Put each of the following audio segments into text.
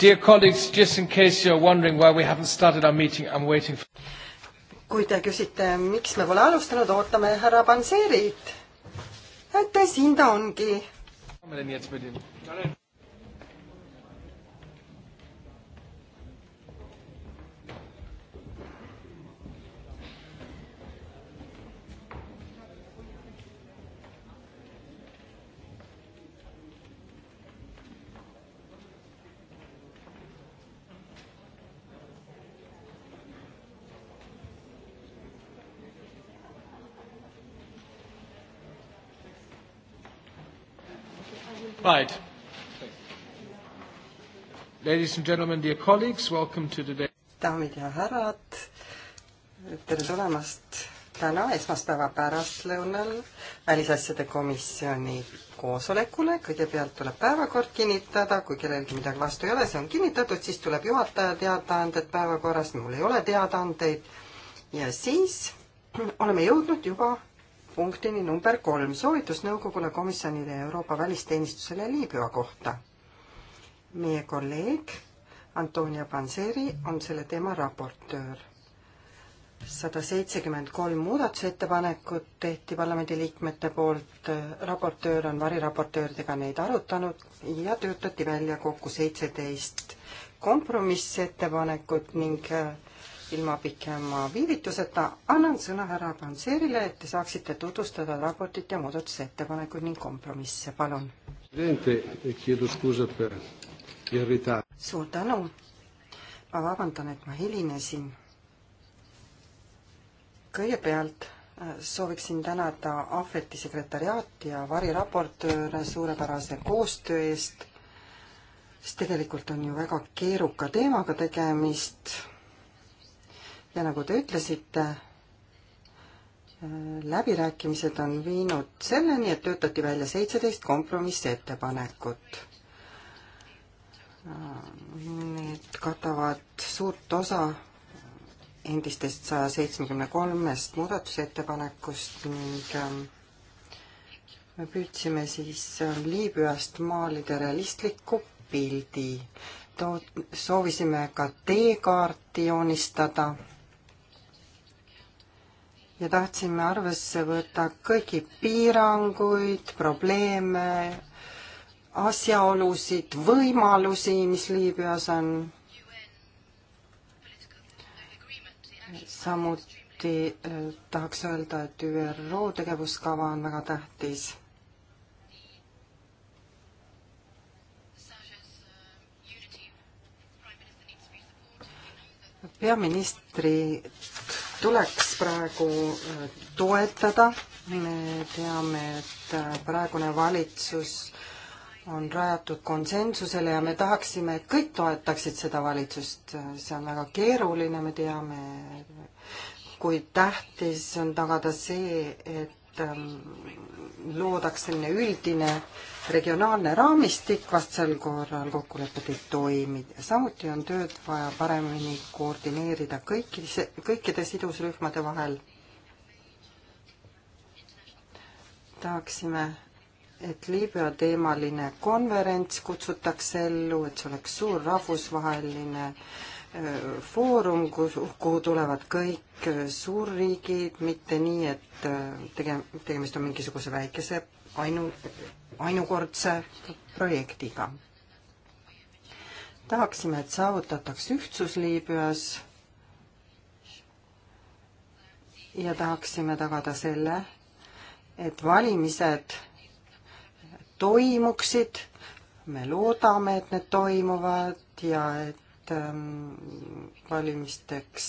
Dear colleagues, just in case you are wondering why we haven't started our meeting, I am waiting for kui te küsite, miks me pole alustanud, ootame härra Panserit. et siin ta ongi. Right. Ladies and gentlemen, dear colleagues, welcome to today. daamid ja härrad, tere tulemast täna esmaspäeva pärastlõunal Välisasjade Komisjoni koosolekule. kõigepealt tuleb päevakord kinnitada, kui kellelgi midagi vastu ei ole, see on kinnitatud, siis tuleb juhataja teadaanded päevakorrast, mul ei ole teadaandeid. ja siis oleme jõudnud juba punktini number kolm, soovitus nõukogule, komisjonile ja Euroopa välisteenistusele Liibüa kohta. meie kolleeg Antonia Panseri on selle teema raportöör. sada seitsekümmend kolm muudatusettepanekut tehti parlamendiliikmete poolt, raportöör on variraportööridega neid arutanud ja töötati välja kokku seitseteist kompromissettepanekut ning äh, ilma pikema viivituseta annan sõna härra Panserile, et te saaksite tutvustada raportit ja muudatusettepanekuid ning kompromisse, palun. suur tänu. ma vabandan, et ma hilinesin. kõigepealt äh, sooviksin tänada Ahveti sekretariaati ja variraportööre suurepärase koostöö eest, sest tegelikult on ju väga keeruka teemaga tegemist ja nagu te ütlesite, läbirääkimised on viinud selleni, et töötati välja seitseteist kompromissettepanekut. Need katavad suurt osa endistest saja seitsmekümne kolmest muudatusettepanekust ning ähm, me püüdsime siis ähm, Liibüast maalida realistliku pildi. Too-, soovisime ka teekaarti joonistada ja tahtsime arvesse võtta kõiki piiranguid, probleeme, asjaolusid, võimalusi, mis Liibüas on. samuti äh, tahaks öelda, et ÜRO tegevuskava on väga tähtis peaministri tuleks praegu äh, toetada, me teame, et äh, praegune valitsus on rajatud konsensusele ja me tahaksime, et kõik toetaksid seda valitsust, äh, see on väga keeruline, me teame, kui tähtis on tagada see, et ähm, loodaks selline üldine äh, regionaalne raamistik, vastasel korral kokkulepped ei toimi. samuti on tööd vaja paremini koordineerida kõikide, kõikide sidusrühmade vahel. tahaksime, et Liibüa teemaline konverents kutsutakse ellu, et see oleks suur rahvusvaheline foorum, kus, kuhu tulevad kõik suurriigid, mitte nii, et tege-, tegemist on mingisuguse väikese ainu ainukordse projektiga. tahaksime, et saavutataks ühtsus Liibüas ja tahaksime tagada selle, et valimised toimuksid, me loodame, et need toimuvad ja et ähm, valimisteks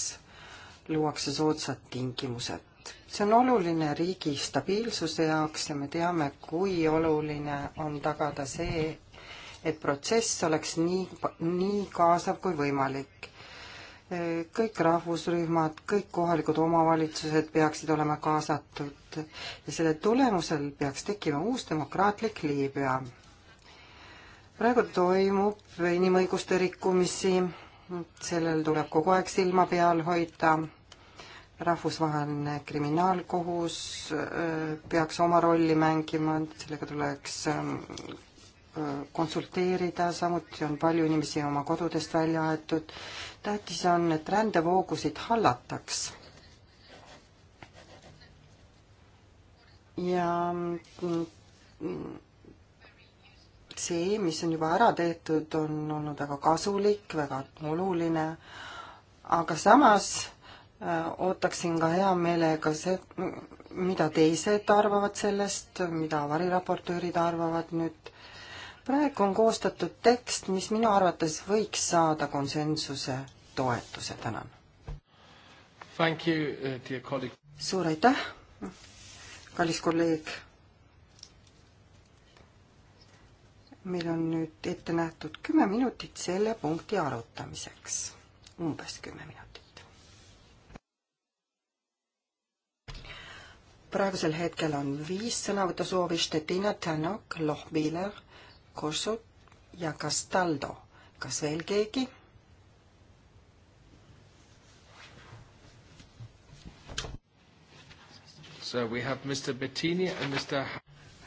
luuakse soodsad tingimused see on oluline riigi stabiilsuse jaoks ja me teame, kui oluline on tagada see, et protsess oleks nii, nii kaasav kui võimalik. kõik rahvusrühmad, kõik kohalikud omavalitsused peaksid olema kaasatud ja selle tulemusel peaks tekkima uus demokraatlik Liibüa. praegu toimub inimõiguste rikkumisi, sellel tuleb kogu aeg silma peal hoida rahvusvaheline kriminaalkohus äh, peaks oma rolli mängima, sellega tuleks ähm, äh, konsulteerida, samuti on palju inimesi oma kodudest välja aetud. tähtis on, et rändevoogusid hallataks ja mm, see, mis on juba ära tehtud, on olnud väga kasulik, väga oluline, aga samas Äh, ootaksin ka hea meelega see, mida teised arvavad sellest, mida variraportöörid arvavad nüüd. praegu on koostatud tekst, mis minu arvates võiks saada konsensuse toetuse, tänan. Uh, suur aitäh, kallis kolleeg. meil on nüüd ette nähtud kümme minutit selle punkti arutamiseks, umbes kümme minutit praegusel hetkel on viis sõnavõtusoovi, Stettina Tänok, Lohbiller, Korsut ja Castaldo. kas veel keegi? So we have Mr Bettini and Mr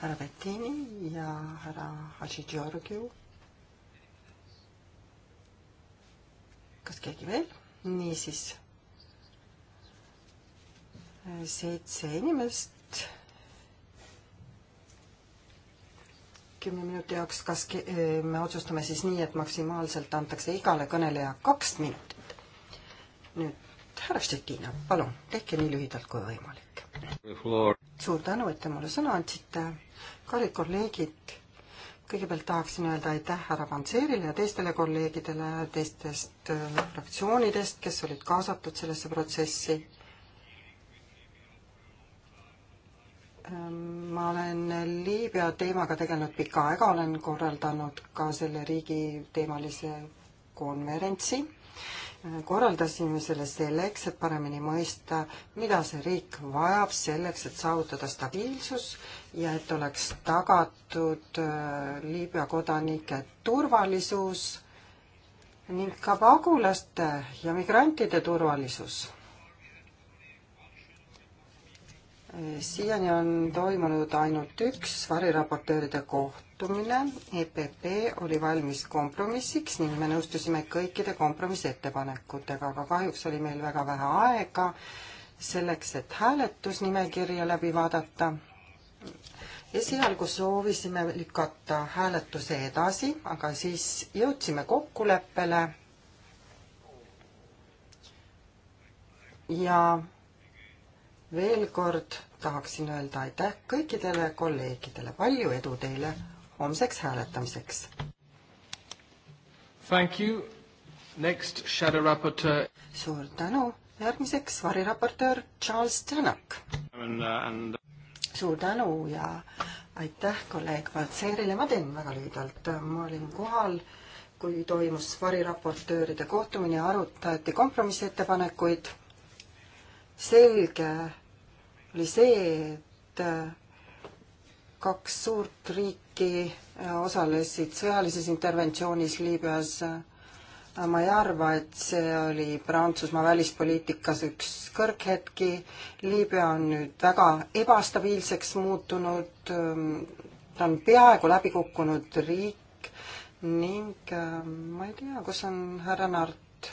härra Bettini ja härra Hadži Georgiu. kas keegi veel? niisiis seitse inimest kümne minuti jaoks, kas me otsustame siis nii, et maksimaalselt antakse igale kõneleja kaks minutit? nüüd härra Štetina, palun, tehke nii lühidalt kui võimalik. suur tänu, et te mulle sõna andsite. kallid kolleegid, kõigepealt tahaksin öelda aitäh härra Panserile ja teistele kolleegidele teistest äh, fraktsioonidest, kes olid kaasatud sellesse protsessi Ähm, ma olen Liibüa teemaga tegelenud pikka aega, olen korraldanud ka selle riigi teemalise konverentsi. Äh, korraldasime selle selleks, et paremini mõista, mida see riik vajab selleks, et saavutada stabiilsus ja et oleks tagatud äh, Liibüa kodanike turvalisus ning ka pagulaste ja migrantide turvalisus siiani on toimunud ainult üks variraportööride kohtumine. EPP oli valmis kompromissiks ning me nõustusime kõikide kompromissettepanekutega, aga kahjuks oli meil väga vähe aega selleks, et hääletusnimekirja läbi vaadata. esialgu soovisime lükata hääletuse edasi, aga siis jõudsime kokkuleppele ja veel kord tahaksin öelda aitäh kõikidele kolleegidele, palju edu teile homseks hääletamiseks! Thank you, next shadow raportöör. suur tänu, järgmiseks variraportöör Charles Tänak. Uh, and... suur tänu ja aitäh kolleeg Valtseerile, ma teen väga lühidalt, ma olin kohal kui toimus variraportööride kohtumine ja arutati kompromissettepanekuid. selge oli see, et äh, kaks suurt riiki äh, osalesid sõjalises interventsioonis Liibüas. Äh, ma ei arva, et see oli Prantsusmaa välispoliitikas üks kõrghetki. Liibüa on nüüd väga ebastabiilseks muutunud, ähm, ta on peaaegu läbi kukkunud riik ning ma ei tea, kus on härra Nart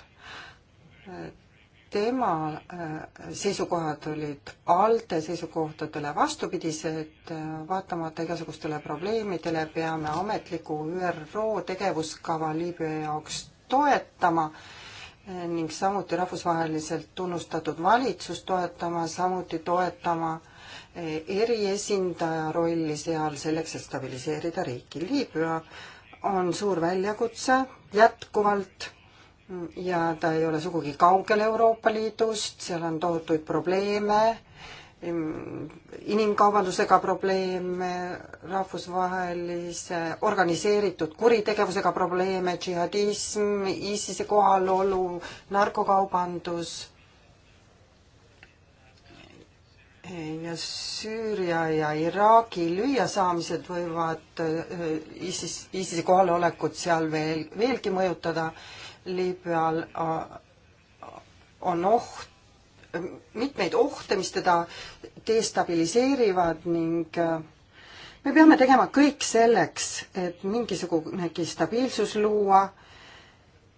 tema äh, seisukohad olid ALDE seisukohtadele vastupidised, äh, vaatamata igasugustele probleemidele peame ametliku ÜRO tegevuskava Liibüa jaoks toetama äh, ning samuti rahvusvaheliselt tunnustatud valitsust toetama, samuti toetama eriesindaja rolli seal selleks, et stabiliseerida riiki. Liibüa on suur väljakutse jätkuvalt ja ta ei ole sugugi kaugel Euroopa Liidust, seal on tohutuid probleeme, inimkaubandusega probleeme, rahvusvahelise organiseeritud kuritegevusega probleeme, džihadism, ISISe kohalolu, narkokaubandus ja Süüria ja Iraagi lüüasaamised võivad äh, ISIS, ISISe kohalolekut seal veel, veelgi mõjutada Liibüal on oht, mitmeid ohte, mis teda destabiliseerivad ning äh, me peame tegema kõik selleks, et mingisugunegi stabiilsus luua,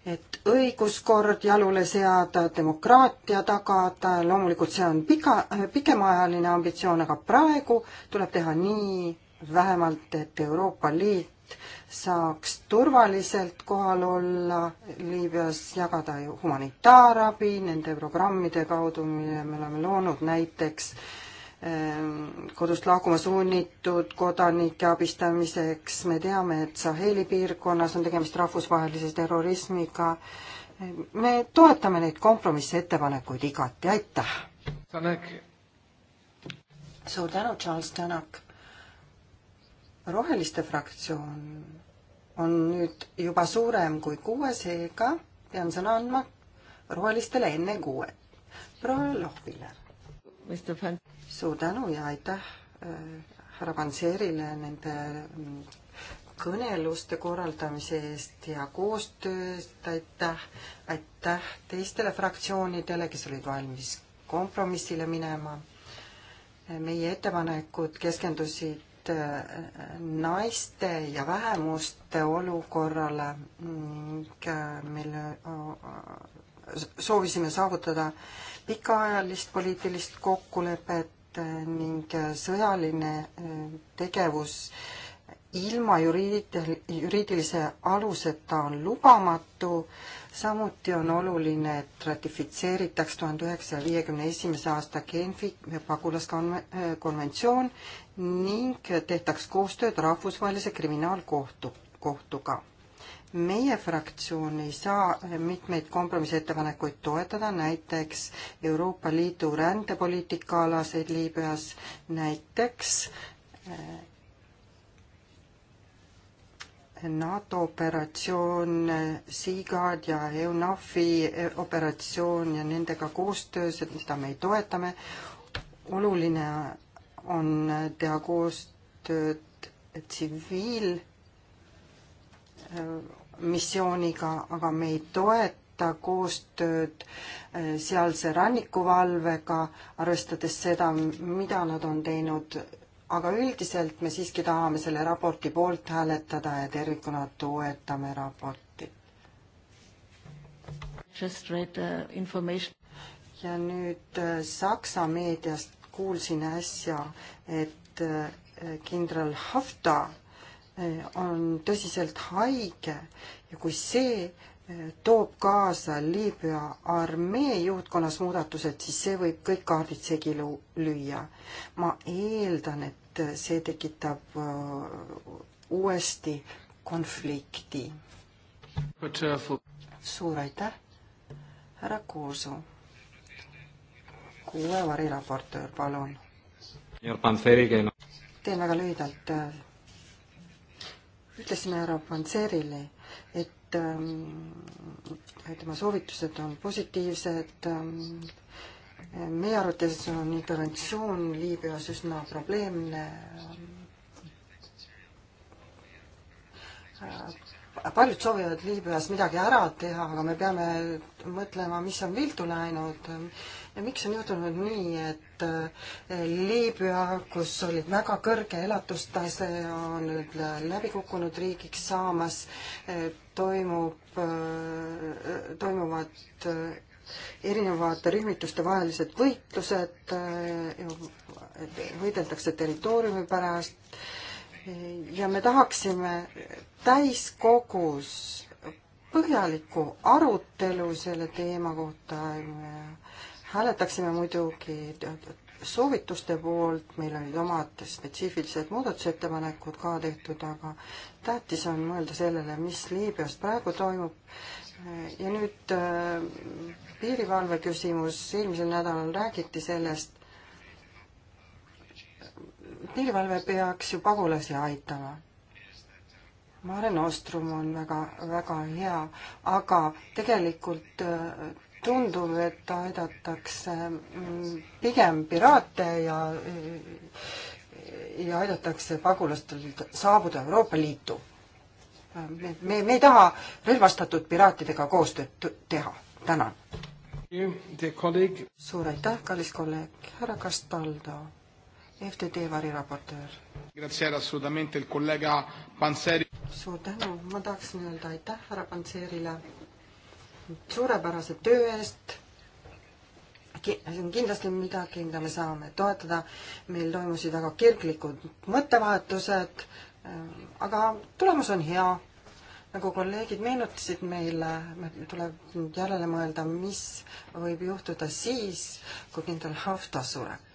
et õiguskord jalule seada, demokraatia tagada, loomulikult see on pika, pikemaajaline ambitsioon, aga praegu tuleb teha nii vähemalt, et Euroopa Liit saaks turvaliselt kohal olla Liibüas, jagada humanitaarabi nende programmide kaudu, mille me oleme loonud, näiteks ehm, kodust lahkuma sunnitud kodanike abistamiseks, me teame, et Saheli piirkonnas on tegemist rahvusvahelise terrorismiga, me toetame neid kompromissettepanekuid igati, aitäh! suur tänu, Charles Tänak! roheliste fraktsioon on nüüd juba suurem kui kuue, seega pean sõna andma rohelistele enne kuue. proua Lohviler. suur tänu ja aitäh äh, härra Panserile nende mm, kõneluste korraldamise eest ja koostöö eest, aitäh, aitäh teistele fraktsioonidele, kes olid valmis kompromissile minema. meie ettepanekud keskendusid et äh, naiste ja vähemuste olukorrale ning äh, meil äh, soovisime saavutada pikaajalist poliitilist kokkulepet ning sõjaline tegevus ilma juriidilise aluseta on lubamatu. samuti on oluline, et ratifitseeritaks tuhande üheksasaja viiekümne esimese aasta Genfi pagulaskonventsioon ning tehtaks koostööd Rahvusvahelise Kriminaalkohtu, kohtuga. meie fraktsioon ei saa mitmeid kompromissettepanekuid toetada, näiteks Euroopa Liidu rändepoliitika alaseid Liibüas, näiteks eh, NATO operatsioon eh, Seaguard ja EUNAFi eh, operatsioon ja nendega koostöö, seda me ei toeta, me oluline on äh, teha koostööd tsiviilmissiooniga, äh, aga me ei toeta koostööd äh, sealse rannikuvalvega, arvestades seda, mida nad on teinud, aga üldiselt me siiski tahame selle raporti poolt hääletada ja tervikuna toetame raportit. Just read the information ja nüüd Saksa meediast kuulsin äsja, et äh, kindral Hafta äh, on tõsiselt haige ja kui see äh, toob kaasa Liibüa armee juhtkonnas muudatused, siis see võib kõik kaardid segi lüüa. ma eeldan, et see tekitab uuesti konflikti. suur aitäh, härra Kuusu kuue variraportöör, palun. teen väga lühidalt. ütlesime härra Panserile, et ähm, tema soovitused on positiivsed. Ähm, meie arvates on interventsioon Liibüas üsna probleemne äh, paljud soovivad Liibüas midagi ära teha, aga me peame mõtlema, mis on viltu läinud, miks on juhtunud nii, et äh, Liibüa, kus olid väga kõrge elatustase, on nüüd läbikukkunud riigiks saamas, äh, toimub, äh, toimuvad erinevate rühmituste vahelised võitlused, võideldakse territooriumi pärast ja me tahaksime täiskogus põhjalikku arutelu selle teema kohta hääletaksime muidugi soovituste poolt, meil olid omad spetsiifilised muudatusettepanekud ka tehtud, aga tähtis on mõelda sellele, mis Liibüas praegu toimub. ja nüüd äh, piirivalve küsimus, eelmisel nädalal räägiti sellest, piirivalve peaks ju pagulasi aitama. Mare Nostrum on väga, väga hea, aga tegelikult äh, tundub, et aidatakse mm, pigem piraate ja ja aidatakse pagulastel saabuda Euroopa Liitu. me, me, me ei taha relvastatud piraatidega koostööd teha. tänan. suur aitäh, kallis kolleeg, härra Castaldo, FTD variraportöör. suur tänu, ma tahaksin öelda aitäh härra Panserile suurepärase töö eest. see on kindlasti midagi, mida me saame toetada. meil toimusid väga kirglikud mõttevahetused, aga tulemus on hea. nagu kolleegid meenutasid meile, meil tuleb järele mõelda, mis võib juhtuda siis, kui kindral Hafta sureb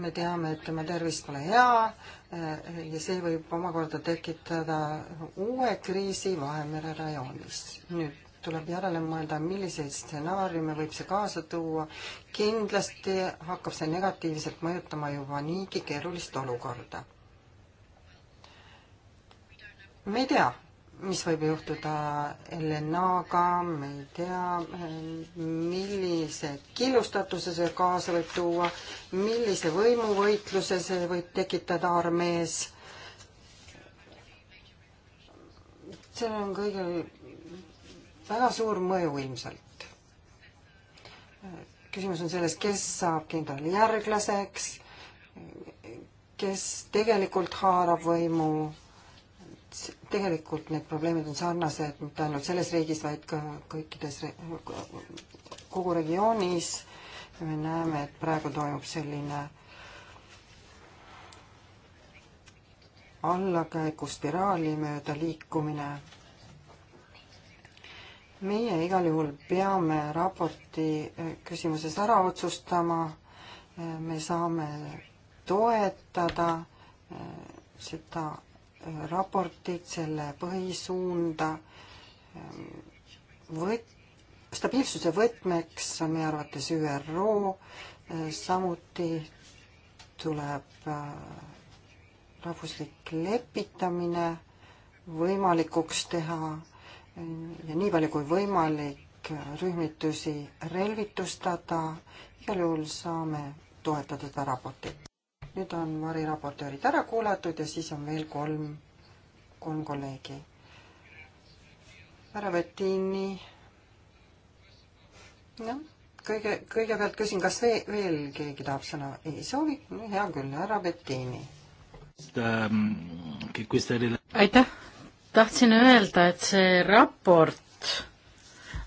me teame, et tema tervis pole hea eh, ja see võib omakorda tekitada uue kriisi Vahemere rajoonis. nüüd tuleb järele mõelda, milliseid stsenaariume võib see kaasa tuua. kindlasti hakkab see negatiivselt mõjutama juba niigi keerulist olukorda. me ei tea, mis võib juhtuda LNA-ga, me ei tea, millise killustatuse see kaasa võib tuua, millise võimuvõitluse see võib tekitada armees. sellel on kõigil väga suur mõju ilmselt. küsimus on selles, kes saab kindrali järglaseks, kes tegelikult haarab võimu tegelikult need probleemid on sarnased mitte ainult selles riigis, vaid ka kõikides, kogu regioonis. me näeme, et praegu toimub selline allakäiguspiraali mööda liikumine. meie igal juhul peame raporti küsimuses ära otsustama. me saame toetada seda raportit, selle põhisuunda ehm, võt-, stabiilsuse võtmeks on meie arvates ÜRO, ehm, samuti tuleb ehm, rahvuslik lepitamine võimalikuks teha ja nii palju kui võimalik rühmitusi relvitustada, igal juhul saame toetada seda raportit nüüd on variraportöörid ära kuulatud ja siis on veel kolm, kolm kolleegi. härra Vettini. noh, kõige, kõigepealt küsin, kas veel, veel keegi tahab sõna? ei soovi? no hea küll, härra Vettini. Ähm, aitäh, tahtsin öelda, et see raport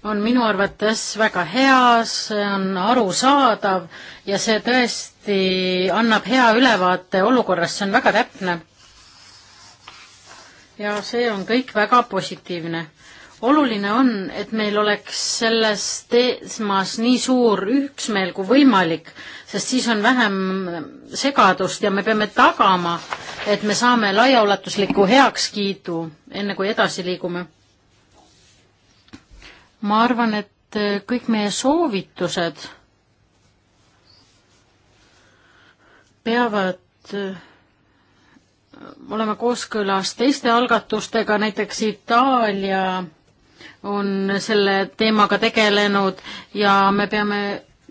on minu arvates väga hea, see on arusaadav ja see tõesti annab hea ülevaate olukorrast, see on väga täpne. ja see on kõik väga positiivne. oluline on, et meil oleks selles teemas nii suur üksmeel kui võimalik, sest siis on vähem segadust ja me peame tagama, et me saame laiaulatusliku heakskiidu, enne kui edasi liigume ma arvan, et äh, kõik meie soovitused peavad äh, olema kooskõlas teiste algatustega, näiteks Itaalia on selle teemaga tegelenud ja me peame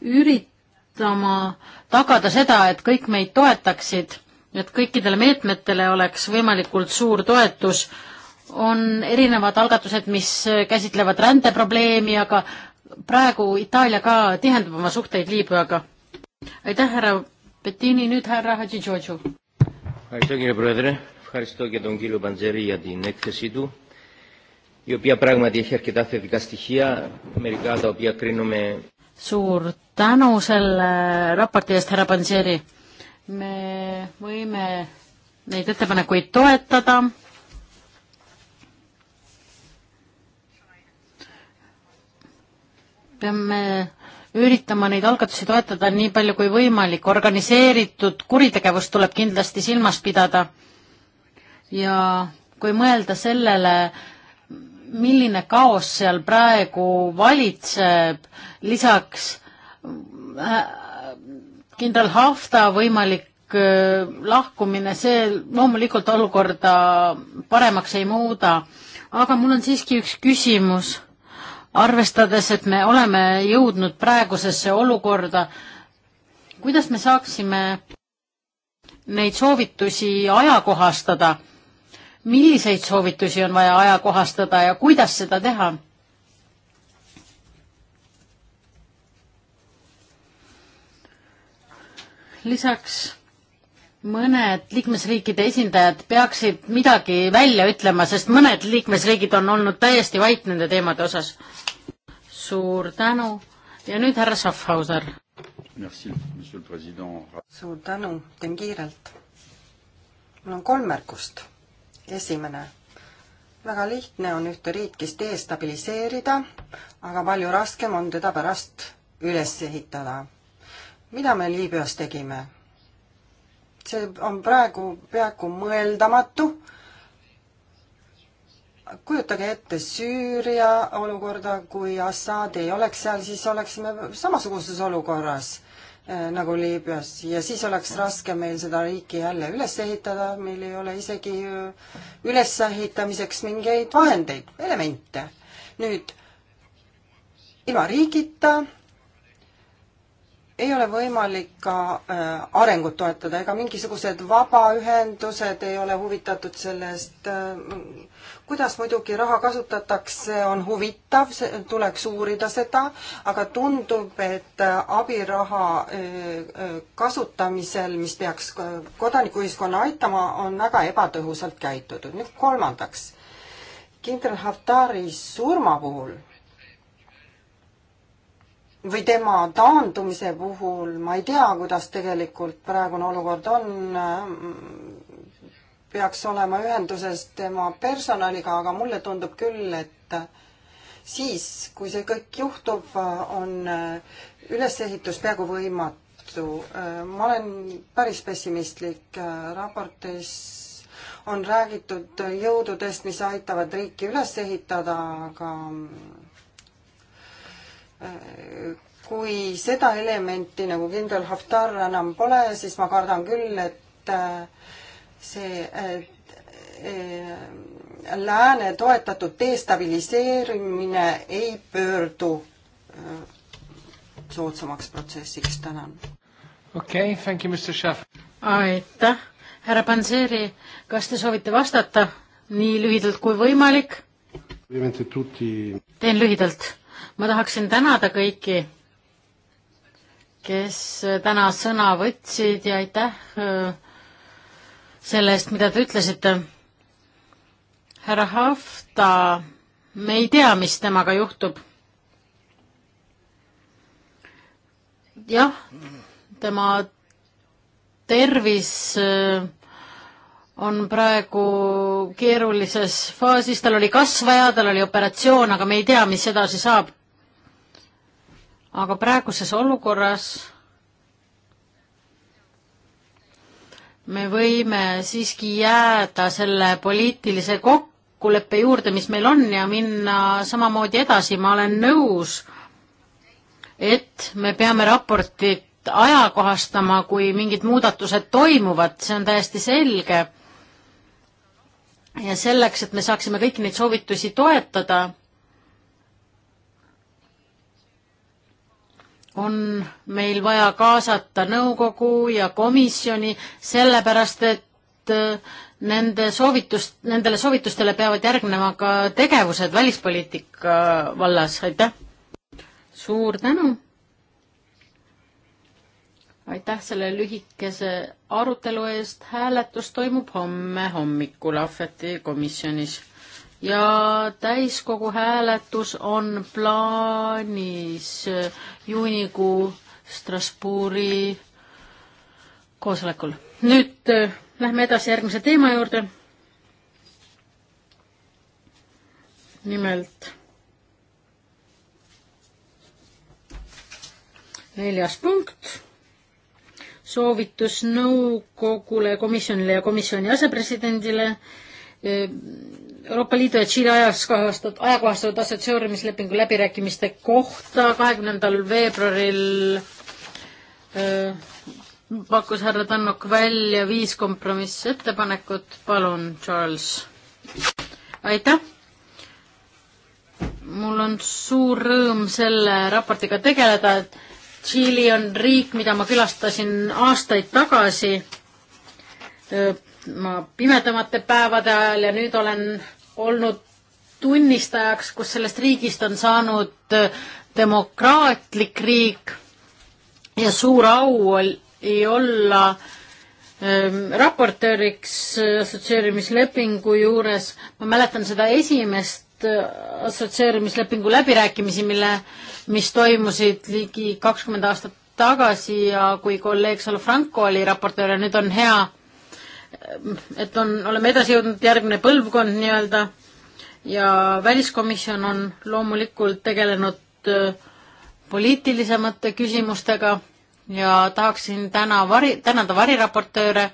üritama tagada seda, et kõik meid toetaksid, et kõikidele meetmetele oleks võimalikult suur toetus on erinevad algatused, mis käsitlevad rändeprobleemi, aga praegu Itaalia ka tihendab oma suhteid Liibüaga. aitäh, härra Bettini, nüüd härra Hadži Džodžu. η οποία πράγματι έχει αρκετά θετικά στοιχεία, μερικά τα οποία κρίνουμε. Suur tänu selle raporti eest, härra Panseri. me võime neid ettepanekuid toetada peame üritama neid algatusi toetada nii palju kui võimalik, organiseeritud kuritegevust tuleb kindlasti silmas pidada. ja kui mõelda sellele, milline kaos seal praegu valitseb, lisaks äh, kindral Hafta võimalik äh, lahkumine, see loomulikult olukorda paremaks ei muuda. aga mul on siiski üks küsimus arvestades, et me oleme jõudnud praegusesse olukorda, kuidas me saaksime neid soovitusi ajakohastada? milliseid soovitusi on vaja ajakohastada ja kuidas seda teha? lisaks mõned liikmesriikide esindajad peaksid midagi välja ütlema, sest mõned liikmesriigid on olnud täiesti vait nende teemade osas. suur tänu ja nüüd härra Schaffhauser. suur tänu, teen kiirelt. mul on kolm märkust. esimene, väga lihtne on ühte riiki destabiliseerida, aga palju raskem on teda pärast üles ehitada. mida me Liibüas tegime? see on praegu peaaegu mõeldamatu. kujutage ette Süüria olukorda, kui Assad ei oleks seal, siis oleksime samasuguses olukorras eh, nagu Liibüas ja siis oleks raske meil seda riiki jälle üles ehitada, meil ei ole isegi eh, ülesehitamiseks mingeid vahendeid, elemente. nüüd ilma riigita ei ole võimalik ka äh, arengut toetada, ega mingisugused vabaühendused ei ole huvitatud sellest. Äh, kuidas muidugi raha kasutatakse, on huvitav, tuleks uurida seda, aga tundub, et äh, abiraha kasutamisel, mis peaks kodanikuühiskonna aitama, on väga ebatõhusalt käitutud. nüüd kolmandaks, kindral Haftari surma puhul või tema taandumise puhul, ma ei tea, kuidas tegelikult praegune olukord on, peaks olema ühenduses tema personaliga, aga mulle tundub küll, et siis, kui see kõik juhtub, on ülesehitus peaaegu võimatu. ma olen päris pessimistlik, raportis on räägitud jõududest, mis aitavad riiki üles ehitada, aga kui seda elementi nagu kindral Haftar enam pole, siis ma kardan küll, et äh, see äh, lääne toetatud destabiliseerimine ei pöördu äh, soodsamaks protsessiks, tänan. okei okay,, thank you, Mr Chef. aitäh, härra Panseri, kas te soovite vastata nii lühidalt kui võimalik? teen lühidalt ma tahaksin tänada kõiki, kes täna sõna võtsid ja aitäh äh, selle eest, mida te ütlesite. härra Hafta, me ei tea, mis temaga juhtub. jah, tema tervis äh, on praegu keerulises faasis, tal oli kasvaja, tal oli operatsioon, aga me ei tea, mis edasi saab aga praeguses olukorras me võime siiski jääda selle poliitilise kokkuleppe juurde, mis meil on ja minna samamoodi edasi, ma olen nõus, et me peame raportit ajakohastama, kui mingid muudatused toimuvad, see on täiesti selge. ja selleks, et me saaksime kõiki neid soovitusi toetada on meil vaja kaasata nõukogu ja komisjoni, sellepärast et äh, nende soovitust, nendele soovitustele peavad järgnema ka tegevused välispoliitika vallas, aitäh! suur tänu! aitäh selle lühikese arutelu eest, hääletus toimub homme hommikul Ahveti komisjonis ja täiskogu hääletus on plaanis juunikuu Strasbourgi koosolekul. nüüd äh, lähme edasi järgmise teema juurde. nimelt neljas punkt, soovitus nõukogule, komisjonile ja komisjoni asepresidendile äh, Euroopa Liidu ja Tšiili ajakohastatud, ajakohastatud assotsieerimislepingu läbirääkimiste kohta kahekümnendal veebruaril öö, pakkus härra Tannok välja viis kompromissettepanekut, palun, Charles. aitäh. mul on suur rõõm selle raportiga tegeleda, et Tšiili on riik, mida ma külastasin aastaid tagasi öö, ma pimedamate päevade ajal ja nüüd olen olnud tunnistajaks, kus sellest riigist on saanud äh, demokraatlik riik ja suur au oli olla ähm, raportööriks äh, assotsieerimislepingu juures. ma mäletan seda esimest äh, assotsieerimislepingu läbirääkimisi, mille, mis toimusid ligi kakskümmend aastat tagasi ja kui kolleeg Solfranco oli raportöör ja nüüd on hea et on, oleme edasi jõudnud järgmine põlvkond nii-öelda ja väliskomisjon on loomulikult tegelenud äh, poliitilisemate küsimustega ja tahaksin täna vari, tänada variraportööre.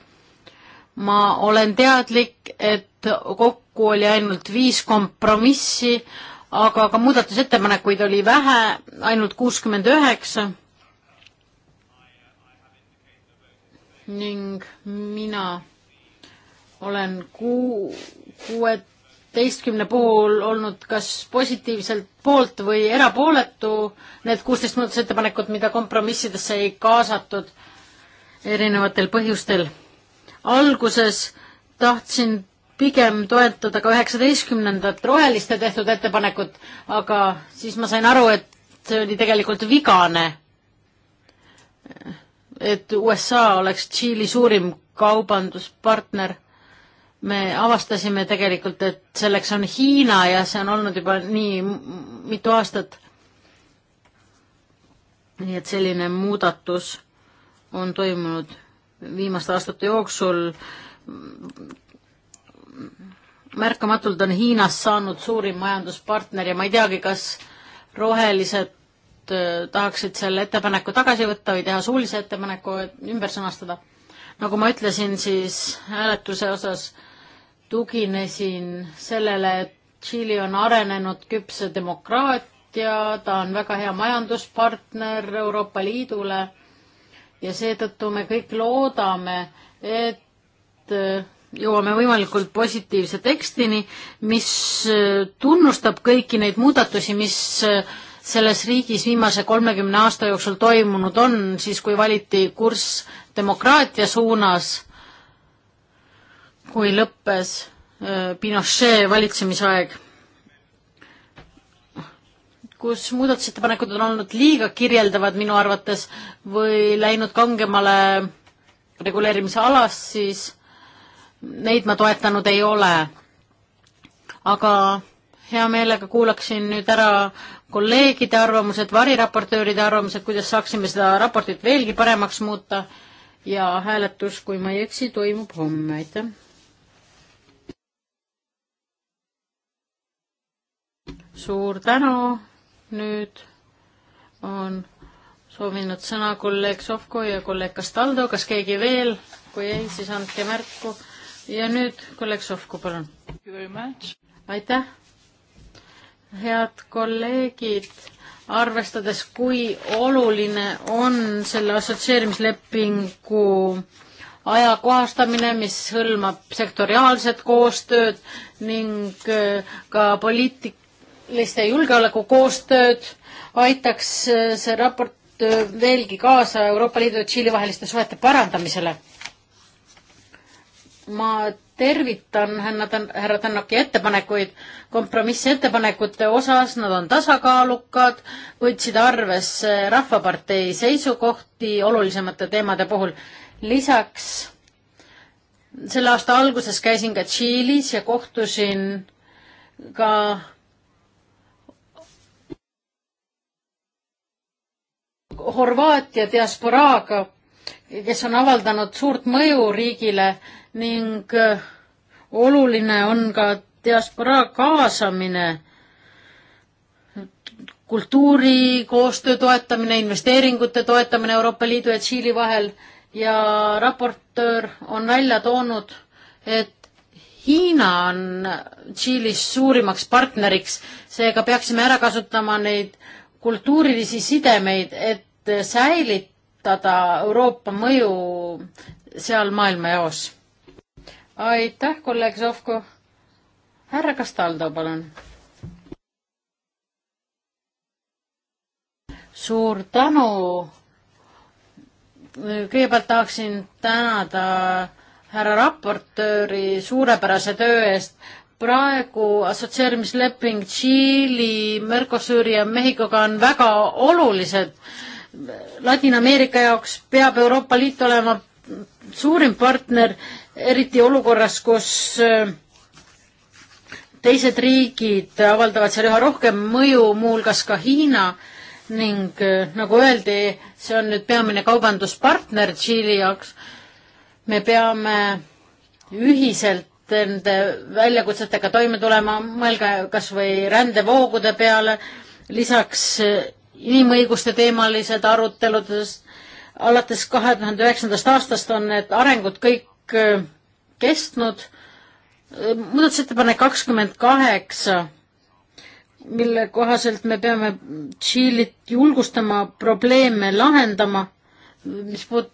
ma olen teadlik, et kokku oli ainult viis kompromissi, aga ka muudatusettepanekuid oli vähe, ainult kuuskümmend üheksa ning mina olen kuu, kuueteistkümne pool olnud kas positiivselt poolt või erapooletu, need kuusteist muudatusettepanekut, mida kompromissidesse ei kaasatud erinevatel põhjustel. alguses tahtsin pigem toetada ka üheksateistkümnendat roheliste tehtud ettepanekut, aga siis ma sain aru, et see oli tegelikult vigane. et USA oleks Tšiili suurim kaubanduspartner me avastasime tegelikult, et selleks on Hiina ja see on olnud juba nii mitu aastat. nii et selline muudatus on toimunud viimaste aastate jooksul. märkamatult on Hiinast saanud suurim majanduspartner ja ma ei teagi, kas rohelised äh, tahaksid selle ettepaneku tagasi võtta või teha suulise ettepaneku, et ümber sõnastada. nagu ma ütlesin, siis hääletuse osas äh, tuginesin sellele, et Tšiili on arenenud küpse demokraatia, ta on väga hea majanduspartner Euroopa Liidule ja seetõttu me kõik loodame, et äh, jõuame võimalikult positiivse tekstini, mis äh, tunnustab kõiki neid muudatusi, mis äh, selles riigis viimase kolmekümne aasta jooksul toimunud on, siis kui valiti kurss demokraatia suunas kui lõppes äh, Pinochet valitsemisaeg, kus muudatusettepanekud on olnud liiga kirjeldavad minu arvates või läinud kangemale reguleerimisalast, siis neid ma toetanud ei ole. aga hea meelega kuulaksin nüüd ära kolleegide arvamused, variraportööride arvamused, kuidas saaksime seda raportit veelgi paremaks muuta ja hääletus, kui ma ei eksi, toimub homme, aitäh! suur tänu, nüüd on soovinud sõna kolleeg Sovko ja kolleeg Kastaldo, kas keegi veel, kui ei, siis andke märku. ja nüüd kolleeg Sovko, palun. aitäh. head kolleegid, arvestades, kui oluline on selle assotsieerimislepingu ajakohastamine, mis hõlmab sektoriaalset koostööd ning äh, ka poliitik-, liitlastele julgeolekukoostööd, aitaks äh, see raport äh, veelgi kaasa Euroopa Liidu ja Tšiili vaheliste suhete parandamisele. ma tervitan härra Tannoki ettepanekuid kompromissettepanekute osas, nad on tasakaalukad, võtsid arvesse Rahvapartei seisukohti olulisemate teemade puhul. lisaks selle aasta alguses käisin ka Tšiilis ja kohtusin ka Horvaatia diasporaaga, kes on avaldanud suurt mõju riigile ning äh, oluline on ka diasporaa kaasamine, kultuurikoostöö toetamine, investeeringute toetamine Euroopa Liidu ja Tšiili vahel ja raportöör on välja toonud, et Hiina on Tšiilis suurimaks partneriks, seega peaksime ära kasutama neid kultuurilisi sidemeid, et et säilitada Euroopa mõju seal maailmajaos. aitäh, kolleeg Zovko. härra Kastaldo, palun. suur tänu. kõigepealt tahaksin tänada härra raportööri suurepärase töö eest praegu assotsieerimisleping Tšiili, Mercosuri ja Mehhikoga on väga olulised Ladina-Ameerika jaoks peab Euroopa Liit olema suurim partner, eriti olukorras, kus äh, teised riigid avaldavad seal üha rohkem mõju, muuhulgas ka Hiina ning äh, nagu öeldi, see on nüüd peamine kaubanduspartner Tšiili jaoks. me peame ühiselt nende väljakutsetega toime tulema, mõelge kas või rändevoogude peale, lisaks äh, inimõiguste teemalised aruteludes. alates kahe tuhande üheksandast aastast on need arengud kõik äh, kestnud. muudatusettepanek kakskümmend kaheksa, mille kohaselt me peame Tšiilit julgustama probleeme lahendama, mis puut-,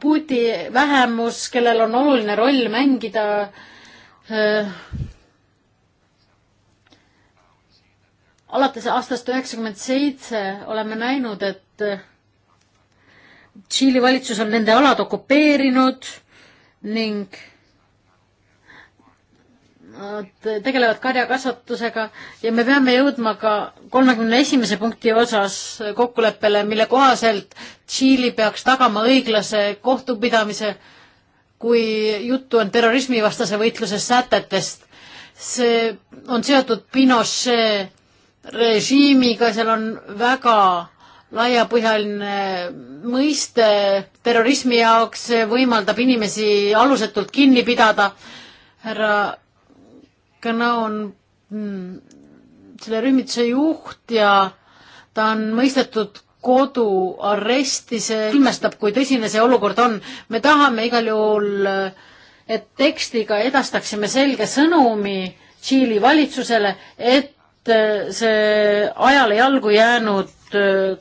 Puti vähemus, kellel on oluline roll mängida Äh, alates aastast üheksakümmend seitse oleme näinud, et äh, Tšiili valitsus on nende alad okupeerinud ning nad tegelevad karjakasvatusega ja me peame jõudma ka kolmekümne esimese punkti osas kokkuleppele, mille kohaselt Tšiili peaks tagama õiglase kohtupidamise äh, kui juttu on terrorismivastase võitluse sätetest, see on seotud Pinochet režiimiga, seal on väga laiapõhjaline mõiste terrorismi jaoks, see võimaldab inimesi alusetult kinni pidada. härra Kana on mm, selle rühmituse juht ja ta on mõistetud koduaresti, see ilmestab, kui tõsine see olukord on. me tahame igal juhul, et tekstiga edastaksime selge sõnumi Tšiili valitsusele, et see ajale jalgu jäänud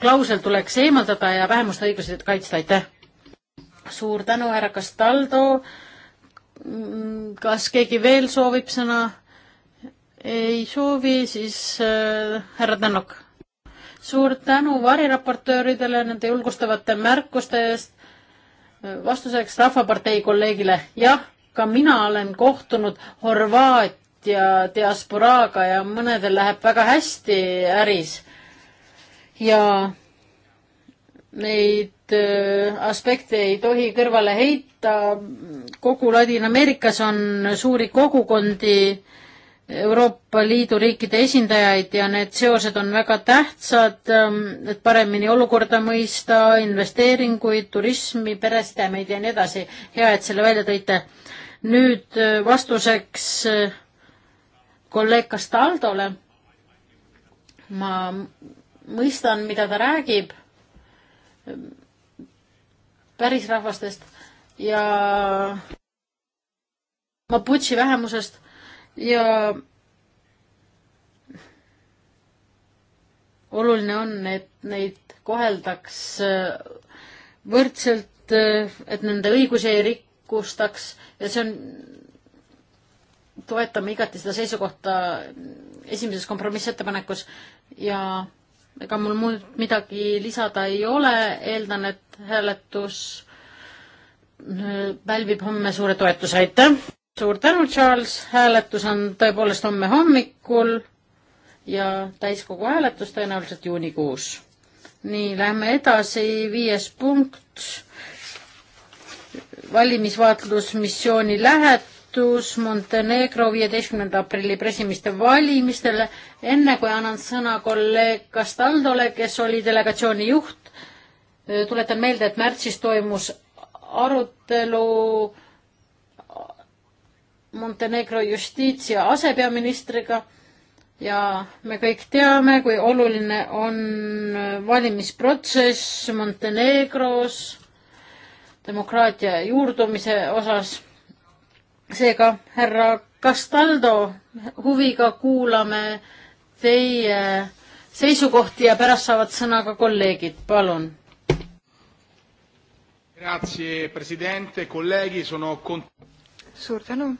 klausel tuleks eemaldada ja vähemuste õigused kaitsta, aitäh! suur tänu, härra Castaldo, kas keegi veel soovib sõna? ei soovi, siis äh, härra Tänak suur tänu variraportööridele nende julgustavate märkuste eest. vastuseks Rahvapartei kolleegile, jah, ka mina olen kohtunud Horvaatia diasporaaga ja mõnedel läheb väga hästi äris. ja neid äh, aspekte ei tohi kõrvale heita. kogu Ladina-Ameerikas on suuri kogukondi Euroopa Liidu riikide esindajaid ja need seosed on väga tähtsad, ähm, et paremini olukorda mõista, investeeringuid, turismi, perestemeid ja nii edasi. hea, et selle välja tõite. nüüd äh, vastuseks äh, kolleeg Castaldole. ma mõistan, mida ta räägib ähm, pärisrahvastest ja Maputši vähemusest ja oluline on, et neid koheldaks äh, võrdselt, äh, et nende õigusi ei rikustaks ja see on, toetame igati seda seisukohta esimeses kompromissettepanekus ja ega mul muud midagi lisada ei ole, eeldan, et hääletus äh, pälvib homme suure toetuse, aitäh! suur tänu, Charles, hääletus on tõepoolest homme hommikul ja täiskogu hääletus tõenäoliselt juunikuus. nii, lähme edasi, viies punkt, valimisvaatlusmissiooni lähetus Montenegro viieteistkümnenda aprilli presimiste valimistele. enne kui annan sõna kolleeg Castaldole, kes oli delegatsiooni juht, tuletan meelde, et märtsis toimus arutelu Montenegro justiits- ja asepeaministriga ja me kõik teame, kui oluline on valimisprotsess Montenegros demokraatia juurdumise osas. seega, härra Castaldo, huviga kuulame teie seisukohti ja pärast saavad sõna ka kolleegid, palun. suur tänu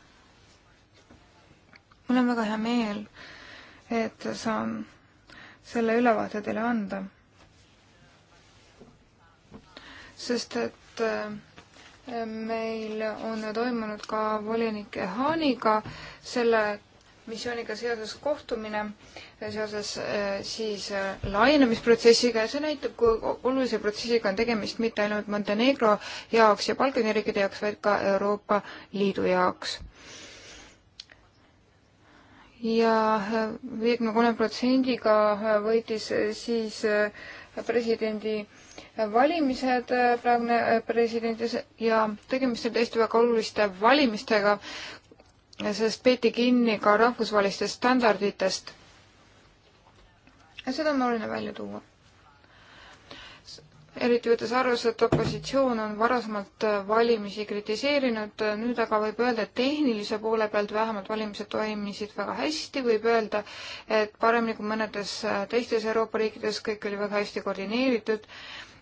mul on väga hea meel, et saan selle ülevaate teile anda. sest et äh, meil on toimunud ka volinik Haaniga selle missiooniga seoses kohtumine seoses äh, siis äh, laienemisprotsessiga ja see näitab, kui olulise protsessiga on tegemist mitte ainult Montenegro jaoks ja Balkani riikide jaoks, vaid ka Euroopa Liidu jaoks ja äh, viiekümne kolme protsendiga äh, võitis äh, siis presidendi valimised praegune president ja tegemist on tõesti väga oluliste valimistega, sest peeti kinni ka rahvusvahelistest standarditest. seda on oluline välja tuua eriti võttes arvesse, et opositsioon on varasemalt äh, valimisi kritiseerinud, äh, nüüd aga võib öelda, et tehnilise poole pealt vähemalt valimised toimisid väga hästi, võib öelda, et paremini kui mõnedes äh, teistes Euroopa riikides, kõik oli väga hästi koordineeritud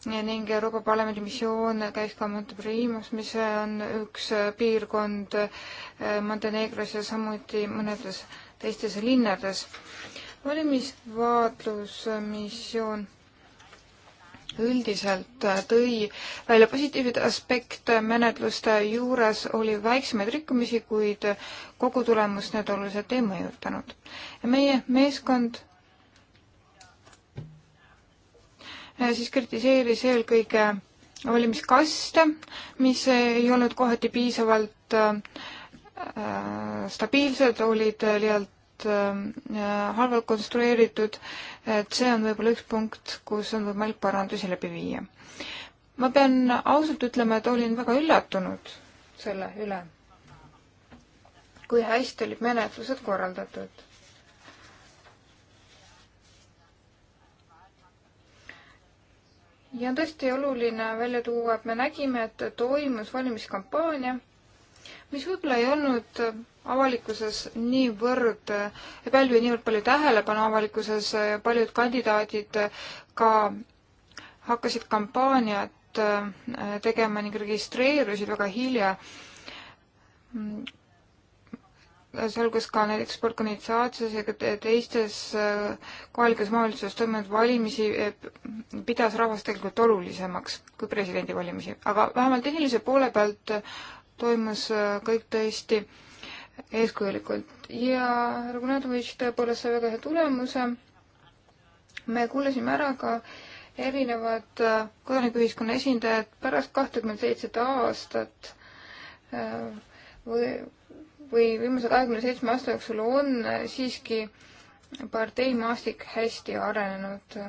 ning Euroopa Parlamendi missioon käis ka Monteprimus, mis on üks piirkond Montenegros ja samuti mõnedes teistes linnades. valimisvaatlusmissioon üldiselt äh, tõi välja positiivseid aspekte, menetluste juures oli väiksemaid rikkumisi, kuid kogutulemust need oluliselt ei mõjutanud. meie meeskond äh, siis kritiseeris eelkõige valimiskaste, mis ei olnud kohati piisavalt äh, stabiilsed, olid liialt Äh, halvalt konstrueeritud, et see on võib-olla üks punkt, kus on võimalik parandusi läbi viia. ma pean ausalt ütlema, et olin väga üllatunud selle üle, kui hästi olid menetlused korraldatud. ja on tõesti oluline välja tuua, et me nägime, et toimus valimiskampaania mis võib-olla ei olnud äh, avalikkuses niivõrd, ei äh, pälvi niivõrd palju tähelepanu avalikkuses, äh, paljud kandidaadid ka hakkasid kampaaniat tegema ning registreerusid väga hilja. Mm, sealhulgas ka näiteks Borganitsaatias ja teistes kohalikes omavalitsustes toimunud valimisi pidas rahvas tegelikult olulisemaks kui presidendivalimisi, aga vähemalt tehnilise poole pealt toimus äh, kõik tõesti eeskujulikult ja härra Kunatovitš tõepoolest sai väga hea tulemuse. me kuulasime ära ka erinevad äh, kodanikuühiskonna esindajad pärast kahtekümmet seitset aastat äh, või, või viimase kahekümne seitsme aasta jooksul on siiski parteimaastik hästi arenenud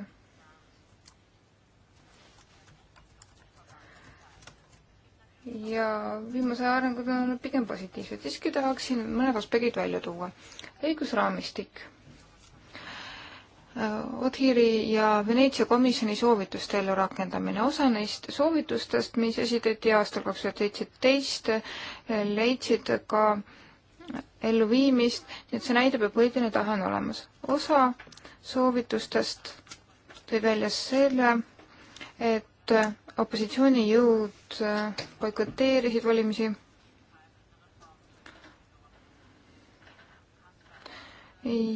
ja viimase aja arengud on olnud pigem positiivsed. siiski tahaksin mõned aspektid välja tuua. õigusraamistik. Äh, Othiri ja Veneetsia komisjoni soovituste ellurakendamine. osa neist soovitustest, mis esitati aastal kaks tuhat seitseteist, leidsid ka elluviimist, nii et see näitab, et poliitiline tahe on olemas. osa soovitustest tõi välja selle, et opositsioonijõud äh, boikoteerisid valimisi.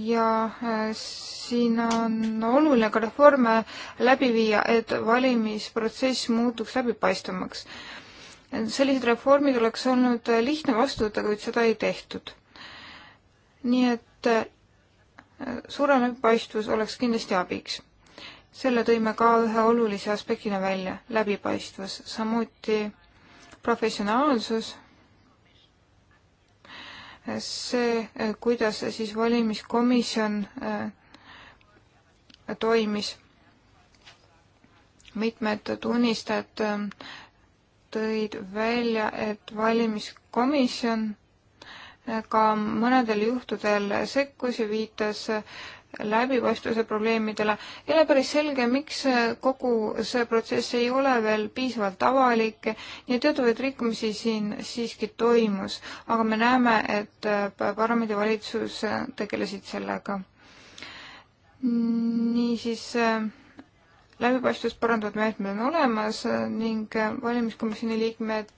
ja äh, siin on oluline ka reforme läbi viia, et valimisprotsess muutuks läbipaistvamaks. sellised reformid oleks olnud lihtne vastu võtta, kuid seda ei tehtud. nii et äh, suurem läbipaistvus oleks kindlasti abiks selle tõime ka ühe olulise aspektina välja, läbipaistvus, samuti professionaalsus, see, kuidas siis valimiskomisjon äh, toimis. mitmed tunnistajad äh, tõid välja, et valimiskomisjon äh, ka mõnedel juhtudel sekkus ja viitas läbipaistvuse probleemidele. ei ole päris selge, miks kogu see protsess ei ole veel piisavalt avalik, nii et teatavaid rikkumisi siin siiski toimus, aga me näeme, et äh, parlamendi valitsus äh, tegelesid sellega. niisiis äh, läbipaistvust parandavad meetmed on olemas ning valimiskomisjoni liikmed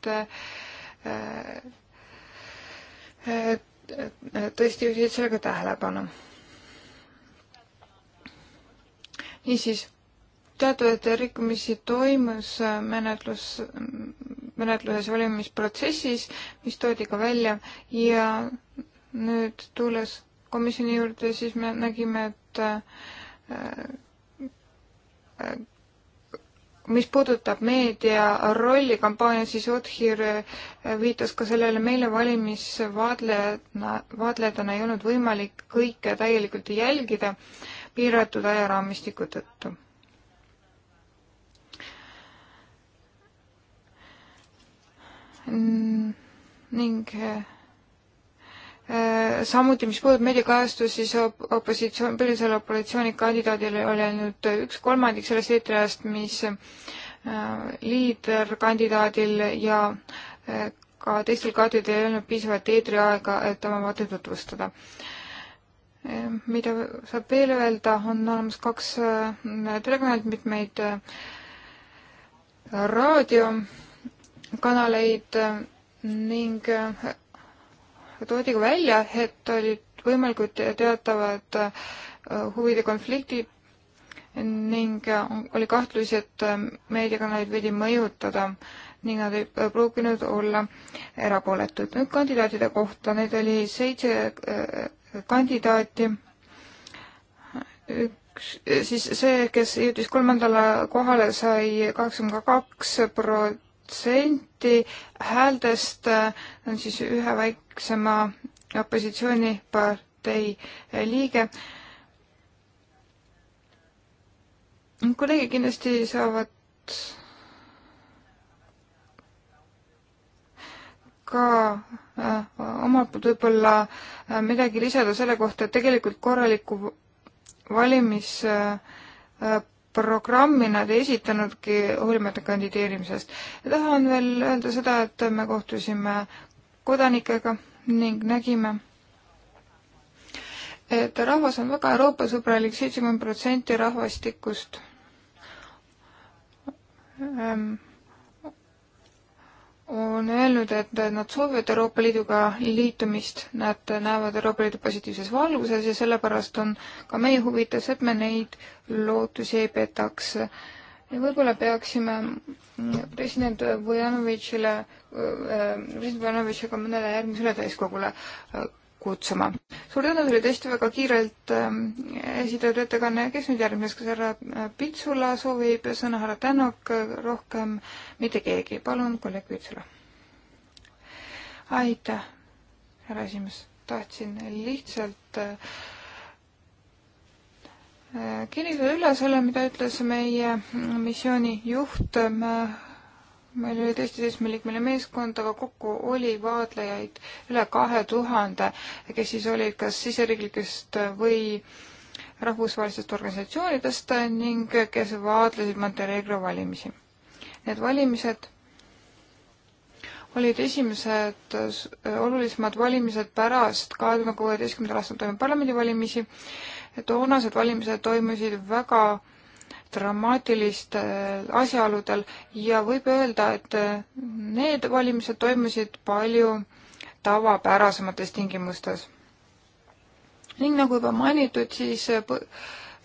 tõesti juhtisid sellega tähelepanu niisiis, teatud rikkumisi toimus äh, menetlus, menetluses valimisprotsessis, mis toodi ka välja ja nüüd tulles komisjoni juurde, siis me nägime, et äh, äh mis puudutab meedia rolli kampaanias, siis Othir äh, viitas ka sellele, meile valimisvaatlejana, vaatlejatena ei olnud võimalik kõike täielikult jälgida äh, piiratud ajaraamistiku tõttu. ning äh, äh, samuti, mis puudutab meediakajastusi, siis op-, opositsioon, põhilisele opositsioonikandidaadile oli ainult üks kolmandik sellest eetrijast, mis äh, liiderkandidaadil ja ka teistel kandidaatidel ei olnud piisavalt eetriaega, et oma vaateid tutvustada mida saab veel öelda, on olemas kaks äh, telekanalit, mitmeid äh, raadiokanaleid äh, ning toodi ka välja, et olid võimalikud teatavad huvide konfliktid ning oli kahtlusi, et meediakanaleid võidi mõjutada ning nad ei pruukinud olla erapooletud. nüüd kandidaatide kohta, neid oli seitse kandidaati. üks, siis see, kes jõudis kolmandale kohale sai, sai kaheksakümmend kaks protsenti häältest, äh, on siis ühe väiksema opositsioonipartei äh, liige kolleegid kindlasti saavad ka äh, omalt poolt võib-olla äh, midagi lisada selle kohta, et tegelikult korralikku valimisprogrammi äh, nad ei esitanudki hoolimata kandideerimisest. ja tahan veel öelda seda, et me kohtusime kodanikega ning nägime, et rahvas on väga Euroopa-sõbralik, seitsekümmend protsenti rahvastikust ähm, on öelnud, et nad soovivad Euroopa Liiduga liitumist, nad näevad Euroopa Liidu positiivses valguses ja sellepärast on ka meie huvides, et me neid lootusi ei petaks. ja võib-olla peaksime president Vujanovitšile, äh, president Vujanovitšiga mõnele järgmisele täiskogule äh, kutsuma. suur tänu, see oli tõesti väga kiirelt ähm, esitatud ettekanne, kes nüüd järgmiseks, kas härra äh, Pitsula soovib sõna, härra Tänok, äh, rohkem mitte keegi, palun, kolleeg Pitsula. aitäh, härra esimees, tahtsin lihtsalt äh, äh kinnitada üle selle, mida ütles meie missiooni juht, me meil oli tõesti seitsmeliikmeline meeskond, aga kokku oli vaatlejaid üle kahe tuhande, kes siis olid kas siseriiklikest või rahvusvahelistest organisatsioonidest ning kes vaatlesid Montenegro valimisi. Need valimised olid esimesed olulisemad valimised pärast kahe tuhande kuueteistkümnendal aastal toimunud parlamendivalimisi. toonased valimised toimusid väga dramaatilistel asjaoludel ja võib öelda, et äh, need valimised toimusid palju tavapärasemates tingimustes. ning nagu juba mainitud, siis äh,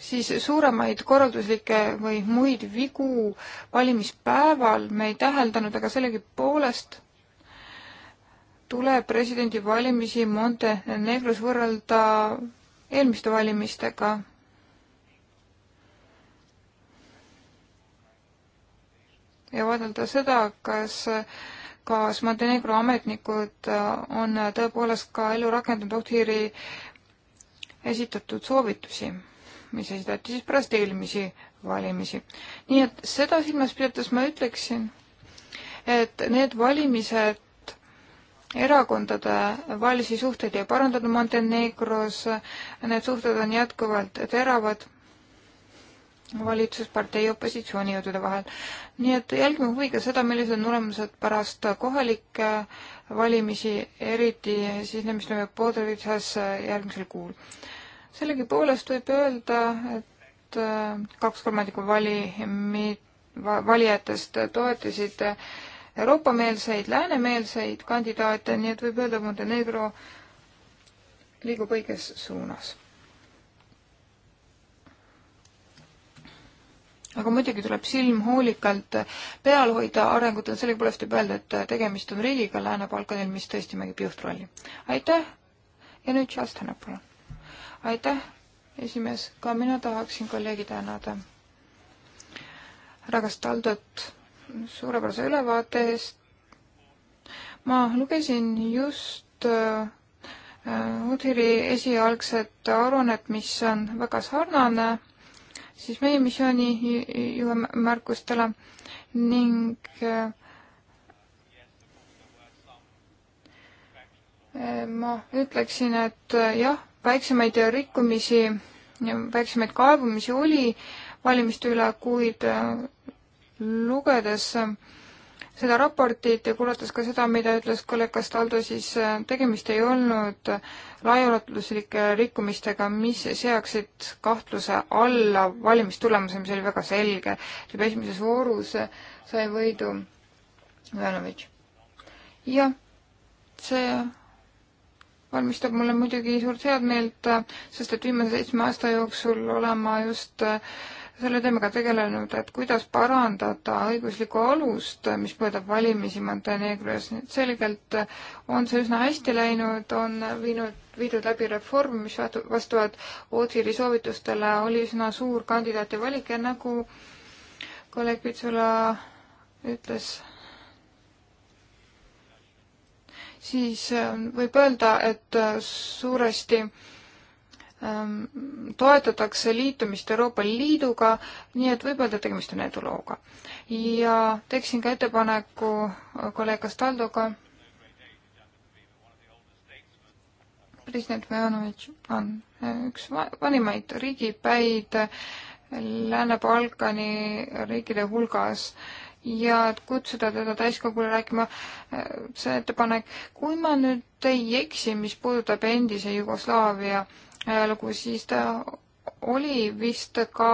siis suuremaid korralduslikke või muid vigu valimispäeval me ei täheldanud, aga sellegipoolest tuleb presidendivalimisi Montenegros võrrelda eelmiste valimistega ja vaadelda seda, kas kas Montenegro ametnikud äh, on tõepoolest ka ellu rakendanud Ohtiri esitatud soovitusi, mis esitati siis pärast eelmisi valimisi. nii et seda silmas pidades ma ütleksin, et need valimised erakondade vahelisi suhteid ei parandanud Montenegros, need suhted on jätkuvalt teravad valitsuspartei ja opositsioonijõudude vahel. nii et jälgime huviga seda, millised on tulemused pärast kohalikke valimisi, eriti siis need, mis toimub Podolitsas järgmisel kuul. sellegipoolest võib öelda, et äh, kaks kolmandikku valimi-, valijatest toetasid Euroopa-meelseid, läänemeelseid kandidaate, nii et võib öelda, et Montenegro liigub õiges suunas aga muidugi tuleb silm hoolikalt peal hoida arengutel, sellegipoolest võib öelda, et tegemist on riigiga Lääne-Balkanil, mis tõesti mängib juhtrolli. aitäh ja nüüd Charles Tänak, palun. aitäh, esimees, ka mina tahaksin kolleegi tänada. härra Kastaldot suurepärase ülevaate eest. ma lugesin just äh, Udiri esialgset aruannet, mis on väga sarnane siis meie missiooni juhe märkustele ning äh, ma ütleksin, et äh, jah, väiksemaid rikkumisi, väiksemaid kaebamisi oli valimiste üle, kuid äh, lugedes äh, seda raportit ja kuulates ka seda, mida ütles kolleeg Castaldo, siis äh, tegemist ei olnud laiaulatuslike rikkumistega, mis seaksid kahtluse alla valimistulemuse, mis oli väga selge. juba esimeses voorus sai võidu Ivanovitš. jah, see valmistab mulle muidugi suurt head meelt, äh, sest et viimase seitsme aasta jooksul olen ma just äh, selle teemaga tegelenud, et kuidas parandada õiguslikku alust, mis puudutab valimisi Montenegros. selgelt on see üsna hästi läinud, on viinud, viidud läbi reform, mis vastavalt Otsiri soovitustele oli üsna suur kandidaate valik ja nagu kolleeg Pitsula ütles, siis äh, võib öelda, et suuresti Ähm, toetatakse liitumist Euroopa Liiduga, nii et võib öelda, et tegemist on edulooga. ja teeksin ka ettepaneku äh, kolleeg Castaldoga. president Meonovitš on äh, üks vanimaid riigipäid Lääne-Balkani riikide hulgas ja et kutsuda teda täiskogule rääkima, äh, see ettepanek, kui ma nüüd ei eksi, mis puudutab endise Jugoslaavia äh, ajalugu, siis ta oli vist ka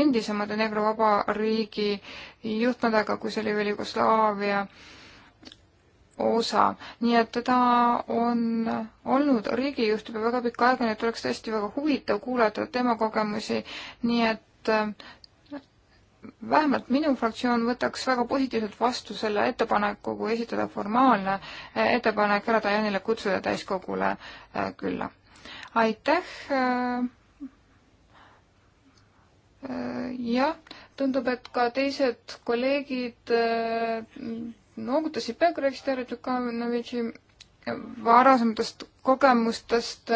endise Montenegro vabariigi juhtmedega, kui see oli veel Jugoslaavia osa. nii et teda on olnud riigijuht juba väga pikka aega, nii et oleks tõesti väga huvitav kuulata tema kogemusi, nii et äh, vähemalt minu fraktsioon võtaks väga positiivselt vastu selle ettepaneku, kui esitada formaalne äh, ettepanek härra Dajanile kutsuda täiskogule äh, külla aitäh. Äh, äh, jah, tundub, et ka teised kolleegid äh, noogutasid peaaegu registreeritud Ljukanovitši varasematest kogemustest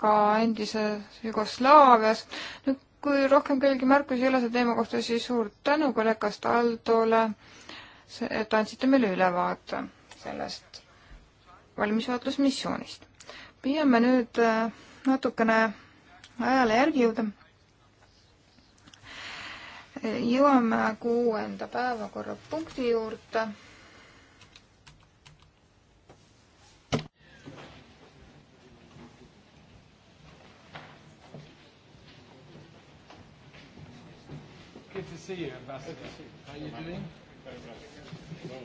ka endises Jugoslaavias. nüüd, kui rohkem kellelgi märkusi ei ole selle teema kohta, siis suur tänu kolleeg Castaldole, et andsite meile ülevaate sellest valmisvaatlusmissioonist püüame nüüd äh, natukene ajale järgi jõuda. jõuame kuuenda päevakorrapunkti juurde. Good to see you, Ambassador. How are you doing? Very well.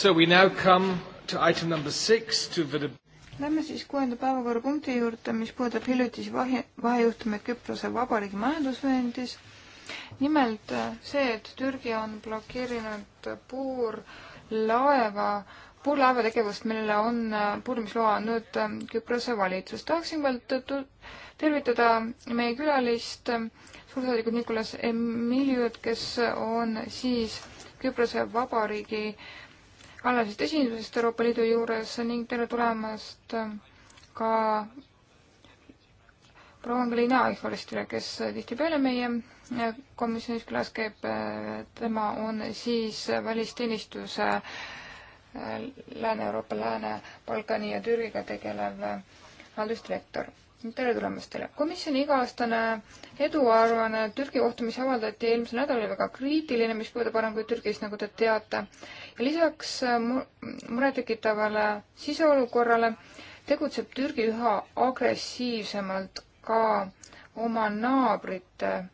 So we now come to item number six to the Lähme siis kuuenda päevakorrapunkti juurde, mis puudutab hiljutisi vahe, vahejuhtumeid Küprose Vabariigi majandusvööndis. nimelt äh, see, et Türgi on blokeerinud puurlaeva, puurlaeva tegevust, millele on äh, puurimisloa andnud äh, Küprose valitsus. tahaksin veel tervitada meie külalist, suursaadikud Nikolas Emiljut, kes on siis Küprose Vabariigi äh, alalisest esindusest Euroopa Liidu juures ning tere tulemast äh, ka proua Angelina Eichholistile, kes tihtipeale meie äh, komisjonis külas käib. Äh, tema on siis välisteenistuse Lääne-Euroopa, Lääne-Balkani ja Türgiga tegelev haldusdirektor tere tulemast teile. komisjoni iga-aastane eduaruanne Türgi kohta, mis avaldati eelmisel nädalal, oli väga kriitiline, mis puudutab arenguid Türgis, nagu te teate. ja lisaks äh, muretekitavale siseolukorrale tegutseb Türgi üha agressiivsemalt ka oma naabritega,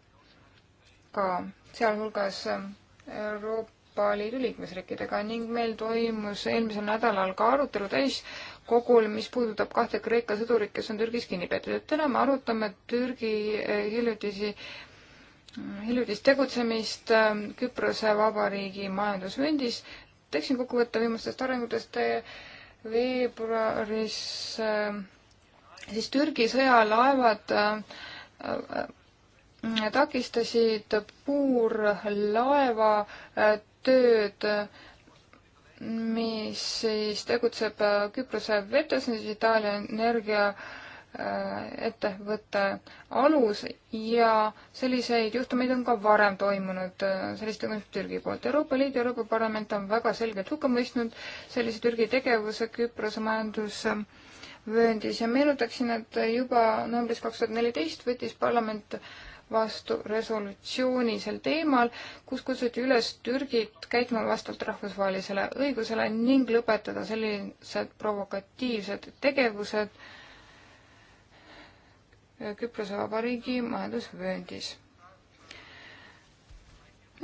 sealhulgas äh, Euroopa Liidu liikmesriikidega ning meil toimus eelmisel nädalal ka arutelu täis kogul, mis puudutab kahte Kreeka sõdurit, kes on Türgis kinni peetud, et täna me arutame Türgi eh, hiljutisi, mm, hiljutist tegutsemist ähm, Küprose Vabariigi majandusvöndis. teeksin kokkuvõtte viimastest arengutest eh, veebruaris, ähm, siis Türgi sõjalaevad äh, äh, äh, takistasid puurlaeva tööd äh, mis siis tegutseb äh, Küprose vetes, Itaalia energia äh, ettevõtte alus ja selliseid juhtumeid on ka varem toimunud, äh, selliste juhtumid Türgi poolt. Euroopa Liit ja Euroopa Parlament on väga selgelt hukka mõistnud sellise Türgi tegevuse Küprose majandusvööndis ja meenutaksin, et juba novembris kaks tuhat neliteist võttis parlament äh, vastu resolutsiooni sel teemal, kus kutsuti üles Türgit käituma vastavalt rahvusvahelisele õigusele ning lõpetada sellised provokatiivsed tegevused Küprose Vabariigi majandusvööndis.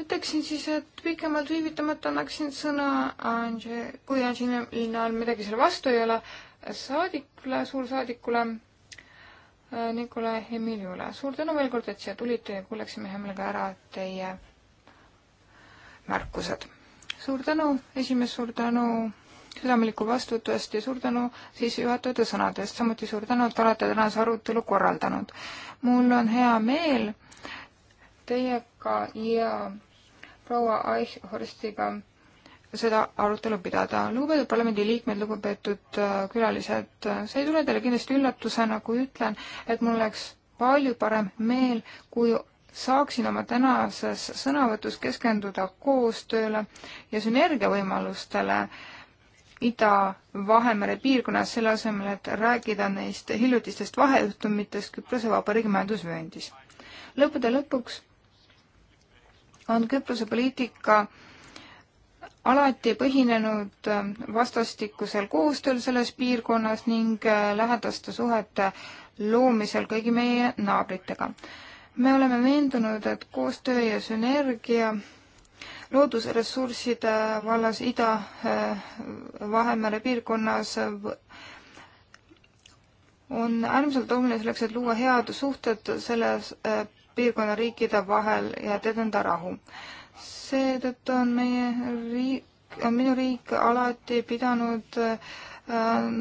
ütleksin siis, et pikemalt viivitamata annaksin sõna Ange, kui Angelina midagi selle vastu ei ole, saadikule, suursaadikule Äh, Nikolai Emiljule. suur tänu veel kord, et siia tulite ja kuulaksime hea meelega ära teie märkused. suur tänu, esimees, suur tänu südameliku vastutust ja suur tänu sissejuhatajate sõnade eest, samuti suur tänu, et olete tänase arutelu korraldanud. mul on hea meel teiega ja proua Eichhorstiga seda arutelu pidada. lugupeetud parlamendiliikmed, lugupeetud äh, külalised, äh, see ei tule teile kindlasti üllatusena, kui ütlen, et mul oleks palju parem meel, kui saaksin oma tänases sõnavõtus keskenduda koostööle ja sünergiavõimalustele Ida-Vahemere piirkonnas, selle asemel, et rääkida neist hiljutistest vahejuhtumitest Küprose Vabariigi majandusvööndis. lõppude lõpuks on Küprose poliitika äh, alati põhinenud äh, vastastikusel koostööl selles piirkonnas ning äh, lähedaste suhete loomisel kõigi meie naabritega. me oleme veendunud, et koostöö ja sünergia loodusressursside vallas Ida-Vahemere äh, piirkonnas on äärmiselt oluline selleks, et luua head suhted selles piirkonna riikide vahel ja et edendada rahu seetõttu on meie riik, on minu riik alati pidanud äh,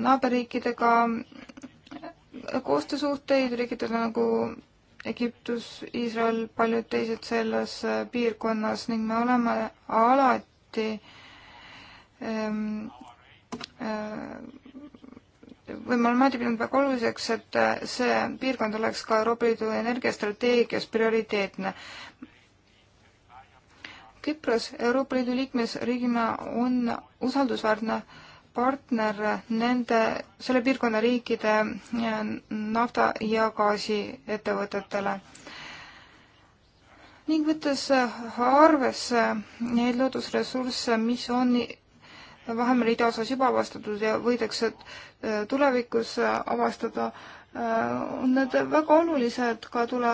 naaberriikidega koostöösuhteid, riikidel nagu Egiptus, Iisrael, paljud teised selles äh, piirkonnas ning me oleme alati ähm, äh, või me oleme alati pidanud väga oluliseks, et see piirkond oleks ka Euroopa Liidu energiastrateegias prioriteetne. Küpros Euroopa Liidu liikmesriigina on usaldusväärne partner nende, selle piirkonna riikide eh, nafta- ja gaasiettevõtetele. ning võttes arvesse neid loodusressursse, mis on Vahemere idaosas juba avastatud ja võidakse eh, tulevikus avastada, eh, on need väga olulised ka tule,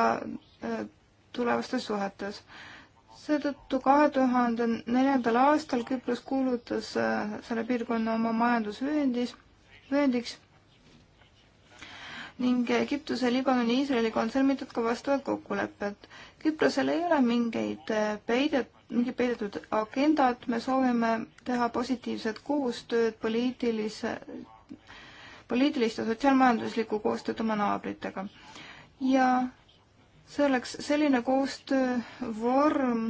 tulevastes suhetes seetõttu kahe tuhande neljandal aastal Küpros kuulutas äh, selle piirkonna oma majandusvööndis, vööndiks ning Egiptuse, Liibanoni, Iisraeliga on sõlmitud ka vastavad kokkulepped. Küprosel ei ole mingeid äh, peidet, mingit peidetud agendat, me soovime teha positiivset koostööd poliitilise, poliitilist ja sotsiaalmajanduslikku koostööd oma naabritega. ja see oleks selline koostöövorm,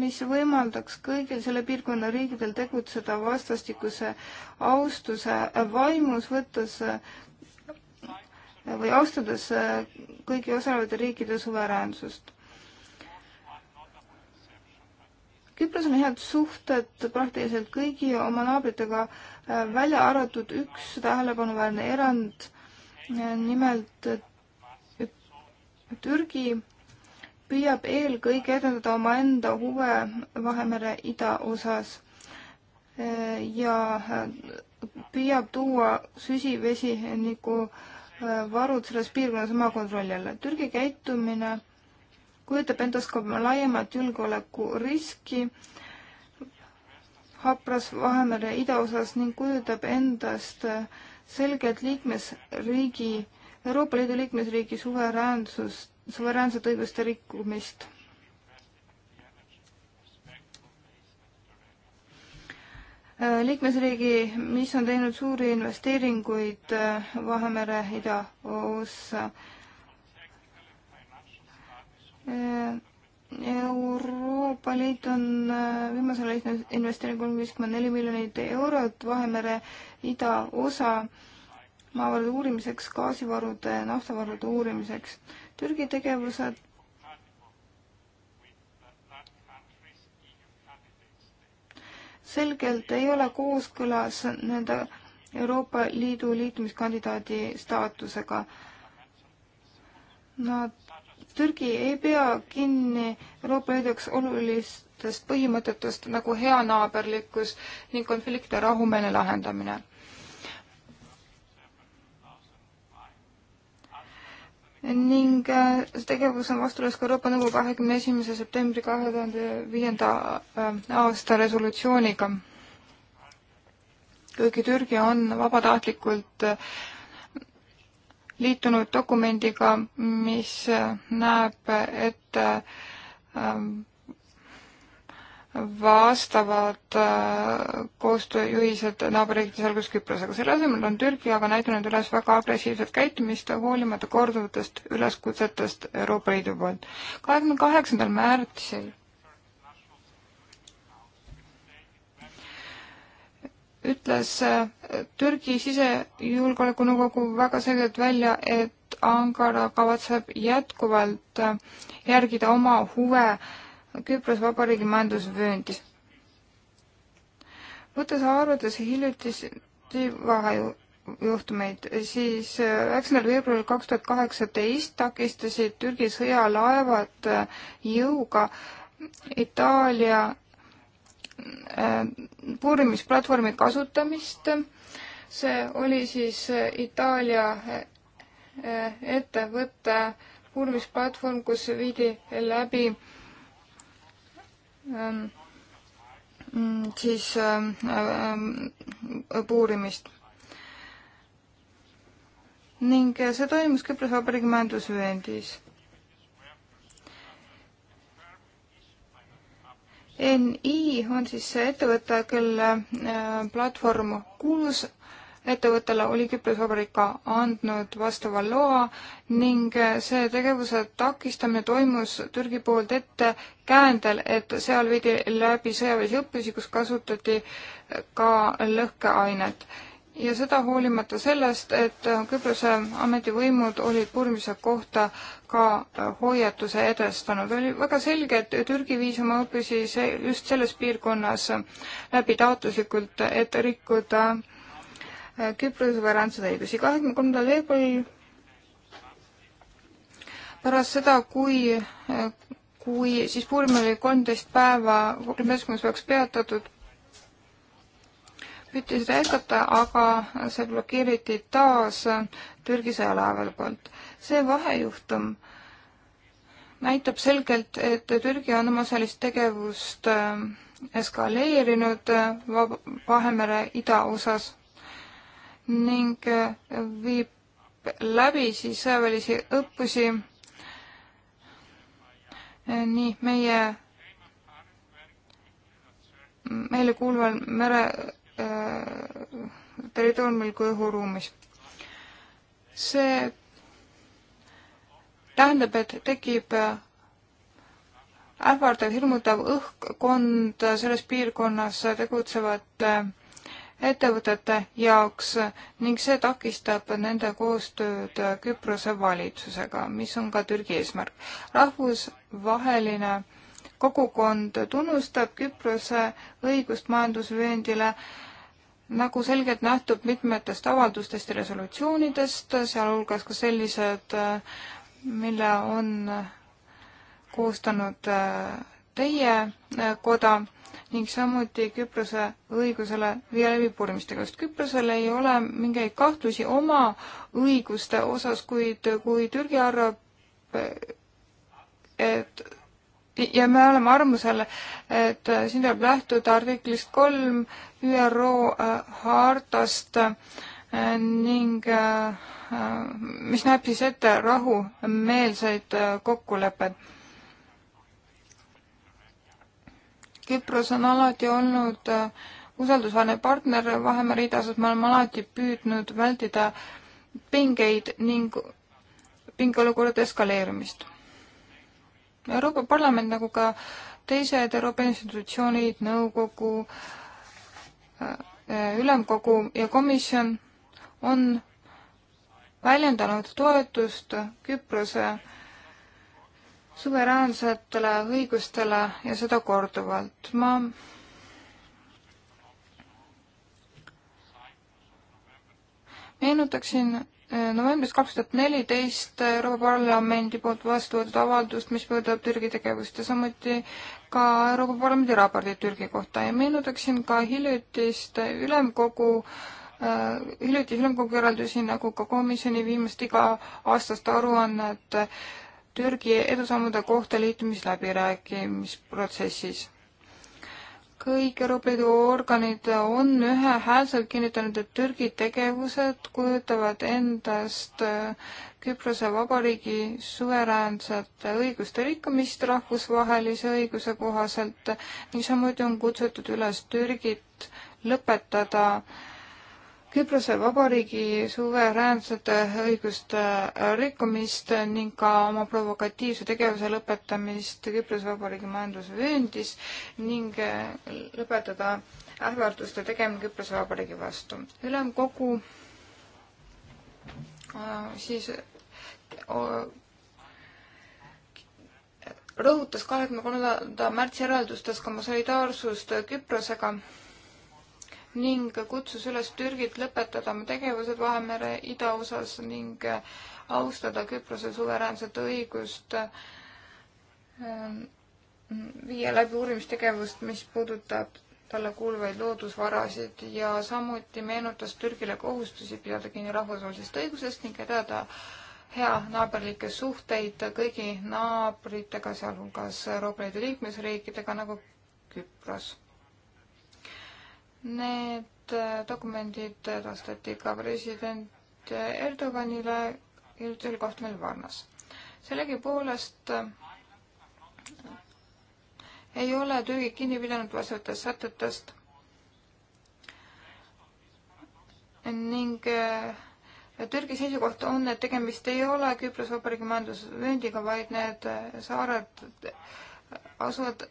mis võimaldaks kõigil selle piirkonna riikidel tegutseda vastastikuse austuse vaimus, võttes või austades kõigi osalevate riikide suveräänsust. Küpros on head suhted praktiliselt kõigi oma naabritega, äh, välja arvatud üks tähelepanuväärne erand, äh, nimelt Türgi püüab eelkõige edendada omaenda huve Vahemere idaosas e, ja e, püüab tuua süsivesiniku e, varud selles piirkonnas oma kontrolli alla. Türgi käitumine kujutab endast ka laiemat julgeolekuriski hapras Vahemere idaosas ning kujutab endast selget liikmesriigi Euroopa Liidu liikmesriigi suveräänsust, suveräänsete õiguste rikkumist. Äh, liikmesriigi, mis on teinud suuri investeeringuid äh, Vahemere idaossa. Äh, Euroopa Liit on viimasel ajal investeerinud kolm viiskümmend neli miljonit eurot Vahemere idaosa maavarude uurimiseks, gaasivarude, eh, naftavarude uurimiseks. Türgi tegevused selgelt ei ole kooskõlas nende Euroopa Liidu liitumiskandidaadi staatusega. Nad, Türgi ei pea kinni Euroopa Liidu jaoks olulistest põhimõtetest nagu heanaaberlikkus ning konflikte rahumeelne lahendamine ning äh, see tegevus on vastuolus ka Euroopa Nõukogu kahekümne esimese septembri kahe tuhande viienda äh, aasta resolutsiooniga. kuigi Türgi on vabatahtlikult äh, liitunud dokumendiga, mis näeb ette vastavad äh, koostööjuhised naaberriikides, alguses Küprosega. selle asemel on Türgi aga näidanud üles väga agressiivset käitumist, hoolimata korduvatest üleskutsetest Euroopa Liidu poolt. kahekümne kaheksandal märtsil ütles äh, Türgi sisejulgeolekunõukogu väga selgelt välja, et Ankara kavatseb jätkuvalt äh, järgida oma huve äh, Küprose Vabariigi majandusvööndis. võttes arvates hiljutisi vahejuhtumeid, siis äh, üheksandal veebruaril kaks tuhat kaheksateist takistasid Türgi sõjalaevad äh, jõuga Itaalia äh, purimisplatvormi kasutamist. see oli siis Itaalia ettevõtte uurimisplatvorm, kus viidi läbi Ähm, mm, siis ähm, ähm, puurimist. ning äh, see toimus Küprose Vabariigi majandusvööndis NI on siis ettevõte, kelle äh, platvorm kuulus ettevõttele oli Küprose Vabariik ka andnud vastava loa ning see tegevuse takistamine toimus Türgi poolt ettekäändel, et seal viidi läbi sõjaväelisi õppusi, kus kasutati ka lõhkeainet. ja seda hoolimata sellest, et Küprose ametivõimud olid purmise kohta ka hoiatuse edestanud. oli väga selge, et Türgi viis oma õppusi just selles piirkonnas läbi taotluslikult, et rikkuda Äh, Küprose suveräänsuse õigusi. kahekümne kolmandal veebruaril pärast seda, kui, äh, kui siis puurimine oli kolmteist päeva, kolmeteistkümnes päevaks peatatud, püüti seda jätkata, aga see blokeeriti taas Türgi sõjalaevade poolt. see vahejuhtum näitab selgelt, et Türgi on oma sellist tegevust äh, eskaleerinud Vahemere idaosas ning eh, viib läbi siis sõjaväelisi õppusi eh, nii meie, meile kuuluval mere äh, territooriumil kui õhuruumis. see tähendab, et tekib ähvardav, hirmutav õhkkond selles piirkonnas tegutsevate äh, ettevõtete jaoks ning see takistab nende koostööd Küprose valitsusega, mis on ka Türgi eesmärk. rahvusvaheline kogukond tunnustab Küprose õigust majandusvööndile nagu selgelt nähtub mitmetest avaldustest ja resolutsioonidest, sealhulgas ka sellised, mille on koostanud äh, teie äh, koda ning samuti Küprose õigusele via läbipurimistega, sest Küprosel ei ole mingeid kahtlusi oma õiguste osas, kuid kui Türgi arvab, et ja me oleme arvamusel, et siin tuleb lähtuda artiklist kolm ÜRO äh, hartast äh, ning äh, mis näeb siis ette rahumeelseid kokkuleppeid Küpros on alati olnud äh, usaldusväärne partner Vahemere idaosas, me oleme alati püüdnud vältida pingeid ning pingeolukorrade eskaleerumist. Euroopa Parlament nagu ka teised Euroopa institutsioonid, nõukogu, äh, ülemkogu ja komisjon on väljendanud toetust Küprose suveräänsetele õigustele ja seda korduvalt. ma meenutaksin eh, novembris kaks tuhat neliteist Euroopa Parlamendi poolt vastu võetud avaldust, mis puudutab Türgi tegevust ja samuti ka Euroopa Parlamendi raportit Türgi kohta ja meenutaksin ka hiljutist ülemkogu eh, hiljuti ülemkogu järeldusi nagu ka komisjoni viimast iga-aastast aruannet Türgi edusammude kohta liitumisläbirääkimisprotsessis. kõik Euroopa Liidu organid on ühehäälselt kinnitanud, et Türgi tegevused kujutavad endast äh, Küprose Vabariigi suveräänsete õiguste rikkumist rahvusvahelise õiguse kohaselt ning samuti on kutsutud üles Türgit lõpetada äh, Küprose Vabariigi suveräänsete õiguste rikkumist ning ka oma provokatiivse tegevuse lõpetamist Küprose Vabariigi majandusvööndis ning eh, lõpetada ähvarduste tegemine Küprose Vabariigi vastu. ülemkogu äh, siis rõhutas kahekümne kolmanda märtsi järeldustes ka oma solidaarsust Küprosega ning kutsus üles Türgit lõpetada oma tegevused Vahemere idaosas ning äh, austada Küprose suveräänset õigust ähm, viia läbi uurimistegevust, mis puudutab talle kuuluvaid loodusvarasid ja samuti meenutas Türgile kohustusi pidada kinni rahvusvahelisest õigusest ning edada hea naaberlikke suhteid kõigi naabritega, sealhulgas Euroopa Liidu liikmesriikidega nagu Küpros Need äh, dokumendid edastati ka president Erdoganile hiljutisel kohtumisel Varnas. sellegipoolest äh, ei ole Türgi kinni pidanud vastavatest sätetest ning äh, Türgi seisukoht on, et tegemist ei ole Küprose Vabariigi majandusvööndiga, vaid need saared asuvad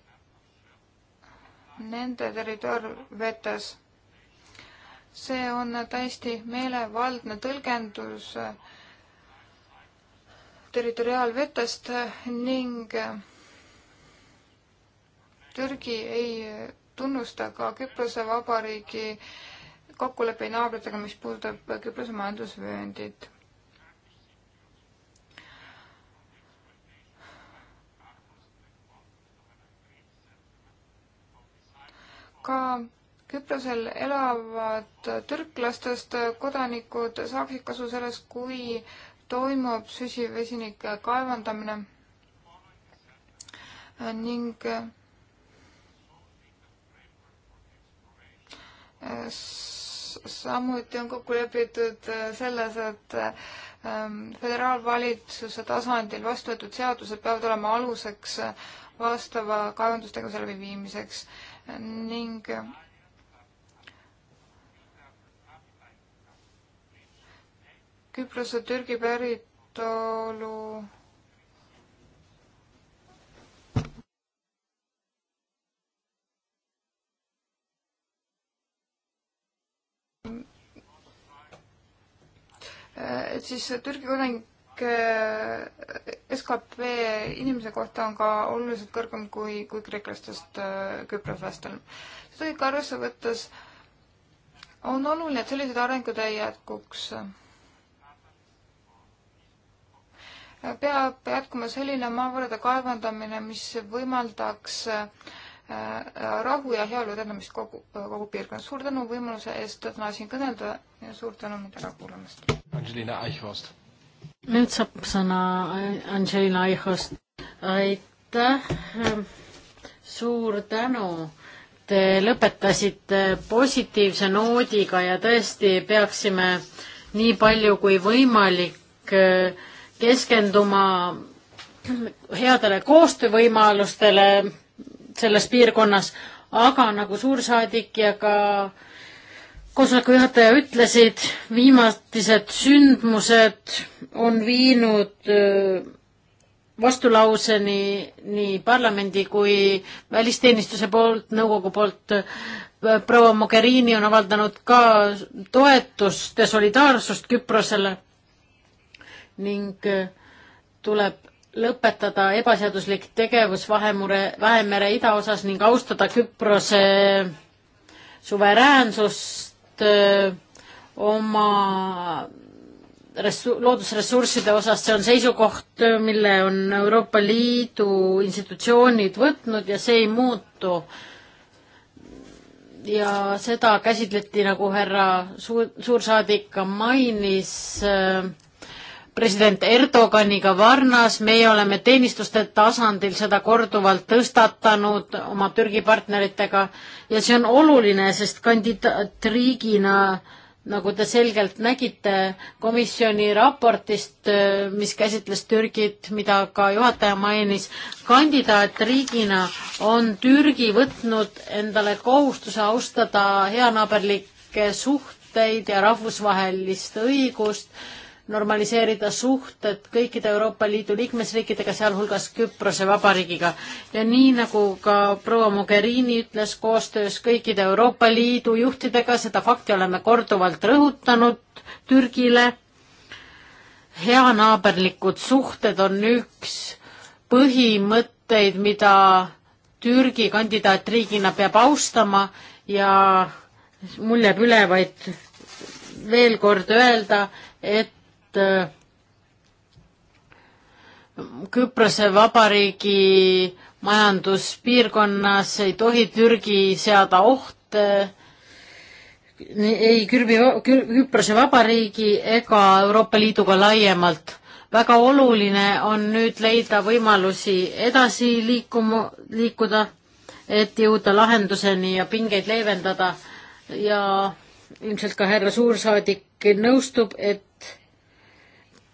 nende territoorvetes. see on täiesti meelevaldne tõlgendus territoriaalvetest ning Türgi ei tunnusta ka Küprose Vabariigi kokkuleppeid naabritega, mis puudutab Küprose majandusvööndit ka Küprosel elavad türklastest kodanikud saaksid kasu sellest, kui toimub süsivesinike kaevandamine ning äh, samuti on kokku lepitud selles, et ähm, föderaalvalitsuse tasandil vastu võetud seadused peavad olema aluseks vastava kaevandustegevuse läbiviimiseks ning Küprose Türgi päritolu et siis Türgi kodanik Eh, SKP inimese kohta on ka oluliselt kõrgem kui, kui kreeklastest eh, küproslastel. seda kõike arvesse võttes on oluline, et sellised arengud ei jätkuks. peab jätkuma selline maavarade kaevandamine, mis võimaldaks eh, rahu ja heaolu edendamist kogu, kogu piirkonnas. suur tänu võimaluse eest täna siin kõnelda ja suur tänu mind ära kuulamast. Angelina Eichhorst nüüd saab sõna äh, Angelina Aihost. aitäh, ähm, suur tänu. Te lõpetasite positiivse noodiga ja tõesti peaksime nii palju kui võimalik äh, keskenduma headele koostöövõimalustele selles piirkonnas, aga nagu suursaadik ja ka äh, koosoleku juhataja ütlesid, viimatised sündmused on viinud vastulauseni nii parlamendi kui välisteenistuse poolt, nõukogu poolt. proua Mogherini on avaldanud ka toetust ja solidaarsust Küprosele ning tuleb lõpetada ebaseaduslik tegevus Vahemere, Vahemere idaosas ning austada Küprose suveräänsust et oma ressu-, loodusressursside osas, see on seisukoht, mille on Euroopa Liidu institutsioonid võtnud ja see ei muutu. ja seda käsitleti, nagu härra suur, suursaadik ka mainis äh,, president Erdoganiga Varnas, meie oleme teenistuste tasandil seda korduvalt tõstatanud oma Türgi partneritega ja see on oluline, sest kandidaatriigina nagu te selgelt nägite komisjoni raportist, mis käsitles Türgit, mida ka juhataja mainis, kandidaatriigina on Türgi võtnud endale kohustuse austada heanaaberlikke suhteid ja rahvusvahelist õigust normaliseerida suhted kõikide Euroopa Liidu liikmesriikidega, sealhulgas Küprose Vabariigiga. ja nii, nagu ka proua Mogherini ütles, koostöös kõikide Euroopa Liidu juhtidega, seda fakti oleme korduvalt rõhutanud Türgile, heanaaberlikud suhted on üks põhimõtteid, mida Türgi kandidaatriigina peab austama ja mul jääb üle vaid veel kord öelda, et Äh, Küprose Vabariigi majanduspiirkonnas ei tohi Türgi seada ohte ei Kürbi, Küprose Vabariigi ega Euroopa Liiduga laiemalt. väga oluline on nüüd leida võimalusi edasi liikuma, liikuda, et jõuda lahenduseni ja pingeid leevendada ja ilmselt ka härra suursaadik nõustub, et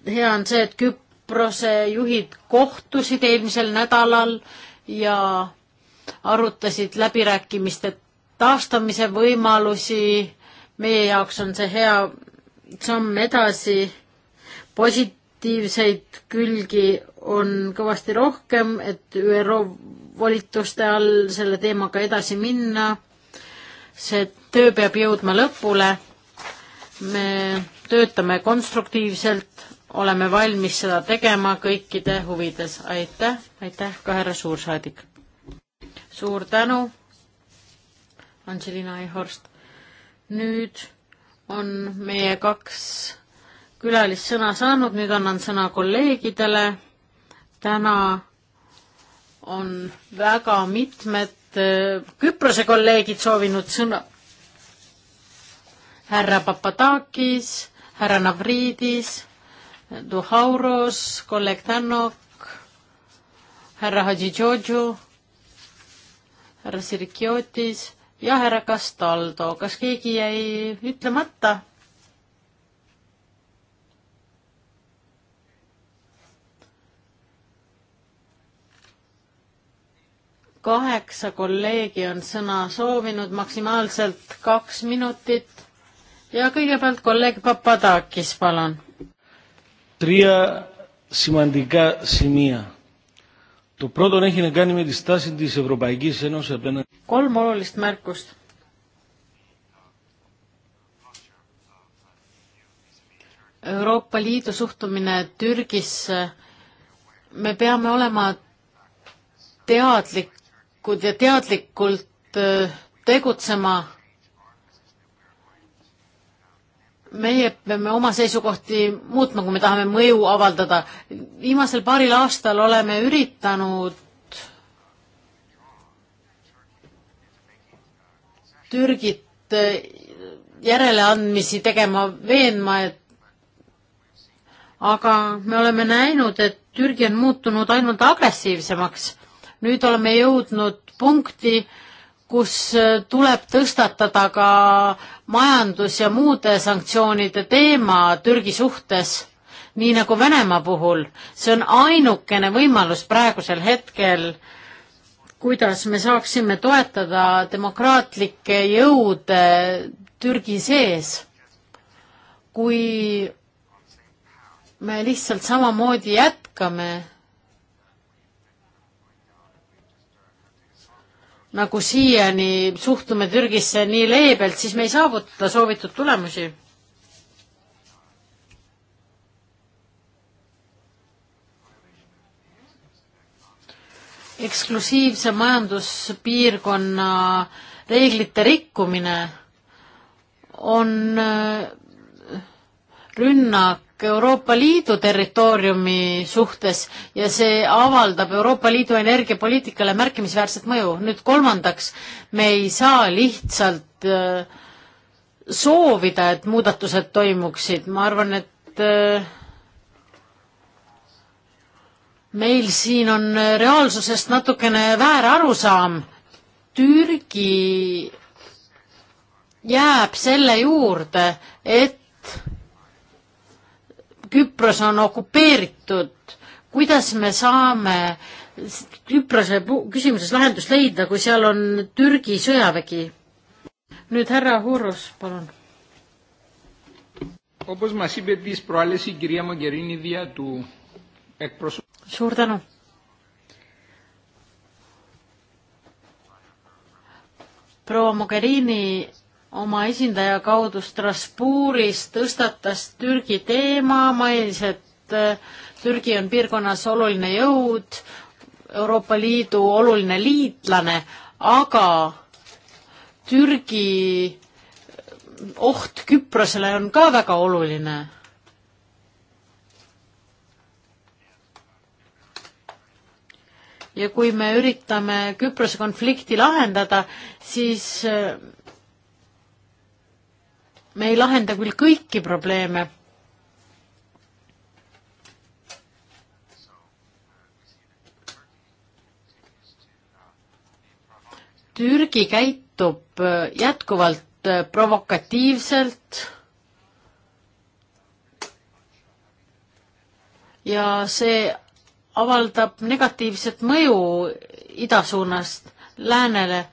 hea on see, et Küprose juhid kohtusid eelmisel nädalal ja arutasid läbirääkimiste taastamise võimalusi. meie jaoks on see hea samm edasi. positiivseid külgi on kõvasti rohkem, et ÜRO volituste all selle teemaga edasi minna. see töö peab jõudma lõpule. me töötame konstruktiivselt oleme valmis seda tegema kõikide huvides. aitäh, aitäh ka härra suursaadik. suur tänu, Angelina Eihorst. nüüd on meie kaks külalist sõna saanud, nüüd annan sõna kolleegidele. täna on väga mitmed äh, Küprose kolleegid soovinud sõna. härra Papadakis, härra Navridis Ντουχάουρος, Κολεκτάνοκ, härra Hadžidžodžu, härra Sirkiotis ja härra Castaldo. kas keegi jäi ütlemata? kaheksa kolleegi on sõna soovinud, maksimaalselt kaks minutit. ja kõigepealt kolleeg Papadakis, palun τρία σημαντικά σημεία. Το πρώτο έχει να κάνει με τη στάση της Ευρωπαϊκής Ένωσης απέναντι. Kolm olulist märkust. Euroopa Liidu suhtumine Türgisse, me peame olema teadlikud ja teadlikult äh, tegutsema meie peame oma seisukohti muutma, kui me tahame mõju avaldada. viimasel paaril aastal oleme üritanud Türgit järeleandmisi tegema, veenma, et aga me oleme näinud, et Türgi on muutunud ainult agressiivsemaks. nüüd oleme jõudnud punkti, kus äh, tuleb tõstatada ka majandus- ja muude sanktsioonide teema Türgi suhtes, nii nagu Venemaa puhul. see on ainukene võimalus praegusel hetkel, kuidas me saaksime toetada demokraatlikke jõude Türgi sees. kui me lihtsalt samamoodi jätkame, nagu siiani suhtume Türgisse nii leebelt, siis me ei saavuta soovitud tulemusi eksklusiivse majanduspiirkonna reeglite rikkumine on äh, rünnak Euroopa Liidu territooriumi suhtes ja see avaldab Euroopa Liidu energiapoliitikale märkimisväärset mõju. nüüd kolmandaks, me ei saa lihtsalt äh, soovida, et muudatused toimuksid, ma arvan, et äh, meil siin on reaalsusest natukene väär arusaam. Türgi jääb selle juurde, et Küpros on okupeeritud, kuidas me saame Küprose küsimuses lahendust leida, kui seal on Türgi sõjavägi? nüüd härra Hurus, palun. suur tänu. proua Mogherini oma esindaja kaudu Strasbourgis tõstatas Türgi teema, mainis, et äh, Türgi on piirkonnas oluline jõud, Euroopa Liidu oluline liitlane, aga Türgi äh, oht Küprosele on ka väga oluline ja kui me üritame Küprose konflikti lahendada, siis äh, me ei lahenda küll kõiki probleeme. Türgi käitub äh, jätkuvalt äh, provokatiivselt ja see avaldab negatiivset mõju idasuunast läänele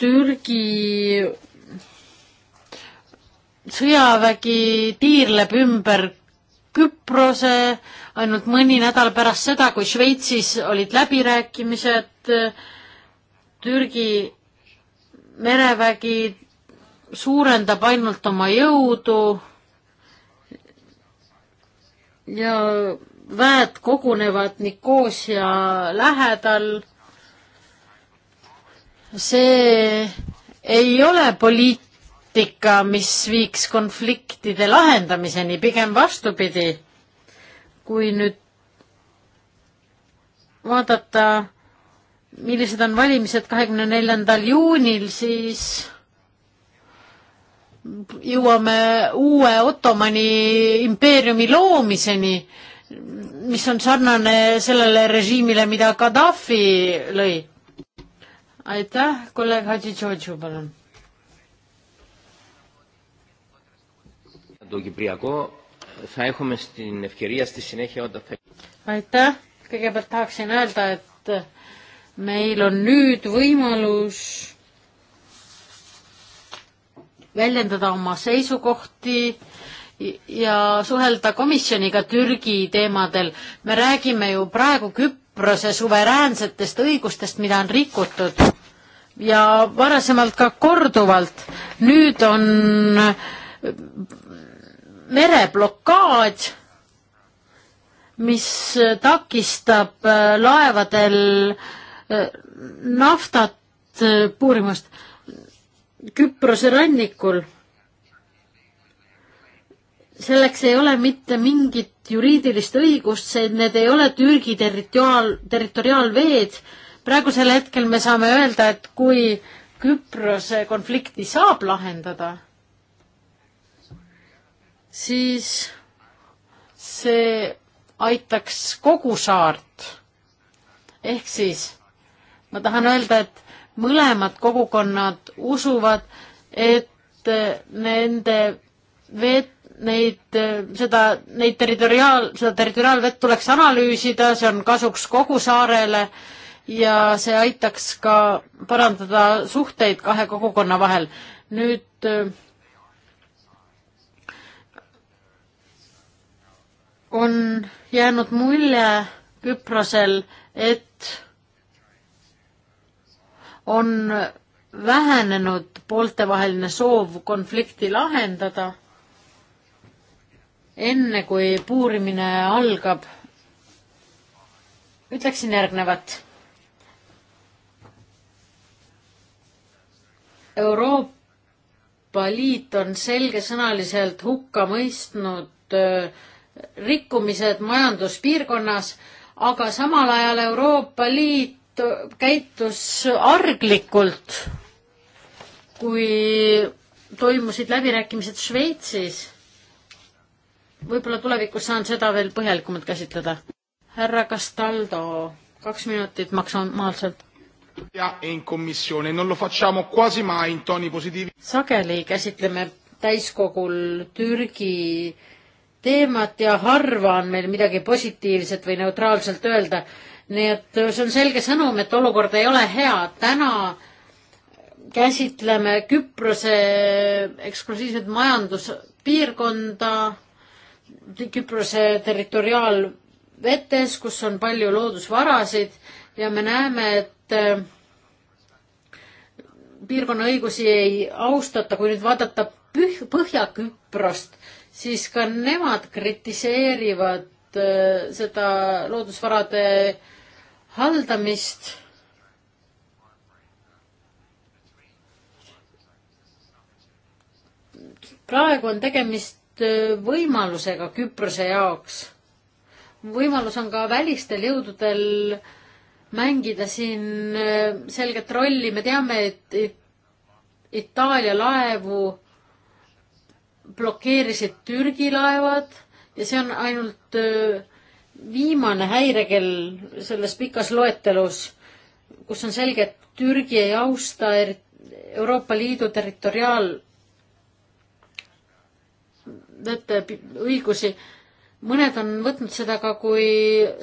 Türgi sõjavägi tiirleb ümber Küprose ainult mõni nädal pärast seda, kui Šveitsis olid läbirääkimised, Türgi merevägi suurendab ainult oma jõudu ja väed kogunevad Nikosia lähedal see ei ole poliitika, mis viiks konfliktide lahendamiseni, pigem vastupidi. kui nüüd vaadata, millised on valimised kahekümne neljandal juunil, siis jõuame uue Ottomani impeeriumi loomiseni, mis on sarnane sellele režiimile, mida Gaddafi lõi aitäh, kolleeg Hadži Tšotšu, palun. aitäh, kõigepealt tahaksin öelda, et meil on nüüd võimalus väljendada oma seisukohti ja suhelda komisjoniga Türgi teemadel. me räägime ju praegu Küprosest Küprose suveräänsetest õigustest, mida on rikutud ja varasemalt ka korduvalt. nüüd on äh, mereblokaad, mis takistab äh, laevadel äh, naftat puurimast Küprose rannikul selleks ei ole mitte mingit juriidilist õigust, see, need ei ole Türgi territoriaal, territoriaalveed. praegusel hetkel me saame öelda, et kui Küprose konflikti saab lahendada, siis see aitaks kogu saart. ehk siis ma tahan öelda, et mõlemad kogukonnad usuvad, et nende veet-, neid, seda, neid territoriaal, seda territoriaalvett tuleks analüüsida, see on kasuks kogu saarele ja see aitaks ka parandada suhteid kahe kogukonna vahel. nüüd äh, on jäänud mulje Küprosel, et on vähenenud pooltevaheline soov konflikti lahendada enne kui puurimine algab, ütleksin järgnevat. Euroopa Liit on selgesõnaliselt hukka mõistnud äh, rikkumised majanduspiirkonnas, aga samal ajal Euroopa Liit käitus arglikult, kui toimusid läbirääkimised Šveitsis võib-olla tulevikus saan seda veel põhjalikumalt käsitleda. härra Castaldo, kaks minutit maksimaalselt. sageli käsitleme täiskogul Türgi teemat ja harva on meil midagi positiivset või neutraalselt öelda. nii et see on selge sõnum, et olukord ei ole hea. täna käsitleme Küprose eksklusiivset majanduspiirkonda Küprose territoriaalvetes, kus on palju loodusvarasid ja me näeme, et äh, piirkonna õigusi ei austata, kui nüüd vaadata Põhja-Küprost, siis ka nemad kritiseerivad äh, seda loodusvarade haldamist praegu on tegemist Äh, võimalusega Küprose jaoks. võimalus on ka välistel jõududel mängida siin äh, selget rolli, me teame, et Itaalia laevu blokeerisid Türgi laevad ja see on ainult äh, viimane häirekell selles pikas loetelus, kus on selge, et Türgi ei austa Euroopa Liidu territoriaal- leppe õigusi. mõned on võtnud seda ka kui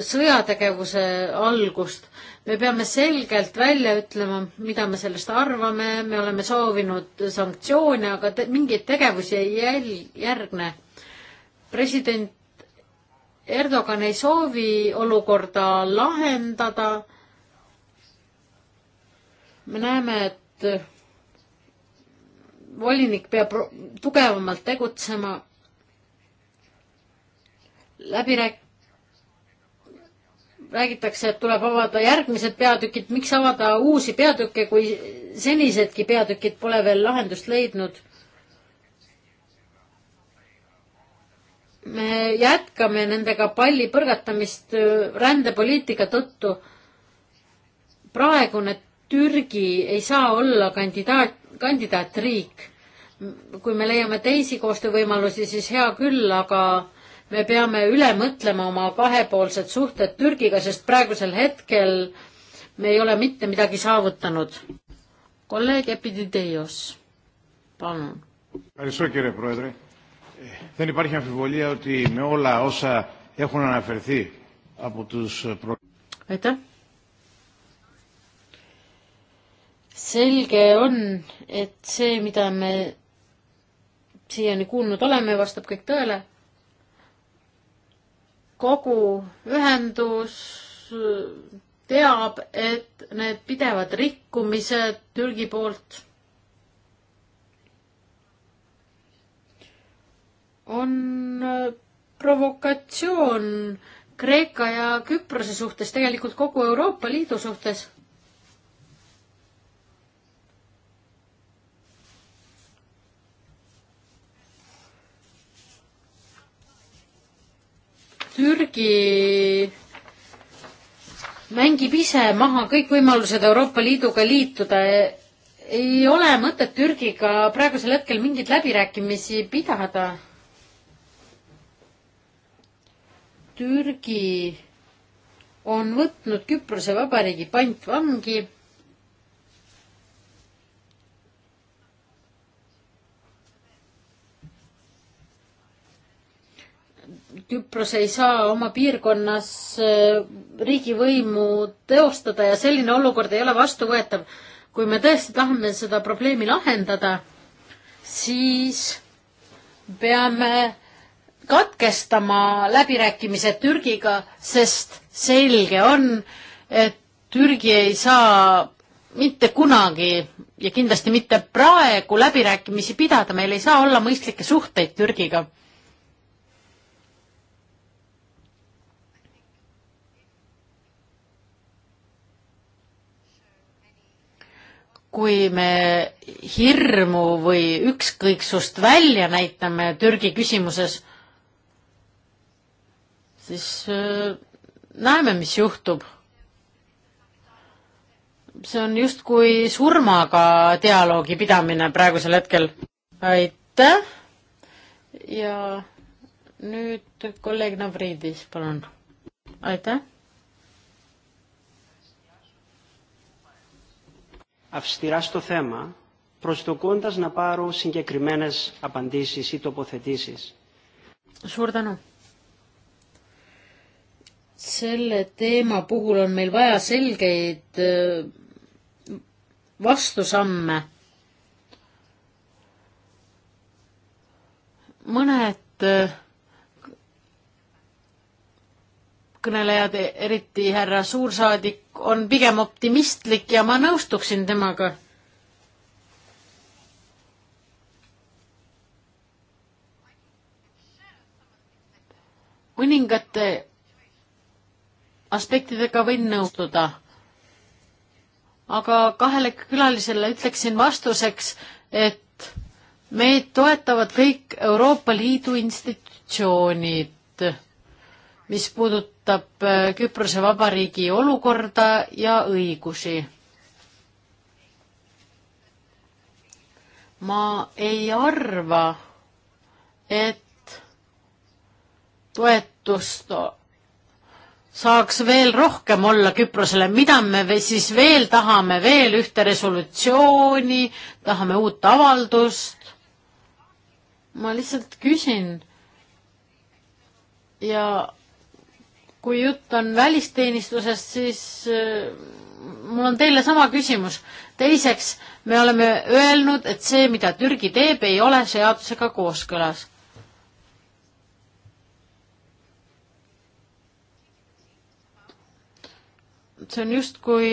sõjategevuse algust. me peame selgelt välja ütlema, mida me sellest arvame, me oleme soovinud sanktsioone, aga te mingeid tegevusi ei jäl-, järgne. president Erdogan ei soovi olukorda lahendada. me näeme, et volinik peab tugevamalt tegutsema läbirääk-, räägitakse, et tuleb avada järgmised peatükid, miks avada uusi peatükke, kui senisedki peatükid pole veel lahendust leidnud? me jätkame nendega palli põrgatamist äh, rändepoliitika tõttu. praegune Türgi ei saa olla kandidaat, kandidaatriik. kui me leiame teisi koostöövõimalusi, siis hea küll, aga me peame üle mõtlema oma kahepoolsed suhted Türgiga, sest praegusel hetkel me ei ole mitte midagi saavutanud. kolleeg Epidideios, palun. Δεν υπάρχει αμφιβολία ότι με όλα όσα έχουν αναφερθεί από τους Aitäh! selge on, et see, mida me siiani kuulnud oleme, vastab kõik tõele kogu ühendus teab, et need pidevad rikkumised Türgi poolt on äh, provokatsioon Kreeka ja Küprose suhtes, tegelikult kogu Euroopa Liidu suhtes Türgi mängib ise maha kõik võimalused Euroopa Liiduga liituda. ei ole mõtet Türgiga praegusel hetkel mingeid läbirääkimisi pidada. Türgi on võtnud Küprose Vabariigi pantvangi Küpros ei saa oma piirkonnas äh, riigivõimu teostada ja selline olukord ei ole vastuvõetav. kui me tõesti tahame seda probleemi lahendada, siis peame katkestama läbirääkimised Türgiga, sest selge on, et Türgi ei saa mitte kunagi ja kindlasti mitte praegu läbirääkimisi pidada, meil ei saa olla mõistlikke suhteid Türgiga kui me hirmu või ükskõiksust välja näitame Türgi küsimuses, siis äh, näeme, mis juhtub. see on justkui surmaga dialoogi pidamine praegusel hetkel. aitäh ja nüüd kolleeg Navridis, palun. aitäh αυστηρά στο θέμα, προσδοκώντας να πάρω συγκεκριμένες απαντήσεις ή τοποθετήσεις. suur tänu. selle teema puhul on meil vaja selgeid äh, vastusamme. mõned äh, eelkõnelejad, eriti härra suursaadik, on pigem optimistlik ja ma nõustuksin temaga. mõningate aspektidega võin nõustuda. aga kahele külalisele ütleksin vastuseks, et meid toetavad kõik Euroopa Liidu institutsioonid mis puudutab puudutab äh, Küprose Vabariigi olukorda ja õigusi. ma ei arva, et toetust saaks veel rohkem olla Küprosele, mida me siis veel tahame, veel ühte resolutsiooni, tahame uut avaldust? ma lihtsalt küsin ja kui jutt on välisteenistusest, siis äh, mul on teile sama küsimus. teiseks, me oleme öelnud, et see, mida Türgi teeb, ei ole seadusega kooskõlas see on justkui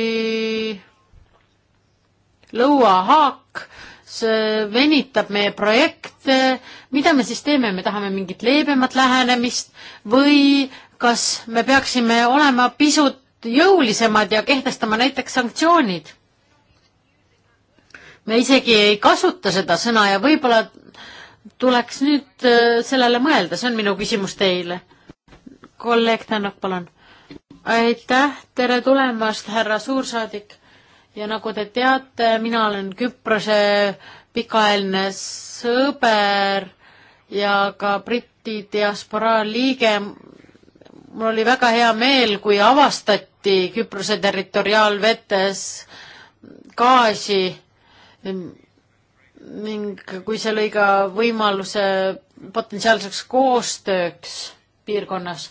lõuahaak, see venitab meie projekte, mida me siis teeme, me tahame mingit leebemat lähenemist või kas me peaksime olema pisut jõulisemad ja kehtestama näiteks sanktsioonid? me isegi ei kasuta seda sõna ja võib-olla tuleks nüüd äh, sellele mõelda, see on minu küsimus teile. kolleeg Tänak, palun. aitäh, tere tulemast, härra suursaadik. ja nagu te teate, mina olen Küprose pikaajaline sõber ja ka Briti diasporaa liige mul oli väga hea meel, kui avastati Küprose territoriaalvetes gaasi ning kui see lõi ka võimaluse potentsiaalseks koostööks piirkonnas.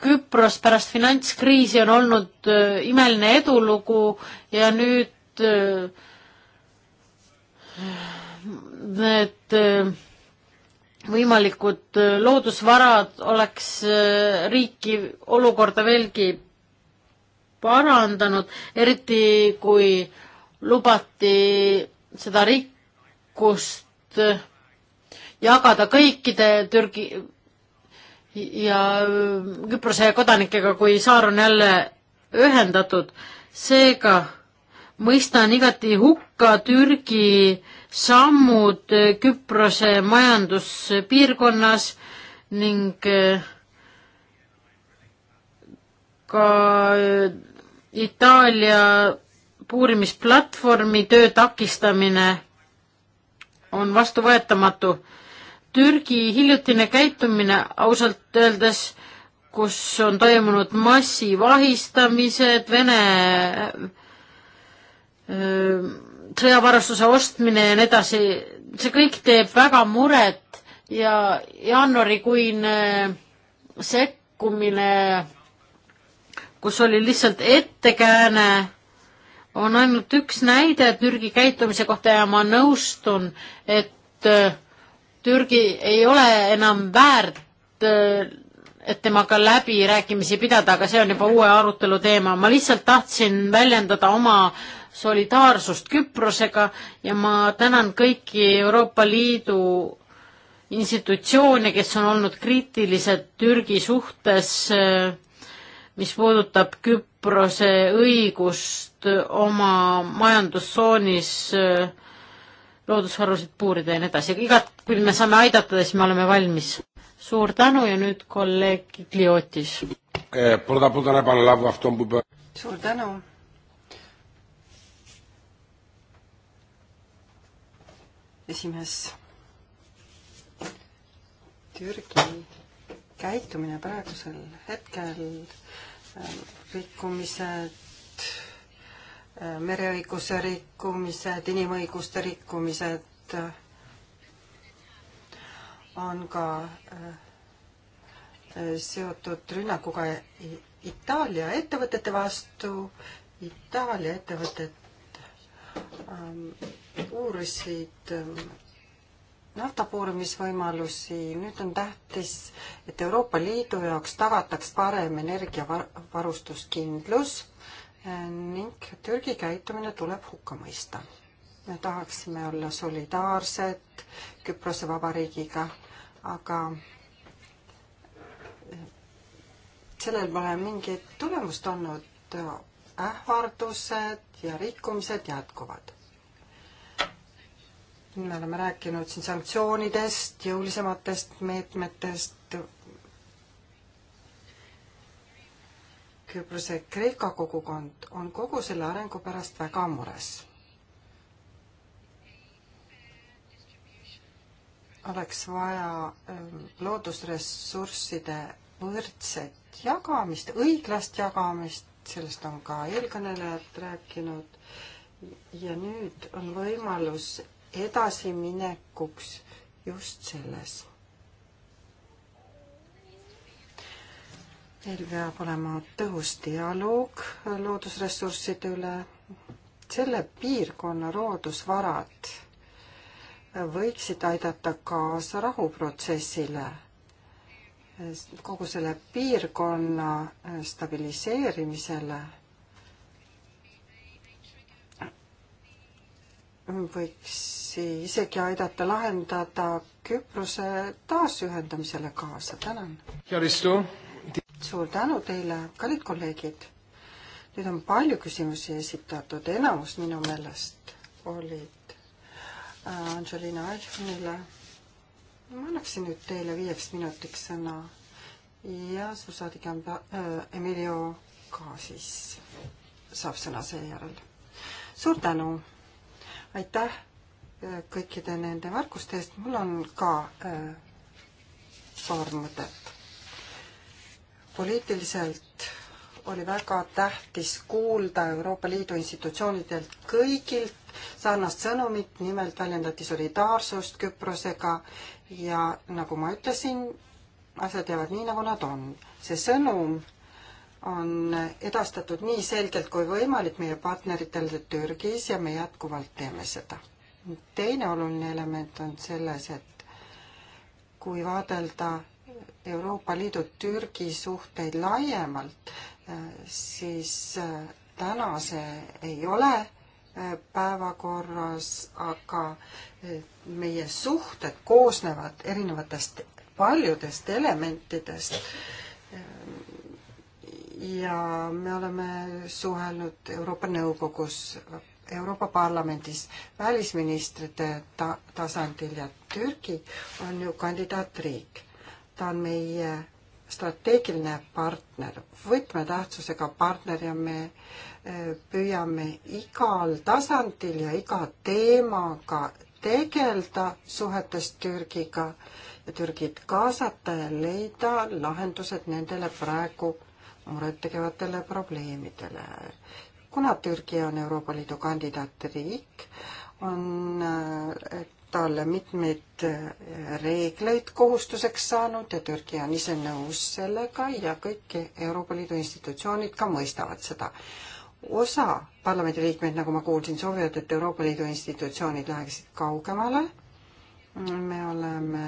Küpros pärast finantskriisi on olnud äh, imeline edulugu ja nüüd äh, need äh, võimalikud äh, loodusvarad oleks äh, riiki olukorda veelgi parandanud, eriti kui lubati seda rikkust äh, jagada kõikide Türgi ja Küprose kodanikega, kui saar on jälle ühendatud. seega mõistan igati hukka Türgi äh, sammud äh, Küprose majanduspiirkonnas ning äh, ka äh, Itaalia puurimisplatvormi töö takistamine on vastuvõetamatu. Türgi hiljutine käitumine ausalt öeldes, kus on toimunud massivahistamised, Vene öö, sõjavarastuse ostmine ja nii edasi, see kõik teeb väga muret ja jaanuarikuine äh, sekkumine, kus oli lihtsalt ettekääne, on ainult üks näide Türgi käitumise kohta ja ma nõustun, et äh, Türgi ei ole enam väärt, äh, et temaga läbirääkimisi pidada, aga see on juba uue arutelu teema. ma lihtsalt tahtsin väljendada oma äh, solidaarsust Küprosega ja ma tänan kõiki Euroopa Liidu institutsioone, kes on olnud kriitilised Türgi suhtes, mis puudutab Küprose õigust oma majandustsoonis loodusvarusid puurida ja nii edasi, igat, kui me saame aidata, siis me oleme valmis. suur tänu ja nüüd kolleeg Gliotis. Eh, suur tänu esimees. Türgi käitumine praegusel hetkel, ähm, rikkumised, ähm, mereõiguse rikkumised, inimõiguste rikkumised, äh, on ka äh, seotud rünnakuga Itaalia ettevõtete vastu. Itaalia ettevõtted Ähm, uurisid ähm, nafta puurimisvõimalusi, nüüd on tähtis, et Euroopa Liidu jaoks tagataks parem energiavarustuskindlus äh, ning Türgi käitumine tuleb hukka mõista. me tahaksime olla solidaarsed Küprose Vabariigiga, aga äh, sellel pole mingit tulemust olnud ähvardused ja rikkumised jätkuvad. me oleme rääkinud siin sanktsioonidest, jõulisematest meetmetest, Küprose Kreeka kogukond on kogu selle arengu pärast väga mures oleks vaja ähm, loodusressursside võrdset jagamist, õiglast jagamist sellest on ka eelkõnelejad rääkinud. ja nüüd on võimalus edasiminekuks just selles. meil peab olema tõhus dialoog loodusressursside üle. selle piirkonna loodusvarad võiksid aidata kaasa rahuprotsessile kogu selle piirkonna stabiliseerimisele võiks isegi aidata lahendada Küprose taasühendamisele kaasa, tänan. suur tänu teile, kallid kolleegid. nüüd on palju küsimusi esitatud, enamus minu meelest olid äh, Angelina Eichmannile ma annaksin nüüd teile viieks minutiks sõna ja suursaadik äh, Emilio ka siis saab sõna seejärel. suur tänu, aitäh äh, kõikide nende märkuste eest, mul on ka äh, paar mõtet. poliitiliselt oli väga tähtis kuulda Euroopa Liidu institutsioonidelt kõigilt sarnast sõnumit, nimelt väljendati solidaarsust Küprosega ja nagu ma ütlesin, asjad jäävad nii, nagu nad on. see sõnum on edastatud nii selgelt kui võimalik meie partneritele Türgis ja me jätkuvalt teeme seda. teine oluline element on selles, et kui vaadelda Euroopa Liidu Türgi suhteid laiemalt, siis äh, täna see ei ole äh, päevakorras, aga äh, meie suhted koosnevad erinevatest paljudest elementidest. ja me oleme suhelnud Euroopa Nõukogus, Euroopa Parlamendis, välisministrite ta-, tasandil ja Türgi on ju kandidaatriik. ta on meie strateegiline partner, võtmetähtsusega partner ja me eh, püüame igal tasandil ja iga teemaga tegeleda suhetes Türgiga ja Türgit kaasata ja leida lahendused nendele praegu murettegevatele probleemidele. kuna Türgi on Euroopa Liidu kandidaatriik, on eh, talle mitmeid äh, reegleid kohustuseks saanud ja Türgi on ise nõus sellega ja kõik Euroopa Liidu institutsioonid ka mõistavad seda. osa parlamendiliikmeid, nagu ma kuulsin, soovivad, et Euroopa Liidu institutsioonid läheksid kaugemale. me oleme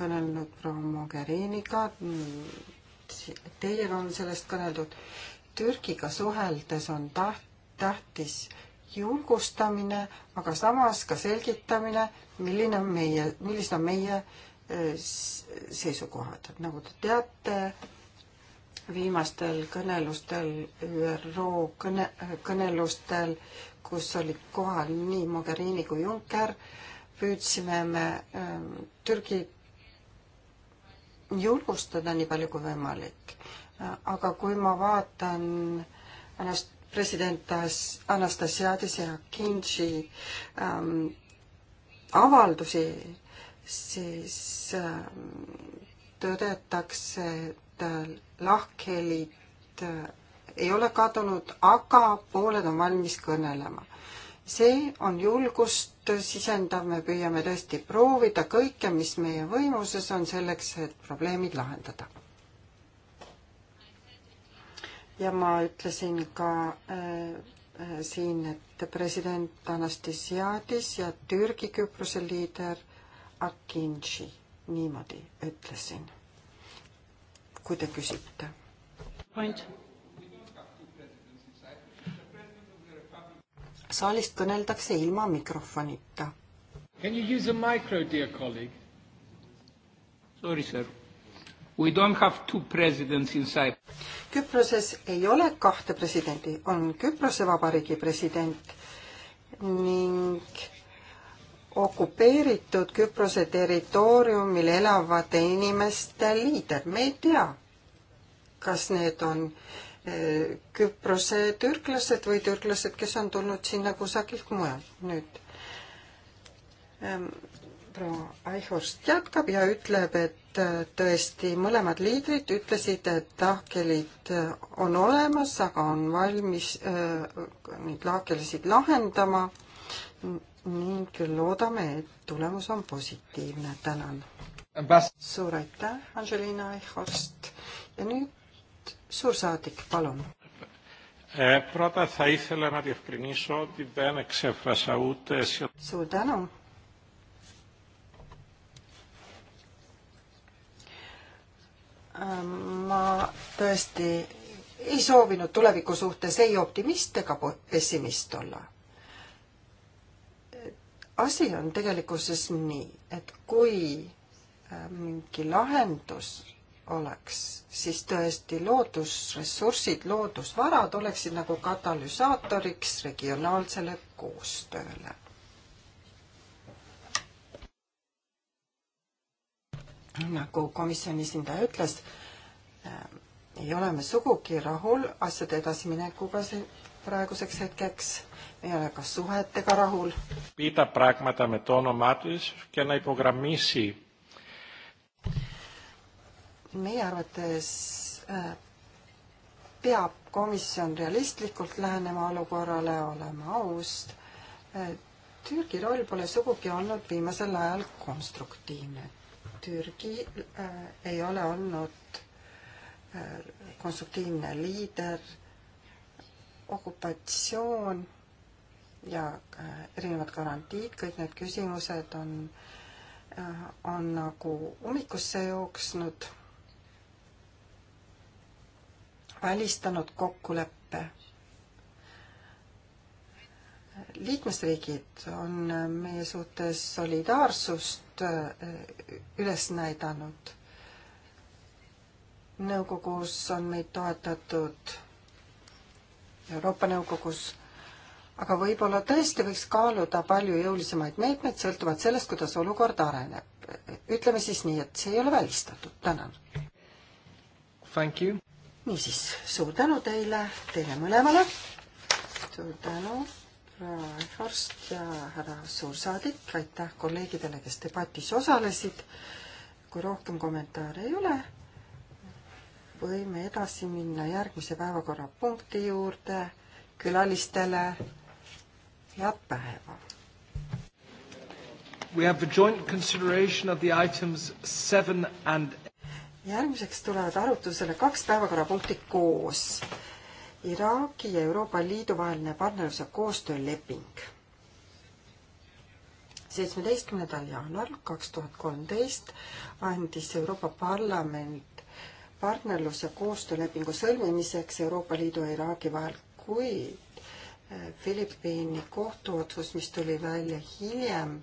kõnelnud proua Mogheriniga, teiega on sellest kõneldud. Türgiga suheldes on taht-, tähtis julgustamine, aga samas ka selgitamine, milline on meie, millised on meie eh, seisukohad. nagu te teate, viimastel kõnelustel, ÜRO kõne, kõnelustel, kus olid kohal nii Mogherini kui Juncker, püüdsime me eh, Türgi julgustada nii palju kui võimalik. aga kui ma vaatan ennast president Anastasiadis ja Kinši ähm, avaldusi, siis ähm, tõdetakse, et äh, lahkhelid äh, ei ole kadunud, aga pooled on valmis kõnelema. see on julgust sisendav, me püüame tõesti proovida kõike, mis meie võimuses on selleks, et probleemid lahendada ja ma ütlesin ka äh, äh, siin, et president Anastasiadis ja Türgi Küprose liider Akinci, niimoodi ütlesin, kui te küsite. point. saalist kõneldakse ilma mikrofonita. Can you use a micro, dear colleague? Sorry, sir We don't have two presidents in Cyprus. Küproses ei ole kahte presidenti, on Küprose Vabariigi president ning okupeeritud Küprose territooriumil elavate inimeste liider, me ei tea, kas need on eh, Küprose türklased või türklased, kes on tulnud sinna kusagilt mujalt nüüd. Ehm, proua Aihorst jätkab ja ütleb, et äh, tõesti, mõlemad liidrid ütlesid, et lahkhelid äh, on olemas, aga on valmis äh, neid lahkhelisid lahendama ning loodame, et tulemus on positiivne. tänan. suur aitäh, Angelina Aihorst. ja nüüd suursaadik, palun. Πρώτα θα ήθελα να διευκρινίσω ότι δεν εξέφρασα ούτε αισιοδοξία. Suur tänu ma tõesti ei soovinud tuleviku suhtes ei optimist ega pessimist olla. asi on tegelikkuses nii, et kui äh, mingi lahendus oleks, siis tõesti loodusressursid, loodusvarad oleksid nagu katalüsaatoriks regionaalsele koostööle nagu komisjoni esindaja ütles, äh, ei ole me sugugi rahul asjade edasiminekuga see praeguseks hetkeks, me ei ole ka suhetega rahul. meie arvates äh, peab komisjon realistlikult lähenema olukorrale, olema aus. Äh, Türgi roll pole sugugi olnud viimasel ajal konstruktiivne Türgi äh, ei ole olnud äh, konstruktiivne liider, okupatsioon ja äh, erinevad garantiid, kõik need küsimused on äh,, on nagu ummikusse jooksnud, välistanud kokkuleppe liikmesriigid on äh, meie suhtes solidaarsust Äh, üles näidanud. nõukogus on meid toetatud, Euroopa Nõukogus, aga võib-olla tõesti võiks kaaluda palju jõulisemaid meetmeid, sõltuvalt sellest, kuidas olukord areneb. ütleme siis nii, et see ei ole välistatud. tänan. niisiis, suur tänu teile, teile mõlemale. suur tänu härra Ehrhorst ja härra suursaadik, aitäh kolleegidele, kes debatis osalesid. kui rohkem kommentaare ei ole, võime edasi minna järgmise päevakorrapunkti juurde. külalistele head päeva. We have a joint consideration of the items seven and järgmiseks tulevad arutusele kaks päevakorrapunkti koos Iraagi ja Euroopa Liidu vaheline partnerluse koostööleping. seitsmeteistkümnendal jaanuaril kaks tuhat kolmteist andis Euroopa Parlament partnerluse koostöölepingu sõlmimiseks Euroopa Liidu ja Iraagi vahel, kuid Filipiini eh, kohtuotsus, mis tuli välja hiljem,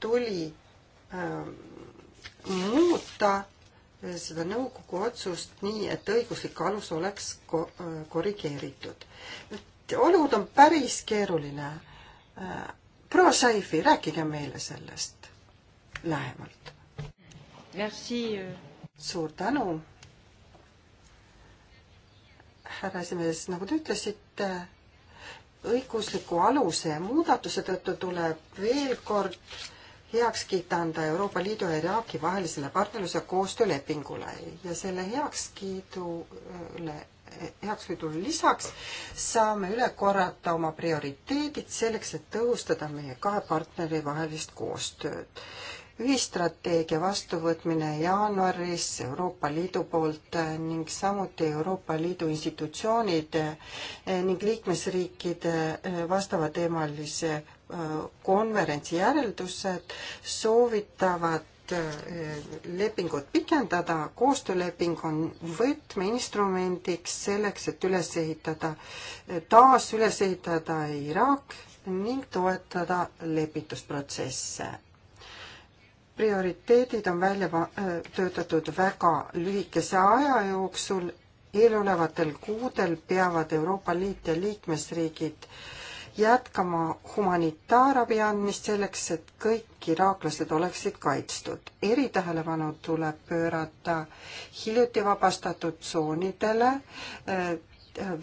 tuli äh, muuta seda nõukogu otsust nii, et õiguslik alus oleks ko-, äh, korrigeeritud. et olukord on päris keeruline. Äh, proua Saifi, rääkige meile sellest lähemalt. Äh. suur tänu. härra esimees, nagu te ütlesite, õigusliku aluse muudatuse tõttu tuleb veel kord äh, heakskiit anda Euroopa Liidu ja Iraaki vahelisele partnerluse koostöölepingule ja selle heakskiidule heakskiidule lisaks saame üle korrata oma prioriteedid selleks, et tõhustada meie kahe partneri vahelist koostööd. ühistrateegia vastuvõtmine jaanuaris Euroopa Liidu poolt ning samuti Euroopa Liidu institutsioonide ning liikmesriikide vastavateemalise konverentsi järeldused soovitavad eh, lepingut pikendada, koostööleping on võtmeinstrumendiks selleks, et üles ehitada, taas üles ehitada Iraak ning toetada lepitusprotsesse. prioriteedid on välja eh, töötatud väga lühikese aja jooksul, eelolevatel kuudel peavad Euroopa Liit ja liikmesriigid äh, jätkama humanitaarabi andmist selleks, et kõik iraaklased oleksid kaitstud. eritähelepanu tuleb pöörata hiljuti vabastatud tsoonidele, eh,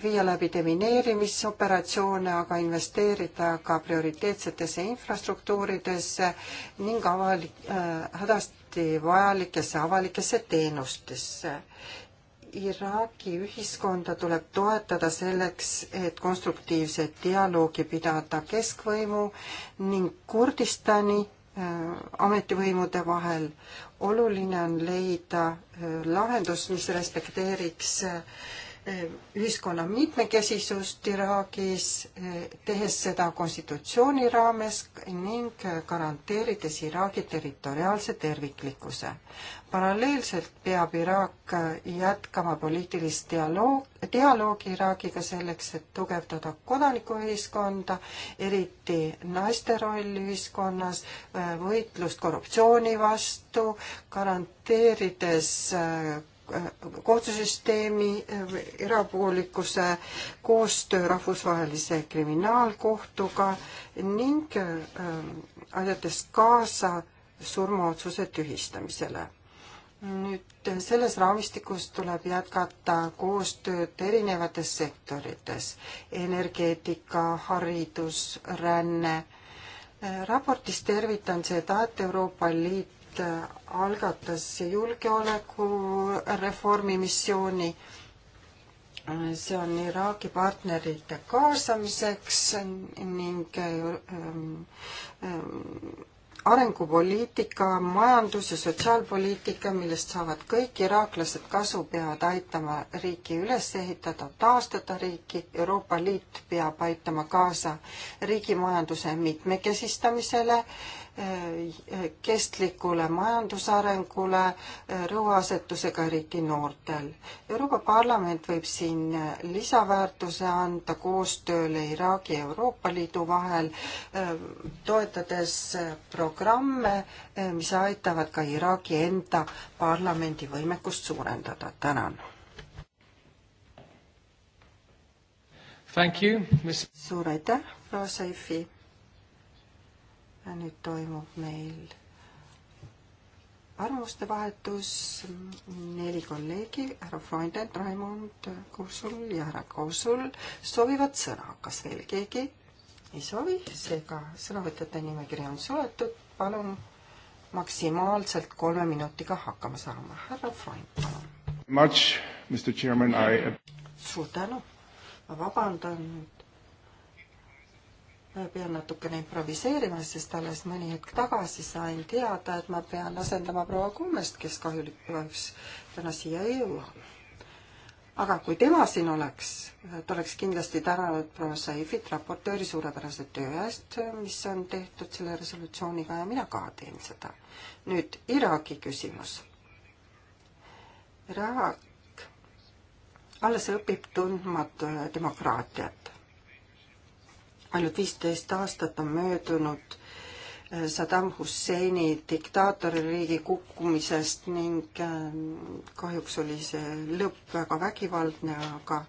viia läbi demineerimisoperatsioone, aga investeerida ka prioriteetsetesse infrastruktuuridesse ning avalik äh,, hädasti vajalikesse avalikesse teenustesse. Iraagi ühiskonda tuleb toetada selleks, et konstruktiivset dialoogi pidada keskvõimu ning Kurdistani äh, ametivõimude vahel. oluline on leida äh, lahendus, mis respekteeriks äh, ühiskonna mitmekesisust Iraagis, tehes seda konstitutsiooni raames ning garanteerides Iraagi territoriaalse terviklikkuse. paralleelselt peab Iraak jätkama poliitilist dialoog, dialoogi Iraagiga selleks, et tugevdada kodanikuühiskonda, eriti naiste rolli ühiskonnas, võitlust korruptsiooni vastu, garanteerides kohtusüsteemi eh, erapoolikuse, koostöö rahvusvahelise kriminaalkohtuga ning eh, aidates kaasa surmaotsuse tühistamisele. nüüd eh, selles raamistikus tuleb jätkata koostööd erinevates sektorites, energeetika, haridus, ränne. raportis tervitan seda, et Euroopa Liit Äh, algatas julgeolekureformi missiooni. Äh, see on Iraagi partnerite kaasamiseks ning äh, ähm, arengupoliitika, majandus- ja sotsiaalpoliitika, millest saavad kõik iraaklased kasu, peavad aitama riiki üles ehitada, taastada riiki, Euroopa Liit peab aitama kaasa riigi majanduse mitmekesistamisele äh,, Eh, kestlikule majandusarengule eh, rõhuasetusega riigi noortel. Euroopa Parlament võib siin eh, lisaväärtuse anda koostööle Iraagi ja Euroopa Liidu vahel, toetades programme, mis aitavad ka Iraagi enda parlamendi võimekust suurendada. tänan. suur aitäh, proua Saifi nüüd toimub meil arvamuste vahetus, neli kolleegi, härra Freundend, Raimond Kursul ja härra Kursul soovivad sõna, kas veel keegi ei soovi, seega sõnavõtjate nimekiri on suletud, palun maksimaalselt kolme minutiga hakkama saama, härra Freund, palun. suur tänu, ma vabandan pean natukene improviseerima, sest alles mõni hetk tagasi sain teada, et ma pean asendama proua Kummest, kes kahjuks täna siia ei jõua. aga kui tema siin oleks, ta oleks kindlasti tänanud proua Saifit, raportööri suurepärase töö eest, mis on tehtud selle resolutsiooniga ja mina ka teen seda. nüüd Iraagi küsimus. Iraak alles õpib tundma demokraatiat ainult viisteist aastat on möödunud äh, Saddam Husseini diktaatoririigi kukkumisest ning äh, kahjuks oli see lõpp väga vägivaldne, aga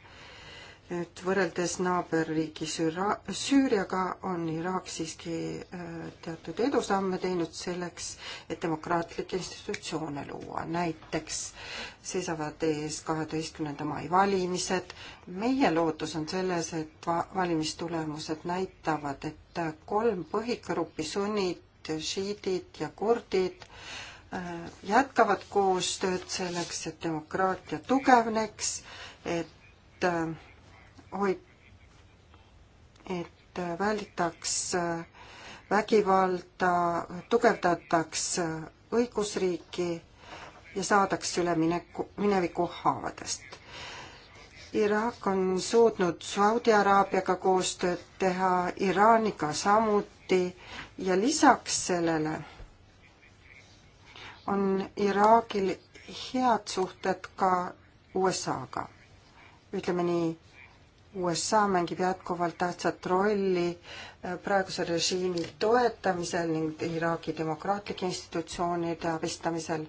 et võrreldes naaberriigi Süüra-, Süüriaga on Iraak siiski äh, teatud edusamme teinud selleks, et demokraatlikke institutsioone luua. näiteks seisavad ees kaheteistkümnenda mai valimised. meie lootus on selles, et va-, valimistulemused näitavad, et kolm põhigrupi, sunnid, šiidid ja kurdid, äh, jätkavad koostööd selleks, et demokraatia tugevneks, et äh, hoid-, et välditaks vägivalda, tugevdataks õigusriiki ja saadakse üle mineku, mineviku haavadest. Iraak on suutnud Saudi Araabiaga koostööd teha, Iraaniga samuti ja lisaks sellele on Iraagil head suhted ka USA-ga. ütleme nii, USA mängib jätkuvalt tähtsat rolli äh, praeguse režiimi toetamisel ning Iraagi demokraatlike institutsioonide abistamisel.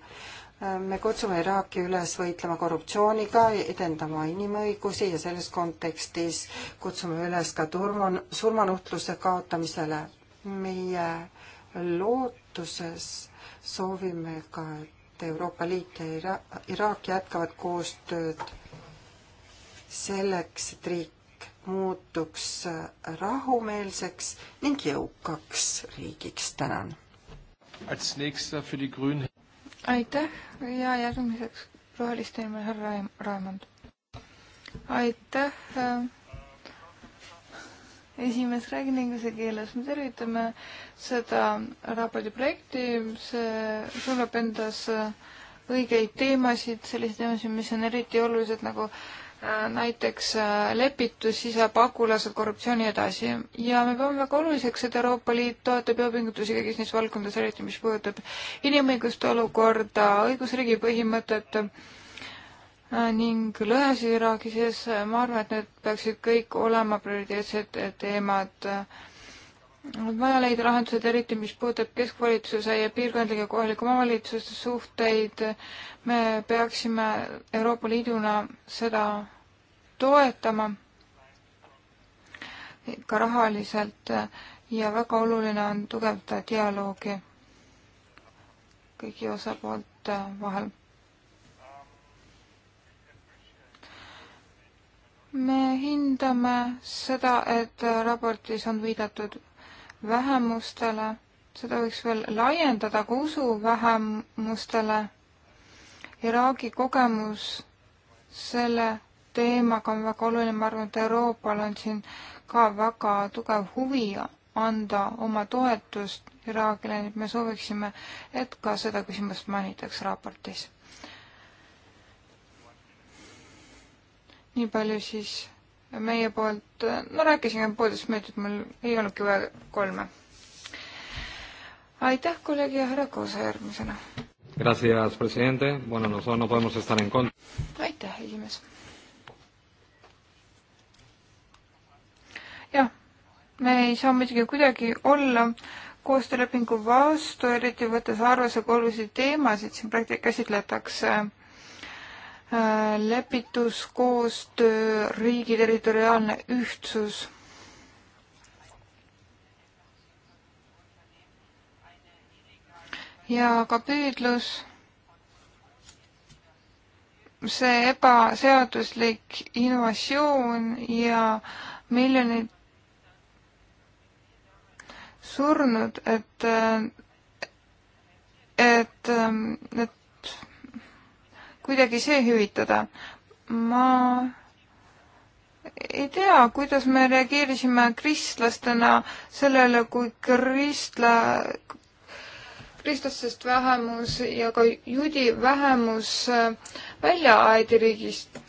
Äh, me kutsume Iraaki üles võitlema korruptsiooniga, edendama inimõigusi ja selles kontekstis kutsume üles ka turma, surmanuhtluse kaotamisele. meie lootuses soovime ka, et Euroopa Liit ja Ira-, Iraak jätkavad koostööd selleks, et riik muutuks rahumeelseks ning jõukaks riigiks. tänan. aitäh ja järgmiseks roheliste nimel härra Raimond. aitäh äh, esimees räägin inglise keeles. me tervitame seda raporti projekti, see sulab endas õigeid teemasid, selliseid teemasid, mis on eriti olulised nagu äh, Äh, näiteks äh, lepitus, sisepagulased, korruptsioon ja nii edasi. ja me peame väga oluliseks, et Euroopa Liit toetab jõupingutusi kõigis neis valdkondades, eriti mis puudutab inimõiguste olukorda, õigusriigi põhimõtet äh, ning lõhesid Iraagi sees. ma arvan, et need peaksid kõik olema prioriteetsed teemad äh, on vaja leida lahendused, eriti mis puudutab keskvalitsuse ja piirkondlike kohalike omavalitsuste suhteid. me peaksime Euroopa Liiduna seda toetama ka rahaliselt ja väga oluline on tugevdada dialoogi kõigi osapoolte vahel. me hindame seda, et raportis on viidatud vähemustele, seda võiks veel laiendada ka usuvähemustele. Iraagi kogemus selle teemaga on väga oluline, ma arvan, et Euroopal on siin ka väga tugev huvi anda oma toetust Iraagile, nii et me sooviksime, et ka seda küsimust mainitaks raportis. nii palju siis meie poolt, no rääkisin poolteist minutit, mul ei olnudki vaja kolme. aitäh, kolleeg ja härra Koosa järgmisena. Gracias, presidente. Bueno, nosotros no podemos estar en contra. aitäh, esimees. jah, me ei saa muidugi kuidagi olla koostöölepingu vastu, eriti võttes arvesse, kui olulisi teemasid siin käsitletakse Äh, lepitus, koostöö, riigi territoriaalne ühtsus. ja ka püüdlus see ebaseaduslik innovatsioon ja miljonid surnud, et, et, et ähm, kuidagi see hüvitada. ma ei tea, kuidas me reageerisime kristlastena sellele, kui kristla, kristlastest vähemus ja ka juudi vähemus välja aeti riigist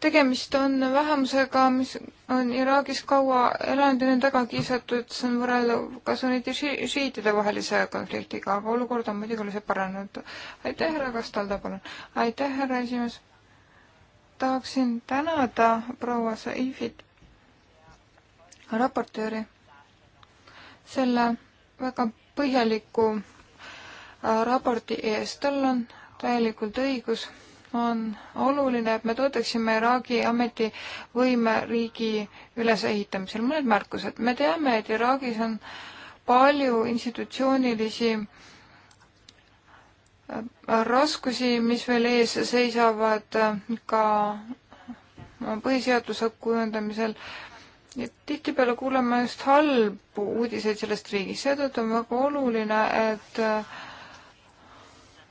tegemist on vähemusega, mis on Iraagis kaua elanud ja nüüd väga kiisatud, see on võrreldav ka sunnite šiitide vahelise konfliktiga, aga olukord on muidugi oluliselt paranenud. aitäh, härra Kastalda, palun. aitäh, härra esimees. tahaksin tänada proua Saifit, raportööri, selle väga põhjaliku äh, raporti eest, tal on täielikult õigus on oluline, et me toetaksime Iraagi ametivõime riigi ülesehitamisel. mõned märkused. me teame, et Iraagis on palju institutsioonilisi äh, raskusi, mis veel ees seisavad äh, ka äh, põhiseaduse kujundamisel. tihtipeale kuuleme just halbu uudiseid sellest riigist, seetõttu on väga oluline, et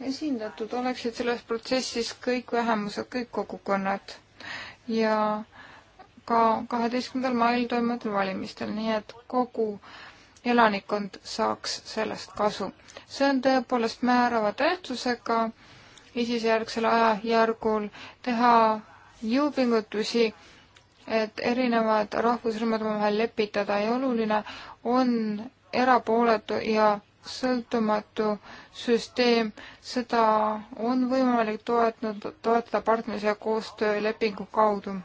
esindatud oleksid selles protsessis kõik vähemused, kõik kogukonnad ja ka kaheteistkümnendal mail toimuvatel valimistel, nii et kogu elanikkond saaks sellest kasu. see on tõepoolest määrava tähtsusega ISIS-järgsel ajajärgul teha jõupingutusi, et erinevad rahvusrühmad omavahel lepitada ja oluline on erapooletu ja sõltumatu süsteem, seda on võimalik toetnud, toetada partnerluse ja koostöölepingu kaudu.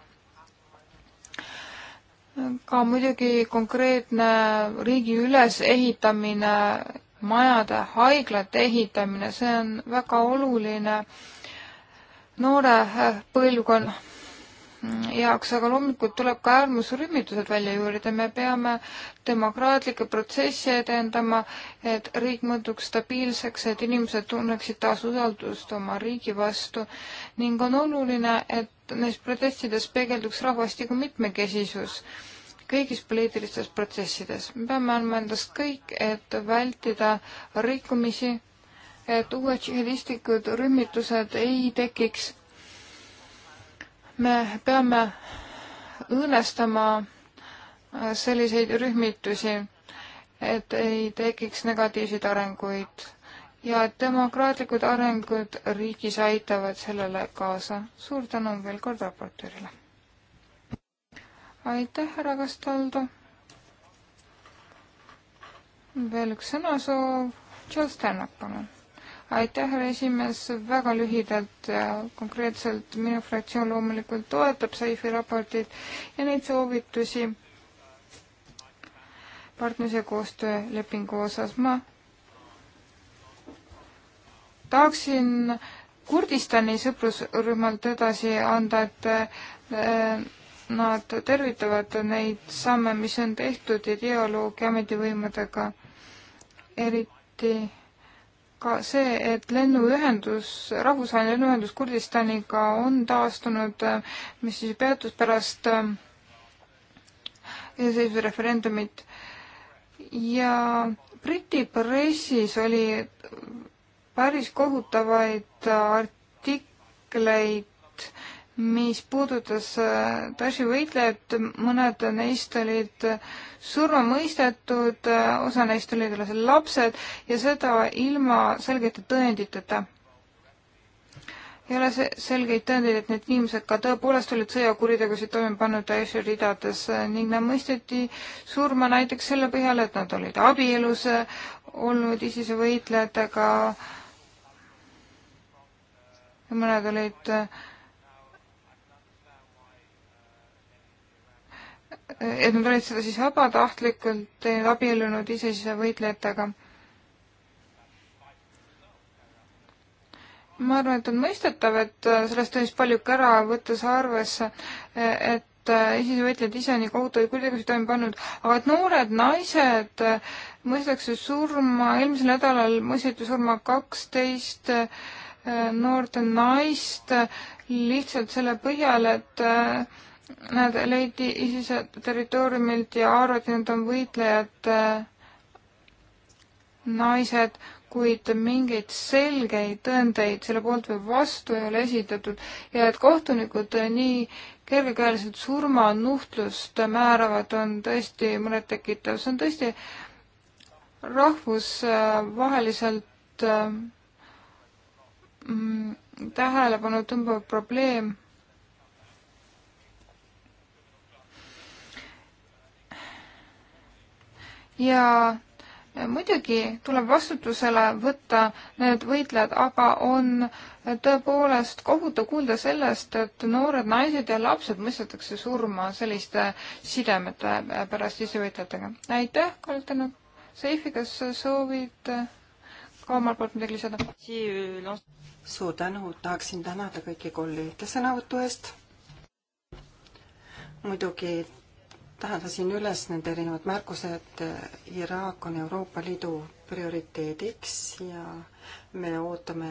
ka muidugi konkreetne riigi ülesehitamine, majade, haiglate ehitamine, see on väga oluline noore põlvkonna jaoks, aga loomulikult tuleb ka äärmusrühmitused välja juurida, me peame demokraatlikke protsesse edendama, et riik muutuks stabiilseks, et inimesed tunneksid taas usaldust oma riigi vastu ning on oluline, et neis protestides peegelduks rahvastiku mitmekesisus kõigis poliitilistes protsessides. me peame andma endast kõik, et vältida rikkumisi, et uued džihadistlikud rühmitused ei tekiks me peame õõnestama äh, selliseid rühmitusi, et ei tekiks negatiivseid arenguid ja et demokraatlikud arengud riigis aitavad sellele kaasa. suur tänu veel kord raportöörile. aitäh, härra Kastaldo. veel üks sõnasoov. Charles Tannock, palun aitäh, härra esimees, väga lühidalt ja äh, konkreetselt minu fraktsioon loomulikult toetab Saifi raportit ja neid soovitusi partners- ja koostöölepingu osas. ma tahaksin Kurdistani sõprusrühmalt edasi anda, et äh, nad tervitavad neid samme, mis on tehtud ja dialoogi ametivõimudega, eriti ka see, et lennuühendus, rahvusvaheline lennuühendus Kurdistaniga on taastunud, mis siis peatus pärast ähm, iseseisvuse referendumit ja Briti pressis oli päris kohutavaid artikleid mis puudutas Dashi äh, võitlejat, mõned neist olid surmamõistetud, äh, osa neist olid alles lapsed ja seda ilma selgete tõenditeta. ei ole selgeid tõendeid, et need inimesed ka tõepoolest olid sõjakuritegusid toime pannud Dashi ridades äh, ning nad mõisteti surma näiteks selle põhjal, et nad olid abielus olnud ISISe võitlejatega. mõned olid äh, et nad olid seda siis vabatahtlikult abiellunud iseseisva võitlejatega. ma arvan, et on mõistetav, et sellest tõi palju kära, võttes arvesse, et iseseisvavõitlejad ise nii kohutavaid kuritegusid toime pannud, aga et noored naised mõistetakse surma, eelmisel nädalal mõisteti surma kaksteist eh, noort naist lihtsalt selle põhjal, et eh, Nad leiti ISISe territooriumilt ja arvati, et nad on võitlejad äh, naised, kuid mingeid selgeid tõendeid selle poolt või vastu ei ole esitatud ja et kohtunikud nii kergekäeliselt surmanuhtlust määravad, on tõesti murettekitav. see on tõesti rahvusvaheliselt äh, mm, tähelepanu tõmbav probleem ja muidugi tuleb vastutusele võtta need võitlejad, aga on tõepoolest kohutav kuulda sellest, et noored naised ja lapsed mõistetakse surma selliste sidemete pärast sisevõitlejatega. aitäh, Kalle Tänak. Seifi, kas soovid ka omalt poolt midagi lisada? suur tänu, tahaksin tänada kõiki kolleege sõnavõtu eest. muidugi tähendasin üles need erinevad märkused. Iraak on Euroopa Liidu prioriteediks ja me ootame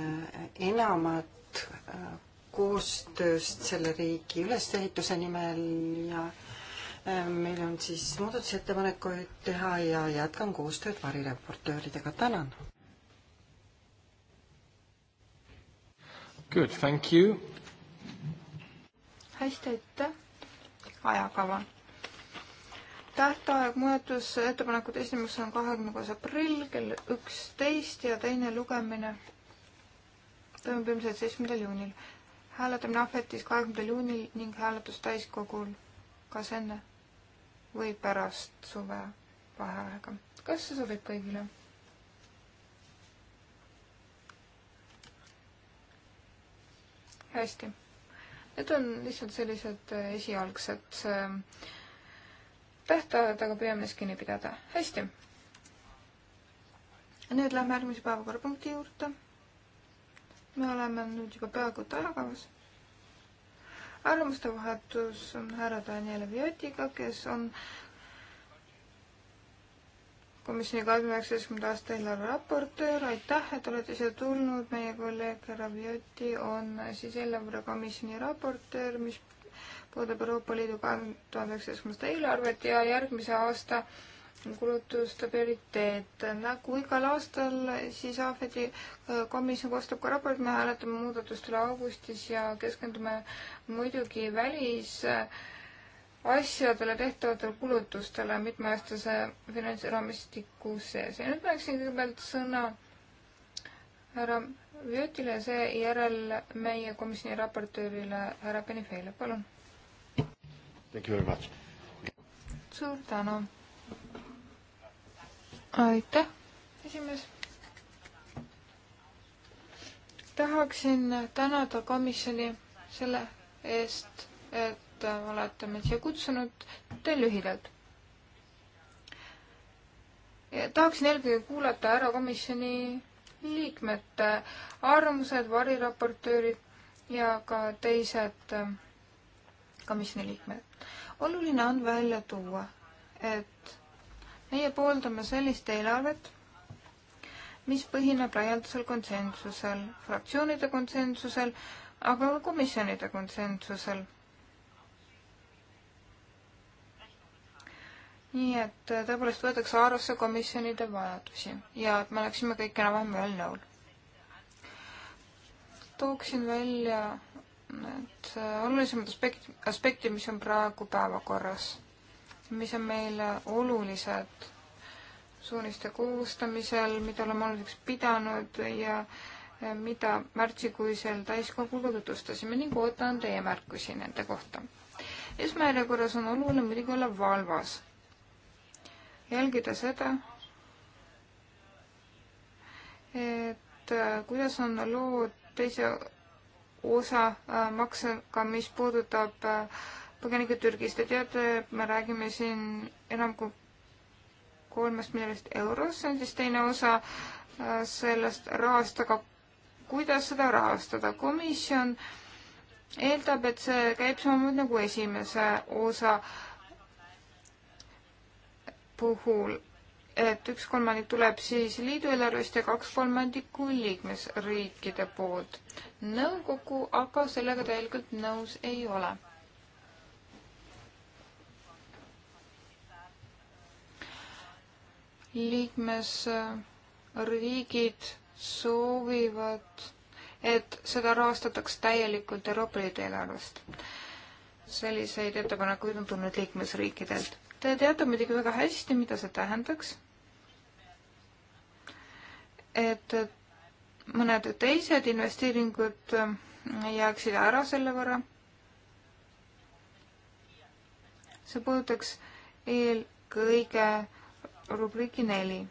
enamat äh, koostööst selle riigi ülesehituse nimel ja äh, meil on siis muudatusettepanekuid teha ja jätkan koostööd varireportööridega, tänan. Good, thank you. hästi, aitäh. ajakava tähtaeg muudatusettepanekute esimeses on kahekümne kuues aprill kell üksteist ja teine lugemine toimub ilmselt seitsmendal juunil. hääletamine ahvetis kahekümnendal juunil ning hääletus täiskogul kas enne või pärast suvevaheaega. kas see sobib kõigile? hästi. Need on lihtsalt sellised äh, esialgsed äh, tähtaegadega püüame neist kinni pidada. hästi. nüüd lähme järgmise päevakorrapunkti juurde. me oleme nüüd juba peaaegu taevas. arvamuste vahetus on härra Daniel Viotiga, kes on komisjoni kahekümne üheksateistkümnenda aasta eelarve raportöör, aitäh, et olete siia tulnud, meie kolleeg härra Viotti on siis eelarvekomisjoni raportöör, mis puudub Euroopa Liidu kahe tuhande üheksateistkümnenda eelarvet ja järgmise aasta kulutuste prioriteet. nagu igal aastal, siis AFED-i äh, komisjon koostab ka raport, me hääletame muudatustele augustis ja keskendume muidugi välisasjadele äh, tehtavatele kulutustele mitmeaastase finantsraamistiku sees. ja nüüd ma annaksin kõigepealt sõna härra Vjotile, seejärel meie komisjoni raportöörile härra Benifeile, palun suur tänu. aitäh, esimees. tahaksin tänada komisjoni selle eest, et olete meid siia kutsunud. teen lühidalt. tahaksin eelkõige kuulata ära komisjoni liikmete arvamused, variraportöörid ja ka teised komisjoni liikmed. oluline on välja tuua, et meie pooldame sellist eelarvet, mis põhineb laialdasel konsensusel, fraktsioonide konsensusel, aga ka komisjonide konsensusel. nii et äh, tõepoolest võetakse arvesse komisjonide vajadusi ja et me oleksime kõik enam-vähem ühel nõul. tooksin välja need äh, olulisemad aspektid, aspektid, mis on praegu päevakorras, mis on meile olulised suuniste koostamisel, mida oleme oluliseks pidanud ja äh, mida märtsikuisel täiskogul ka tutvustasime ning ootan teie märkusi nende kohta. esmajärjekorras on oluline muidugi olla valvas, jälgida seda, et äh, kuidas on lood teise osa äh, maksega, mis puudutab äh, põgenikke Türgist. Te teate, me räägime siin enam kui kolmest miljonist eurost, see on siis teine osa äh, sellest rahast, aga kuidas seda rahastada? komisjon eeldab, et see käib samamoodi nagu esimese osa puhul et üks kolmandik tuleb siis liidu eelarvest ja kaks kolmandikku liikmesriikide poolt. nõukogu aga sellega täielikult nõus ei ole. liikmesriigid soovivad, et seda rahastataks täielikult Euroopa Liidu eelarvest. selliseid ettepanekuid on tulnud liikmesriikidelt Te teate muidugi väga hästi, mida see tähendaks. et mõned teised investeeringud jääksid ära selle võrra. see puudutaks eelkõige rubriiki neli.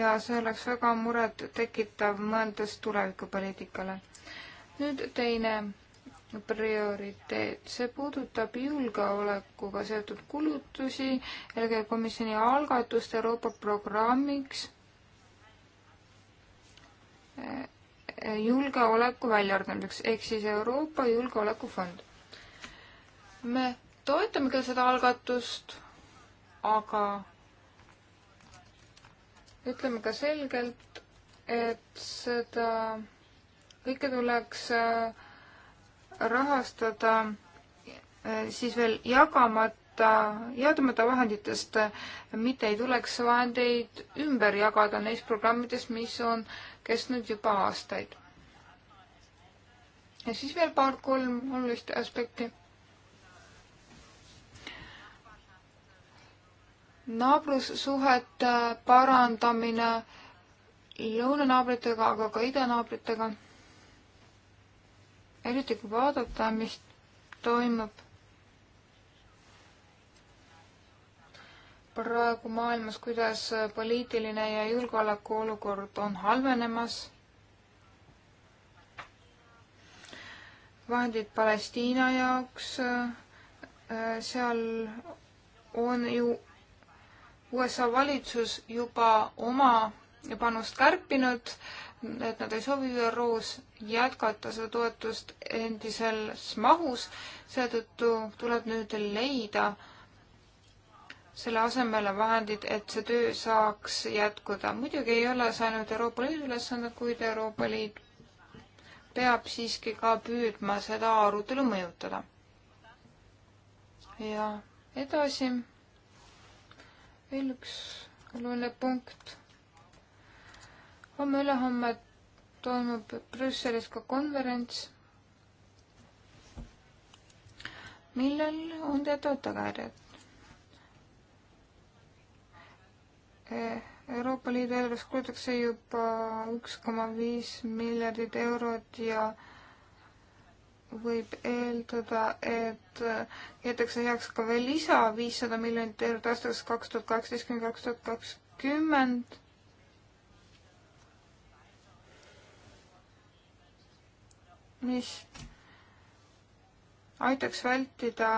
ja see oleks väga murettekitav, mõeldes tulevikupoliitikale. nüüd teine prioriteet. see puudutab julgeolekuga seotud kulutusi, eelkõige komisjoni algatust Euroopa programmiks eh, julgeoleku väljaarendamiseks ehk siis Euroopa Julgeolekufond. me toetame küll seda algatust, aga ütleme ka selgelt, et seda kõike tuleks äh, rahastada eh, siis veel jagamata, jaotamata vahenditest, eh, mitte ei tuleks vahendeid ümber jagada neis programmides, mis on kestnud juba aastaid. ja siis veel paar-kolm olulist aspekti. naabrussuhete parandamine lõunanaabritega, aga ka idanaabritega eriti kui vaadata, mis toimub praegu maailmas, kuidas poliitiline ja julgeolekuolukord on halvenemas. vahendid Palestiina jaoks, äh, seal on ju USA valitsus juba oma panust kärpinud äh, et nad ei soovi ÜRO-s jätkata seda toetust endises mahus, seetõttu tuleb nüüd leida selle asemele vahendid, et see töö saaks jätkuda. muidugi ei ole see ainult Euroopa Liidu ülesanne, kuid Euroopa Liit peab siiski ka püüdma seda arutelu mõjutada. ja edasi veel üks oluline punkt homme-ülehomme toimub Brüsselis ka konverents, millel on teatavad tagajärjed. Euroopa Liidu eelarves kulutatakse juba üks koma viis miljardit eurot ja võib eeldada, et jäetakse heaks ka veel lisa viissada miljonit eurot aastaks kaks tuhat kaheksateist kuni kaks tuhat kakskümmend mis aitaks vältida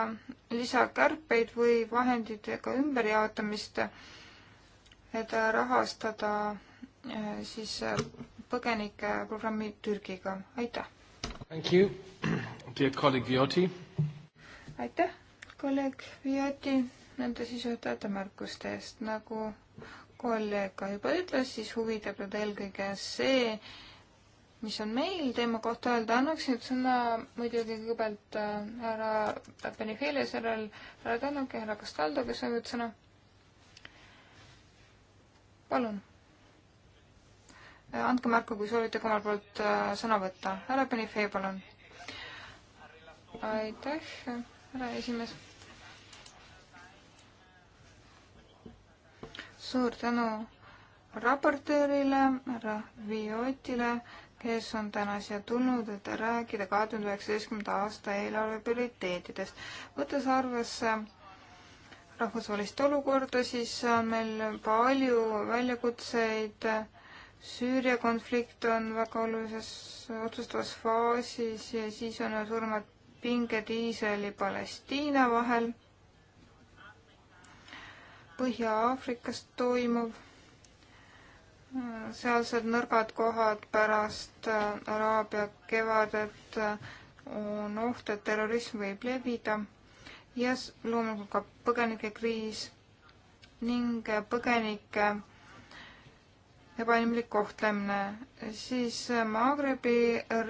lisakärpeid või vahenditega ümberjaotamist, et rahastada eh, siis eh, põgenikeprogrammi Türgiga. aitäh! aitäh, kolleeg Vioti, nende sisutajate märkuste eest. nagu kolleeg ka juba ütles, siis huvitab nüüd eelkõige see, mis on meil teema kohta öelda, annaks nüüd sõna muidugi kõigepealt äh, härra Benifeile, seejärel härra Tänak ja härra Castaldo, kes soovivad sõna. palun. Äh, andke märku, kui soovite ka omalt poolt äh, sõna võtta. härra Benifei, palun. aitäh, härra esimees. suur tänu raportöörile, härra Viotile kes on täna siia tulnud, et rääkida kahe tuhande üheksateistkümnenda aasta eelarve prioriteetidest. võttes arvesse rahvusvahelist olukorda, siis on meil palju väljakutseid. Süüria konflikt on väga olulises otsustavas faasis ja siis on suuremad pinged Iisraeli Palestiina vahel. Põhja-Aafrikas toimuv sealsed nõrgad kohad pärast äh, Araabia kevadet äh, on oht, et terrorism võib levida ja yes, loomulikult ka põgenikekriis ning äh, põgenike ebainimlik kohtlemine. siis Maagrebi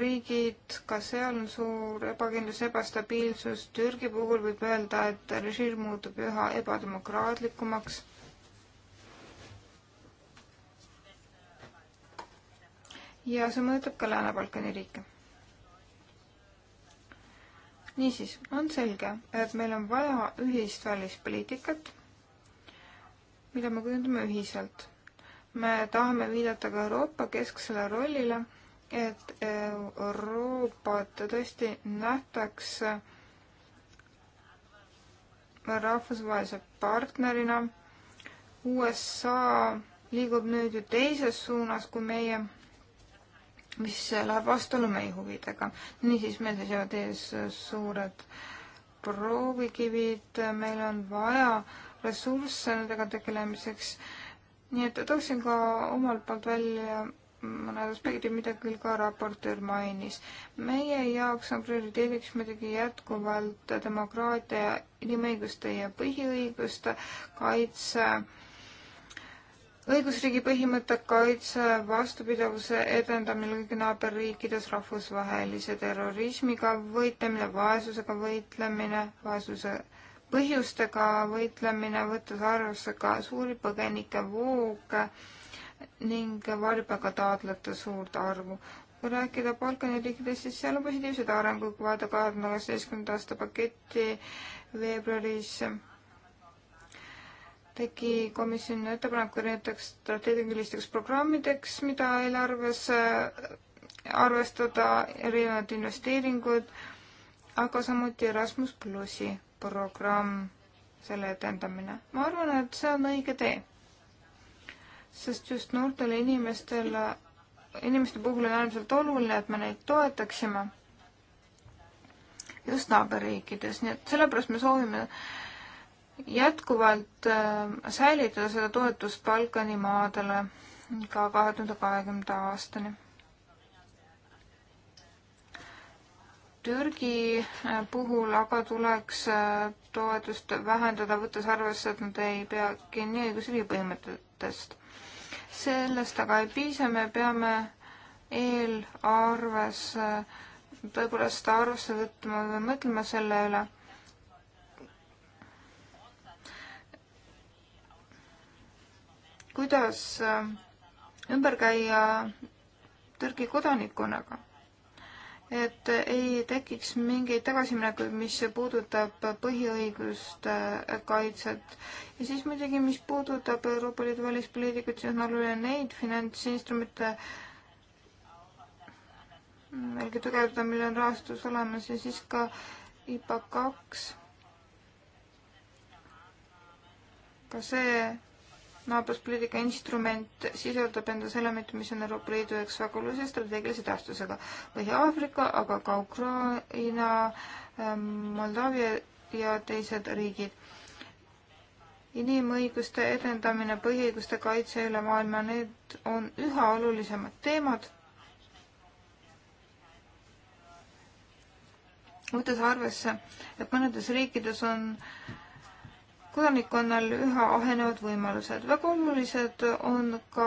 riigid, ka seal on suur ebakindlus, ebastabiilsus. Türgi puhul võib öelda, et režiim muutub üha ebademokraatlikumaks ja see mõjutab ka Lääne-Balkani riike. niisiis, on selge, et meil on vaja ühist välispoliitikat, mida me kujundame ühiselt. me tahame viidata ka Euroopa kesksele rollile, et Euroopat tõesti nähtakse rahvusvahelise partnerina. USA liigub nüüd ju teises suunas kui meie mis läheb vastuollu meie huvidega. niisiis, meil seisavad ees suured proovikivid, meil on vaja ressursse nendega tegelemiseks. nii et tooksin ka omalt poolt välja mõned aspektid, mida küll ka raportöör mainis. meie jaoks on prioriteediks muidugi jätkuvalt demokraatia, inimõiguste ja põhiõiguste kaitse äh, õigusriigi põhimõtte kaitse, vastupidavuse edendamine kõigi naaberriikides, rahvusvahelise terrorismiga võitlemine, vaesusega võitlemine, vaesuse põhjustega võitlemine, võttes arvesse ka suuri põgenikevooge ning varjupaiga taotlejate suurt arvu. kui rääkida Balkani riikidest, siis seal on positiivsed arengud, kui vaadata kahe tuhande kaheksateistkümnenda aasta paketti veebruaris tegi komisjon ettepaneku erinevateks strateegilisteks programmideks, mida eelarves äh, arvestada, erinevad investeeringud, aga samuti Erasmus plussi programm, selle edendamine. ma arvan, et see on õige tee. sest just noortele inimestele, inimeste puhul on äärmiselt oluline, et me neid toetaksime just naaberriikides, nii et sellepärast me soovime äh, jätkuvalt äh, säilitada seda toetust Balkani maadele ka kahe tuhande kahekümnenda aastani. Türgi äh, puhul aga tuleks äh, toetust vähendada, võttes arvesse, et nad ei pea kinni õigusriigi põhimõtetest. sellest aga ei piisa, me peame eelarves tõepoolest arvesse võtma või mõtlema selle üle kuidas äh, ümber käia Türgi kodanikunaga, et ei tekiks mingeid tagasiminekuid, mis puudutab põhiõiguste äh, kaitset. ja siis muidugi, mis puudutab Euroopa Liidu välispoliitikat, siis on oluline neid finantsinstrumente veelgi tugevdada, millel on rahastus olemas ja siis ka IPA kaks. ka see naabruspoliitika instrument sisaldab endas elemente, mis on Euroopa Liidu jaoks väga olulise strateegilise tähtsusega. Põhja-Aafrika, aga ka Ukraina, ähm, Moldaavia ja teised riigid. inimõiguste edendamine, põhiõiguste kaitse üle maailma, need on üha olulisemad teemad. võttes arvesse, et mõnedes riikides on äh, kodanikkonnal üha ahenevad võimalused. väga olulised on ka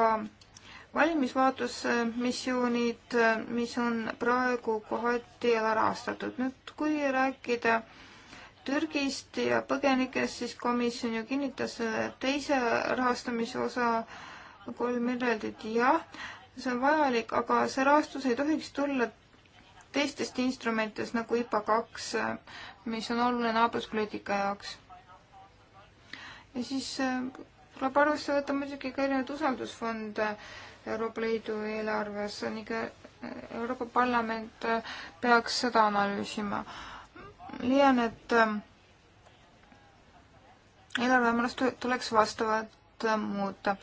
valimisvaatlusmissioonid, mis on praegu kohati alarahastatud. nüüd, kui rääkida Türgist ja põgenikest, siis komisjon ju kinnitas teise rahastamise osa kolm miljardit, jah, see on vajalik, aga see rahastus ei tohiks tulla teistest instrumentidest nagu IPA kaks, mis on oluline naabruspoliitika jaoks ja siis äh, tuleb arvesse võtta muidugi ka erinevaid usaldusfonde Euroopa Liidu eelarves, nii ka äh, Euroopa Parlament äh, peaks seda analüüsima. leian, et eelarvemäärast tuleks vastavat muuta.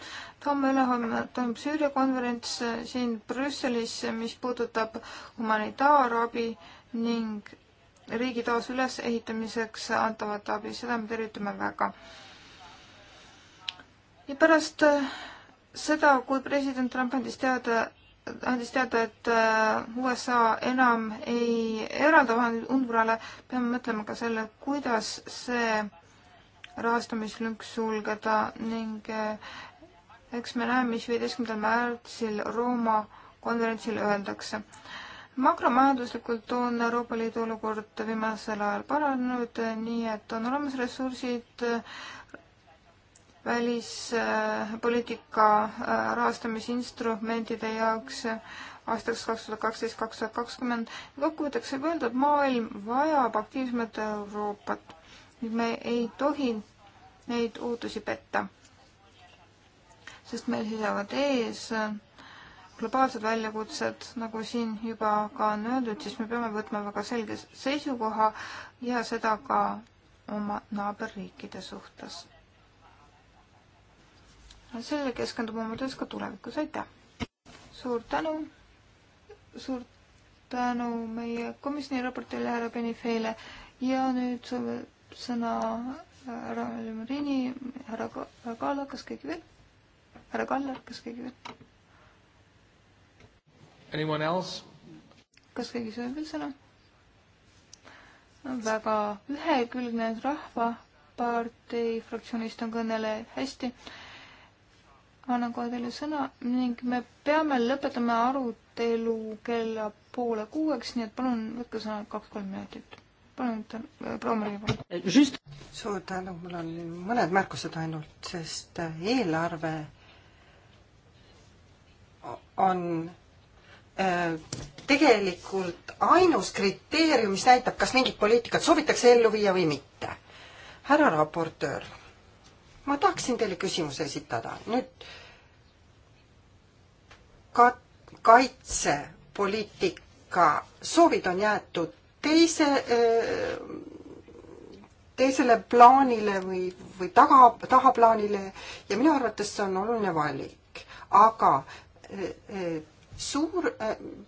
homme ülehomme toimub Süüria konverents siin Brüsselis, mis puudutab humanitaarabi ning riigi taas ülesehitamiseks antavat abi, seda me tervitame väga ja pärast äh, seda, kui president Trump andis teada, andis teada, et äh, USA enam ei eralda vahendeid UNRWA-le, peame mõtlema ka selle, kuidas see rahastamislünk sulgeda ning äh, eks me näeme, mis viieteistkümnendal märtsil Rooma konverentsil öeldakse. makromajanduslikult on Euroopa Liidu olukord viimasel ajal paranenud, nii et on olemas ressursid äh, välispoliitika äh, rahastamisinstrumentide jaoks äh, aastaks kaks tuhat kaksteist, kaks tuhat kakskümmend. kokkuvõtteks võib öelda, et maailm vajab aktiivsemat Euroopat. me ei tohi neid ootusi petta, sest meil seisavad ees äh, globaalsed väljakutsed, nagu siin juba ka on öeldud, siis me peame võtma väga selge seisukoha ja seda ka oma naaberriikide suhtes sellele keskendume oma töös ka tulevikus, aitäh! suur tänu, suur tänu meie komisjoni raportile härra Benifeile ja nüüd soovin sõna härra Limurini, härra Kalla, kas keegi veel? härra Kallar, kas keegi veel? Anyone else? kas keegi soovib veel sõna? väga ühekülgne rahvapartei fraktsioonist on kõneleja, hästi annan kohe teile sõna ning me peame lõpetama arutelu kella poole kuueks, nii et palun võtke sõna kaks-kolm minutit. palun, äh, proua Mari, palun. Eh, just... suur tänu, mul on mõned märkused ainult, sest äh, eelarve on äh, tegelikult ainus kriteerium, mis näitab, kas mingit poliitikat soovitakse ellu viia või mitte. härra raportöör, ma tahaksin teile küsimuse esitada. nüüd kat-, kaitsepoliitika soovid on jäetud teise, äh, teisele plaanile või, või taga, tahaplaanile ja minu arvates see on oluline valik. aga äh, äh, suur,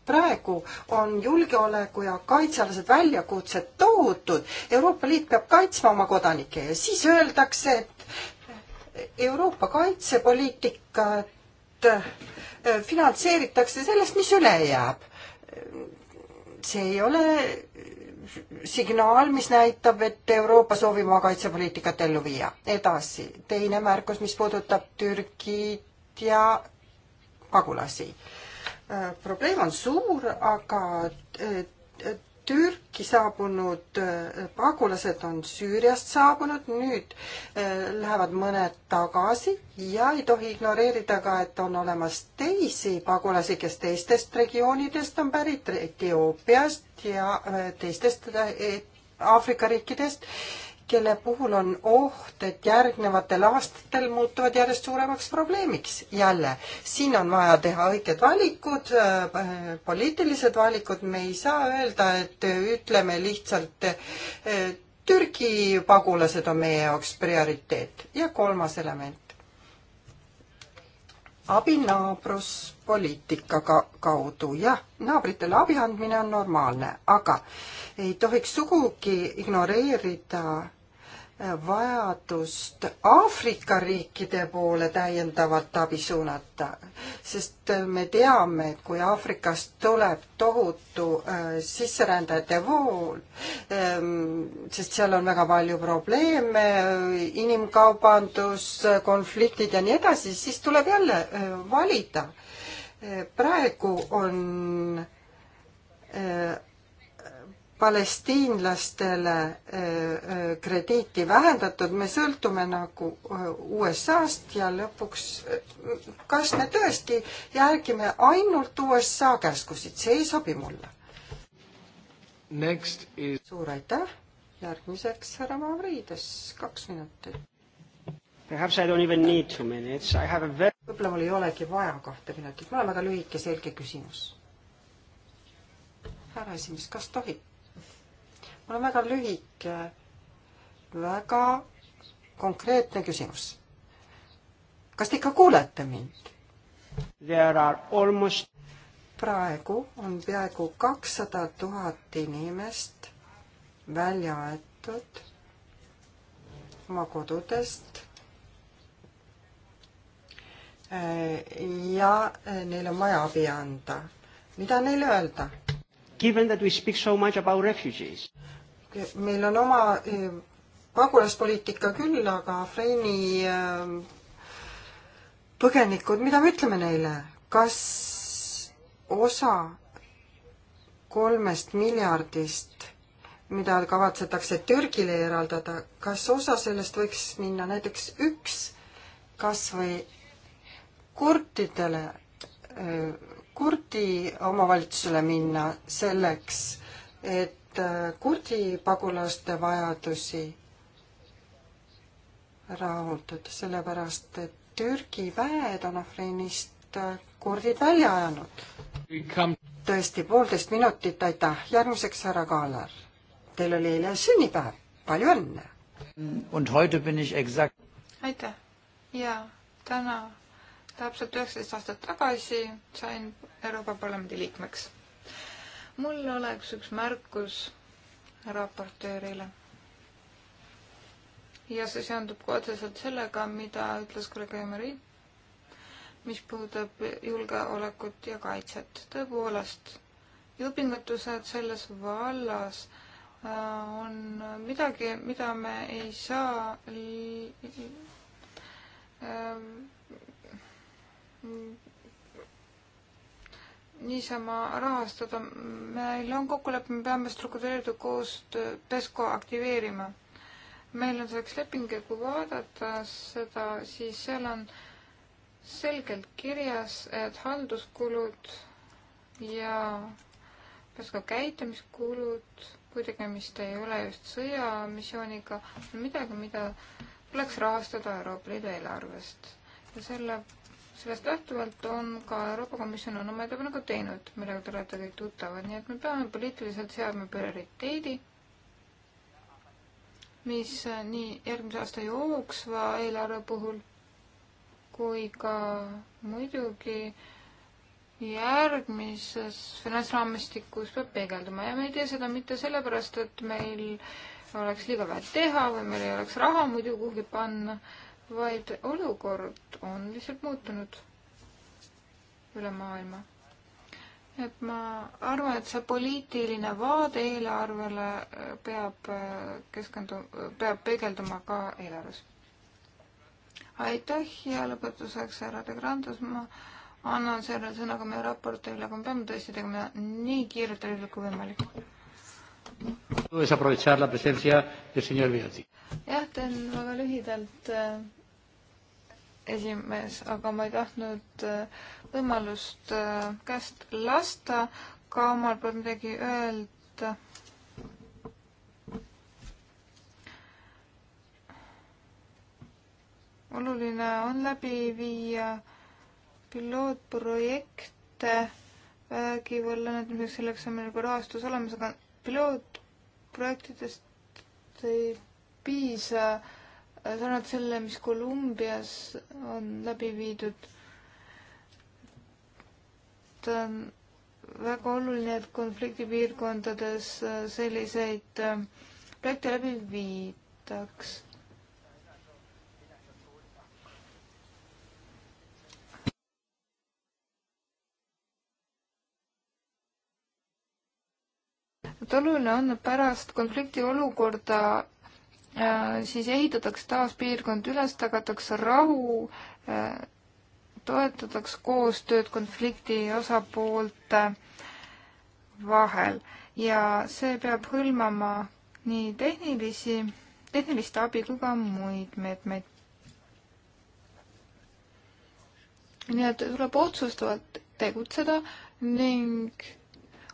praegu on julgeoleku ja kaitsealased väljakutsed tohutud. Euroopa Liit peab kaitsma oma kodanikke ja siis öeldakse, et Euroopa kaitsepoliitikat Äh, finantseeritakse sellest, mis üle jääb. see ei ole signaal, mis näitab, et Euroopa soovib oma kaitsepoliitikat ellu viia. edasi, teine märkus, mis puudutab Türgit ja pagulasi. Äh, probleem on suur, aga äh, Türki saabunud äh, pagulased on Süüriast saabunud, nüüd äh, lähevad mõned tagasi ja ei tohi ignoreerida ka, et on olemas teisi pagulasi, kes teistest regioonidest on pärit, Etioopiast ja äh, teistest Aafrika riikidest kelle puhul on oht, et järgnevatel aastatel muutuvad järjest suuremaks probleemiks jälle. siin on vaja teha õiged valikud, äh, poliitilised valikud, me ei saa öelda, et ütleme lihtsalt äh, Türgi pagulased on meie jaoks prioriteet. ja kolmas element. abi naabruspoliitikaga kaudu, jah, naabritele abi andmine on normaalne, aga ei tohiks sugugi ignoreerida vajadust Aafrika riikide poole täiendavalt abi suunata, sest me teame, et kui Aafrikast tuleb tohutu äh, sisserändajate vool ähm,, sest seal on väga palju probleeme, inimkaubandus, konfliktid ja nii edasi, siis tuleb jälle äh, valida. Äh, praegu on äh, palestiinlastele eh, eh, krediiti vähendatud, me sõltume nagu eh, USA-st ja lõpuks, kas me tõesti järgime ainult USA käskusid, see ei sobi mulle. Is... suur aitäh, järgmiseks härra Mavrides, kaks minutit. Perhaps I don't even need two minutes, I have a very võib-olla mul ei olegi vaja kahte minutit, mul on väga lühike selge küsimus. härra esimees, kas tohib? mul on väga lühike, väga konkreetne küsimus. kas te ikka kuulete mind? Almost... praegu on peaaegu kakssada tuhat inimest välja aetud oma kodudest ja neil on vaja abi anda. mida neile öelda? Given that we speak so much about refugees meil on oma e, pagulaspoliitika küll, aga Afreeni e, põgenikud, mida me ütleme neile, kas osa kolmest miljardist, mida kavatsetakse Türgile eraldada, kas osa sellest võiks minna näiteks üks kas või kurtidele, e, kurdi omavalitsusele minna selleks, et kurdi pagulaste vajadusi rahuldada, sellepärast et Türgi väed on Afrinist kurdid välja ajanud. tõesti, poolteist minutit, aitäh. järgmiseks härra Kaalar. Teil oli eile sünnipäev, palju õnne! aitäh! jaa, täna täpselt üheksateist aastat tagasi sain Euroopa Parlamendi liikmeks mul oleks üks märkus raportöörile. ja see seondub ka otseselt sellega, mida ütles kolleeg Eimari, mis puudutab julgeolekut ja kaitset. tõepoolest, jõupingutused selles vallas äh, on midagi, mida me ei saa äh, niisama rahastada. meil on kokkulepe, me peame struktureeritud koostöö PESCO aktiveerima. meil on selleks leping ja kui vaadata seda, siis seal on selgelt kirjas, et halduskulud ja PESCO käitumiskulud, kui tegemist ei ole just sõjamissiooniga, on midagi, mida tuleks rahastada Euroopa Liidu eelarvest. ja selle sellest lähtuvalt on ka Euroopa Komisjon on oma ettepaneku teinud, millega te olete kõik tuttavad, nii et me peame poliitiliselt seadma prioriteedi, mis nii järgmise aasta jooksva eelarve puhul kui ka muidugi järgmises finantsraamistikus peab peegelduma ja me ei tee seda mitte sellepärast, et meil oleks liiga vähe teha või meil ei oleks raha muidu kuhugi panna vaid olukord on lihtsalt muutunud üle maailma. et ma arvan, et see poliitiline vaade eelarvele peab äh, keskendu-, peab peegelduma ka eelarves. aitäh ja lõpetuseks, härra De Grandes, ma annan selle sõnaga meie raportile, aga me peame tõesti tegema nii kiirelt kui võimalik. jah, teen väga lühidalt äh, esimees, aga ma ei tahtnud äh, võimalust äh, käest lasta, ka omal poolt midagi öelda. oluline on läbi viia pilootprojekte vägivalla ennetamiseks, selleks on meil juba rahastus olemas, aga pilootprojektidest ei piisa äh, sarnalt selle, mis Kolumbias on läbi viidud. et on väga oluline, et konfliktipiirkondades äh, selliseid äh, projekte läbi viidaks et oluline on pärast konflikti olukorda siis ehitatakse taas piirkond üles, tagatakse rahu, äh, toetatakse koostööd konflikti osapoolte vahel ja see peab hõlmama nii tehnilisi, tehnilist abi kui ka muid meetmeid. nii et tuleb otsustavalt tegutseda ning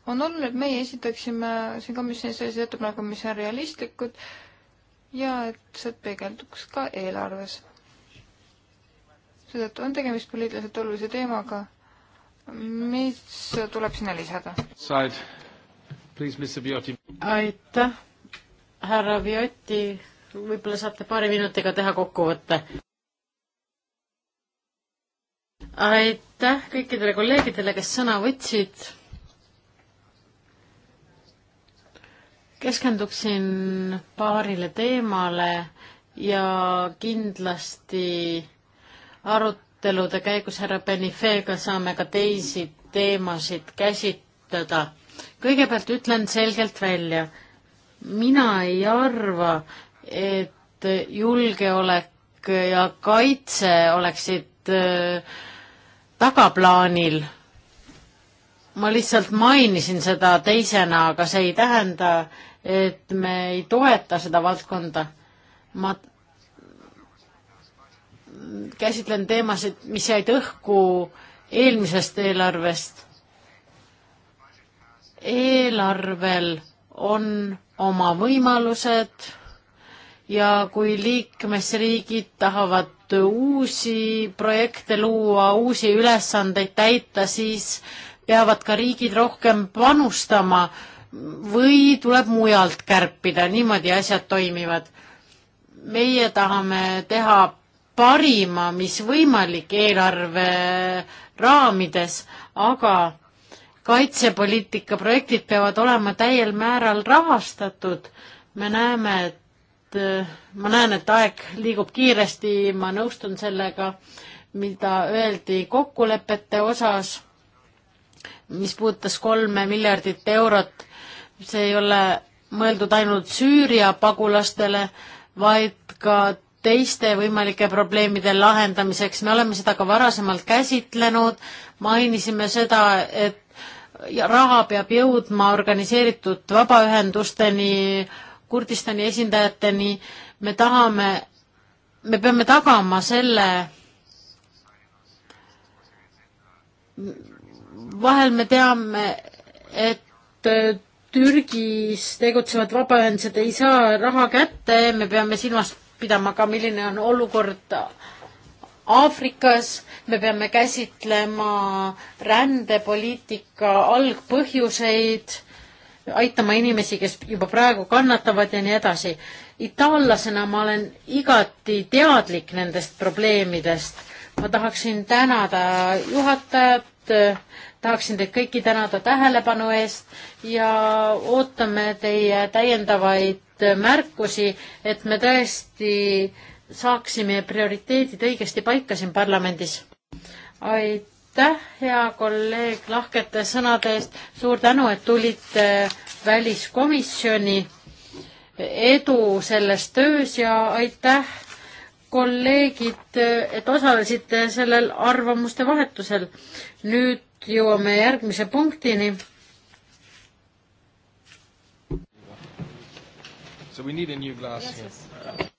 on oluline, et meie esitaksime siin komisjonis selliseid ettepanekuid, mis on realistlikud äh, ja et see peegelduks ka eelarves. seetõttu on tegemist poliitiliselt olulise teemaga, mis tuleb sinna lisada. aitäh, härra Viotti, võib-olla saate paari minutiga teha kokkuvõtte? aitäh kõikidele kolleegidele, kes sõna võtsid keskenduksin paarile teemale ja kindlasti arutelude käigus härra Benifeega saame ka teisi teemasid käsitleda. kõigepealt ütlen selgelt välja, mina ei arva, et julgeolek ja kaitse oleksid äh, tagaplaanil. ma lihtsalt mainisin seda teisena, aga see ei tähenda, et me ei toeta seda valdkonda. ma käsitlen teemasid, mis jäid õhku eelmisest eelarvest. eelarvel on oma võimalused ja kui liikmesriigid tahavad uusi projekte luua, uusi ülesandeid täita, siis peavad ka riigid rohkem panustama äh, või tuleb mujalt kärpida, niimoodi asjad toimivad. meie tahame teha parima, mis võimalik eelarve raamides, aga kaitsepoliitika projektid peavad olema täiel määral rahastatud. me näeme, et, eh, ma näen, et aeg liigub kiiresti, ma nõustun sellega, mida öeldi kokkulepete osas, mis puudutas kolme miljardit eurot see ei ole mõeldud ainult Süüria pagulastele, vaid ka teiste võimalike probleemide lahendamiseks. me oleme seda ka varasemalt käsitlenud, mainisime seda, et raha peab jõudma organiseeritud vabaühendusteni, Kurdistani esindajateni. me tahame, me peame tagama selle, vahel me teame, et Türgis tegutsevad vabaühendused ei saa raha kätte, me peame silmas pidama ka, milline on olukord Aafrikas, me peame käsitlema rändepoliitika algpõhjuseid, aitama inimesi, kes juba praegu kannatavad ja nii edasi. itaallasena ma olen igati teadlik nendest probleemidest. ma tahaksin tänada juhatajat tahaksin teid kõiki tänada tähelepanu eest ja ootame teie täiendavaid märkusi, et me tõesti saaksime prioriteedid õigesti paika siin parlamendis. aitäh, hea kolleeg, lahkete sõnade eest. suur tänu, et tulite väliskomisjoni. edu selles töös ja aitäh, kolleegid, et osalesite sellel arvamuste vahetusel. nüüd jõuame järgmise punktini. So we need a new glass yes, here. Yes.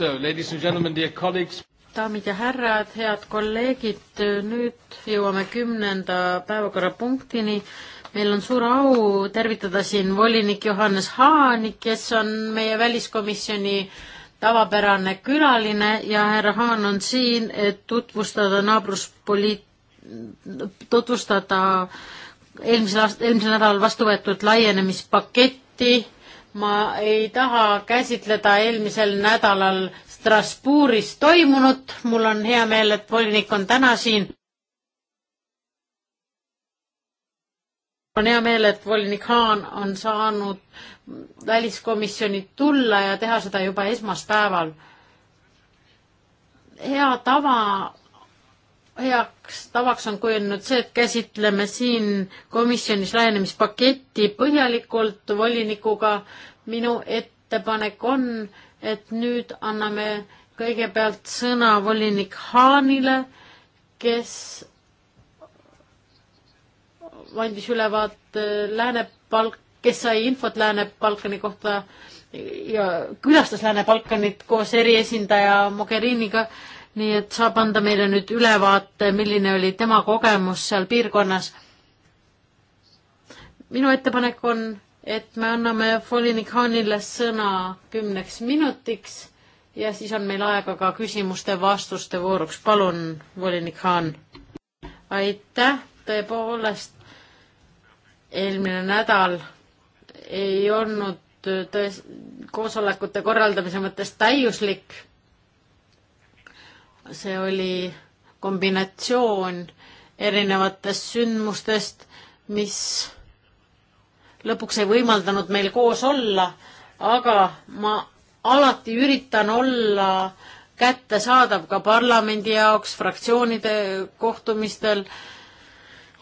So, ladies and gentlemen, dear colleagues. daamid ja härrad, head kolleegid, nüüd jõuame kümnenda päevakorrapunktini. meil on suur au tervitada siin volinik Johannes Haani, kes on meie väliskomisjoni tavapärane külaline ja härra Haan on siin, et tutvustada naabruspoliit-, tutvustada eelmisel aast-, eelmisel nädalal vastu võetud laienemispaketti ma ei taha käsitleda eelmisel nädalal Strasbourgis toimunut, mul on hea meel, et volinik on täna siin. on hea meel, et volinik Haan on saanud väliskomisjoni tulla ja teha seda juba esmaspäeval. hea tava heaks tavaks on kujunenud see, et käsitleme siin komisjonis lähenemispaketti põhjalikult volinikuga. minu ettepanek on, et nüüd anname kõigepealt sõna volinik Haanile, kes andis ülevaate Lääne-Balk-, kes sai infot Lääne-Balkani kohta ja külastas Lääne-Balkanit koos eriesindaja Mogheriniga nii et saab anda meile nüüd ülevaate, milline oli tema kogemus seal piirkonnas. minu ettepanek on, et me anname volinik Haanile sõna kümneks minutiks ja siis on meil aega ka küsimuste-vastuste vooruks. palun, volinik Haan. aitäh, tõepoolest eelmine nädal ei olnud tões-, koosolekute korraldamise mõttes täiuslik see oli kombinatsioon erinevatest sündmustest, mis lõpuks ei võimaldanud meil koos olla, aga ma alati üritan olla kättesaadav ka parlamendi jaoks, fraktsioonide kohtumistel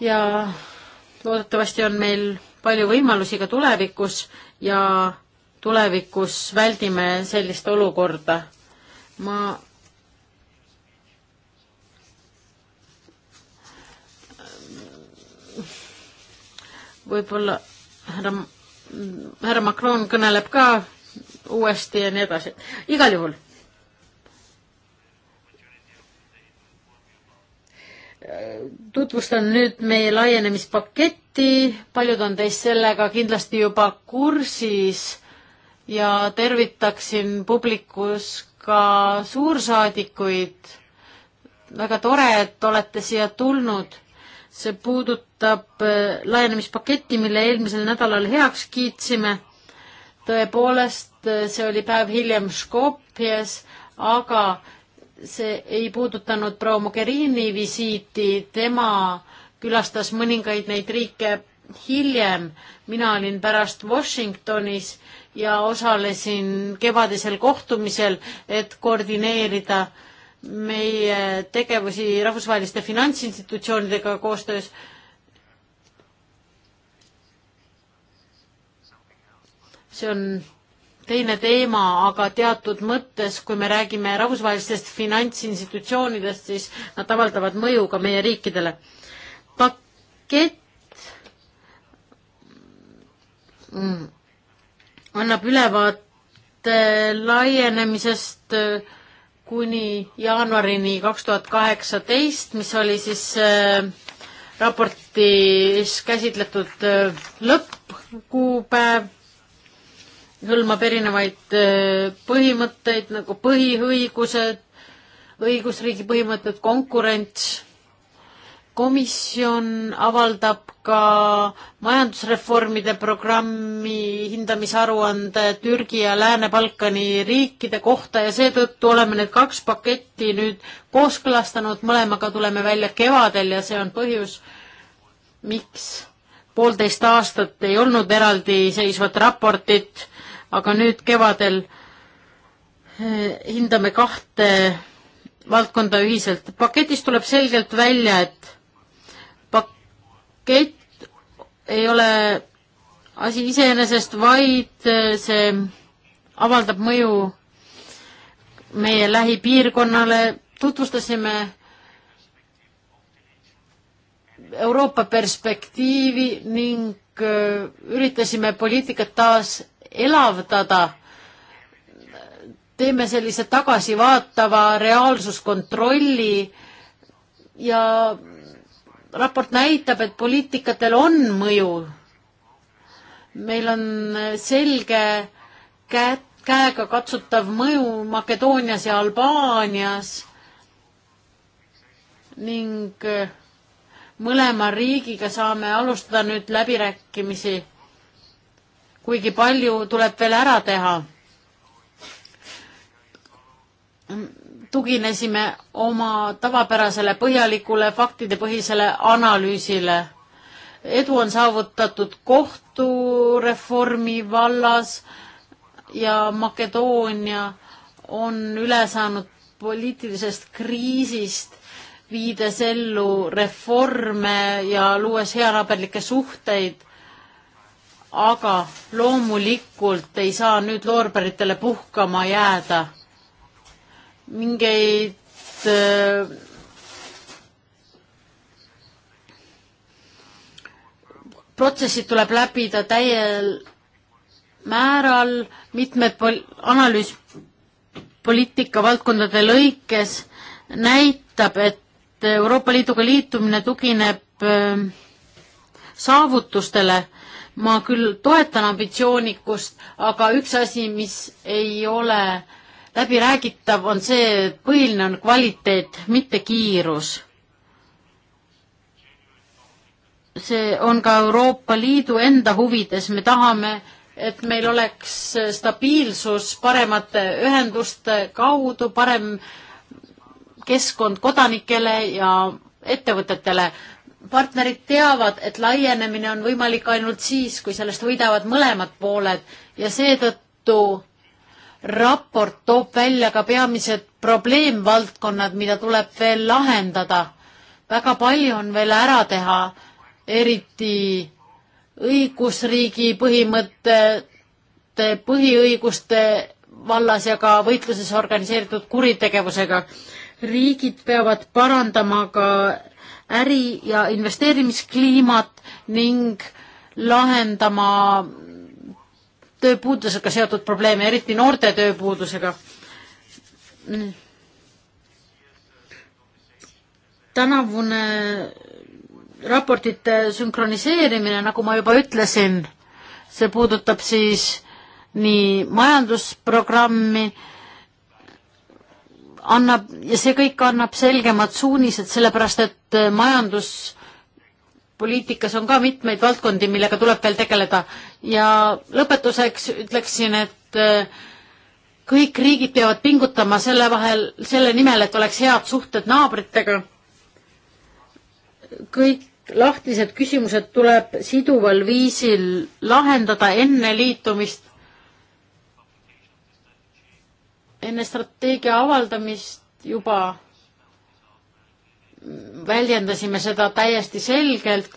ja loodetavasti on meil palju võimalusi ka tulevikus ja tulevikus väldime sellist olukorda. ma võib-olla härra, härra Macron kõneleb ka uuesti ja nii edasi. igal juhul. tutvustan nüüd meie laienemispaketti, paljud on teist sellega kindlasti juba kursis ja tervitaksin publikus ka suursaadikuid. väga tore, et olete siia tulnud see puudutab äh, laienemispaketti, mille eelmisel nädalal heaks kiitsime. tõepoolest, äh, see oli päev hiljem Skopjes, aga see ei puudutanud proua Mogherini visiiti, tema külastas mõningaid neid riike hiljem. mina olin pärast Washingtonis ja osalesin kevadisel kohtumisel, et koordineerida äh, meie tegevusi rahvusvaheliste finantsinstitutsioonidega koostöös. see on teine teema, aga teatud mõttes, kui me räägime rahvusvahelistest finantsinstitutsioonidest, siis nad avaldavad mõju ka meie riikidele. pakett mm, annab ülevaate laienemisest äh, kuni jaanuarini kaks tuhat kaheksateist, mis oli siis äh, raportis käsitletud äh, lõppkuupäev, hõlmab erinevaid äh, põhimõtteid nagu põhiõigused, õigusriigi põhimõtted, konkurents komisjon avaldab ka majandusreformide programmi hindamisaruande Türgi ja Lääne-Balkani riikide kohta ja seetõttu oleme need kaks paketti nüüd kooskõlastanud, mõlemaga tuleme välja kevadel ja see on põhjus, miks poolteist aastat ei olnud eraldiseisvat raportit, aga nüüd kevadel eh, hindame kahte valdkonda ühiselt. paketist tuleb selgelt välja, et pakett ei ole asi iseenesest, vaid äh, see avaldab mõju meie lähipiirkonnale, tutvustasime Euroopa perspektiivi ning äh, üritasime poliitikat taas elavdada. teeme sellise tagasivaatava reaalsuskontrolli ja raport näitab, et poliitikatel on mõju. meil on selge käe, käega katsutav mõju Makedoonias ja Albaanias ning äh, mõlema riigiga saame alustada nüüd läbirääkimisi, kuigi palju tuleb veel ära teha tuginesime oma tavapärasele põhjalikule faktidepõhisele analüüsile. edu on saavutatud kohtureformi vallas ja Makedoonia on üle saanud poliitilisest kriisist, viides ellu reforme ja luues heanaberlikke suhteid. aga loomulikult ei saa nüüd loorberitele puhkama jääda mingeid äh, protsessid tuleb läbida täiel määral, mitmed pol-, analüüs poliitika valdkondade lõikes näitab, et Euroopa Liiduga liitumine tugineb äh, saavutustele. ma küll toetan ambitsioonikust, aga üks asi, mis ei ole äh, läbiräägitav on see, põhiline on kvaliteet, mitte kiirus. see on ka Euroopa Liidu enda huvides, me tahame, et meil oleks stabiilsus paremate ühenduste kaudu, parem keskkond kodanikele ja ettevõtetele. partnerid teavad, et laienemine on võimalik ainult siis, kui sellest võidavad mõlemad pooled ja seetõttu raport toob välja ka peamised probleemvaldkonnad, mida tuleb veel lahendada. väga palju on veel ära teha, eriti õigusriigi põhimõtete, põhiõiguste vallas ja ka võitluses organiseeritud kuritegevusega. riigid peavad parandama ka äri- ja investeerimiskliimat ning lahendama tööpuudusega seotud probleeme, eriti noorte tööpuudusega. tänavune raportite sünkroniseerimine, nagu ma juba ütlesin, see puudutab siis nii majandusprogrammi, annab ja see kõik annab selgemad suunised, sellepärast et majanduspoliitikas on ka mitmeid valdkondi, millega tuleb veel tegeleda ja lõpetuseks ütleksin, et eh, kõik riigid peavad pingutama selle vahel, selle nimel, et oleks head suhted naabritega. kõik lahtised küsimused tuleb siduval viisil lahendada enne liitumist, enne strateegia avaldamist juba väljendasime seda täiesti selgelt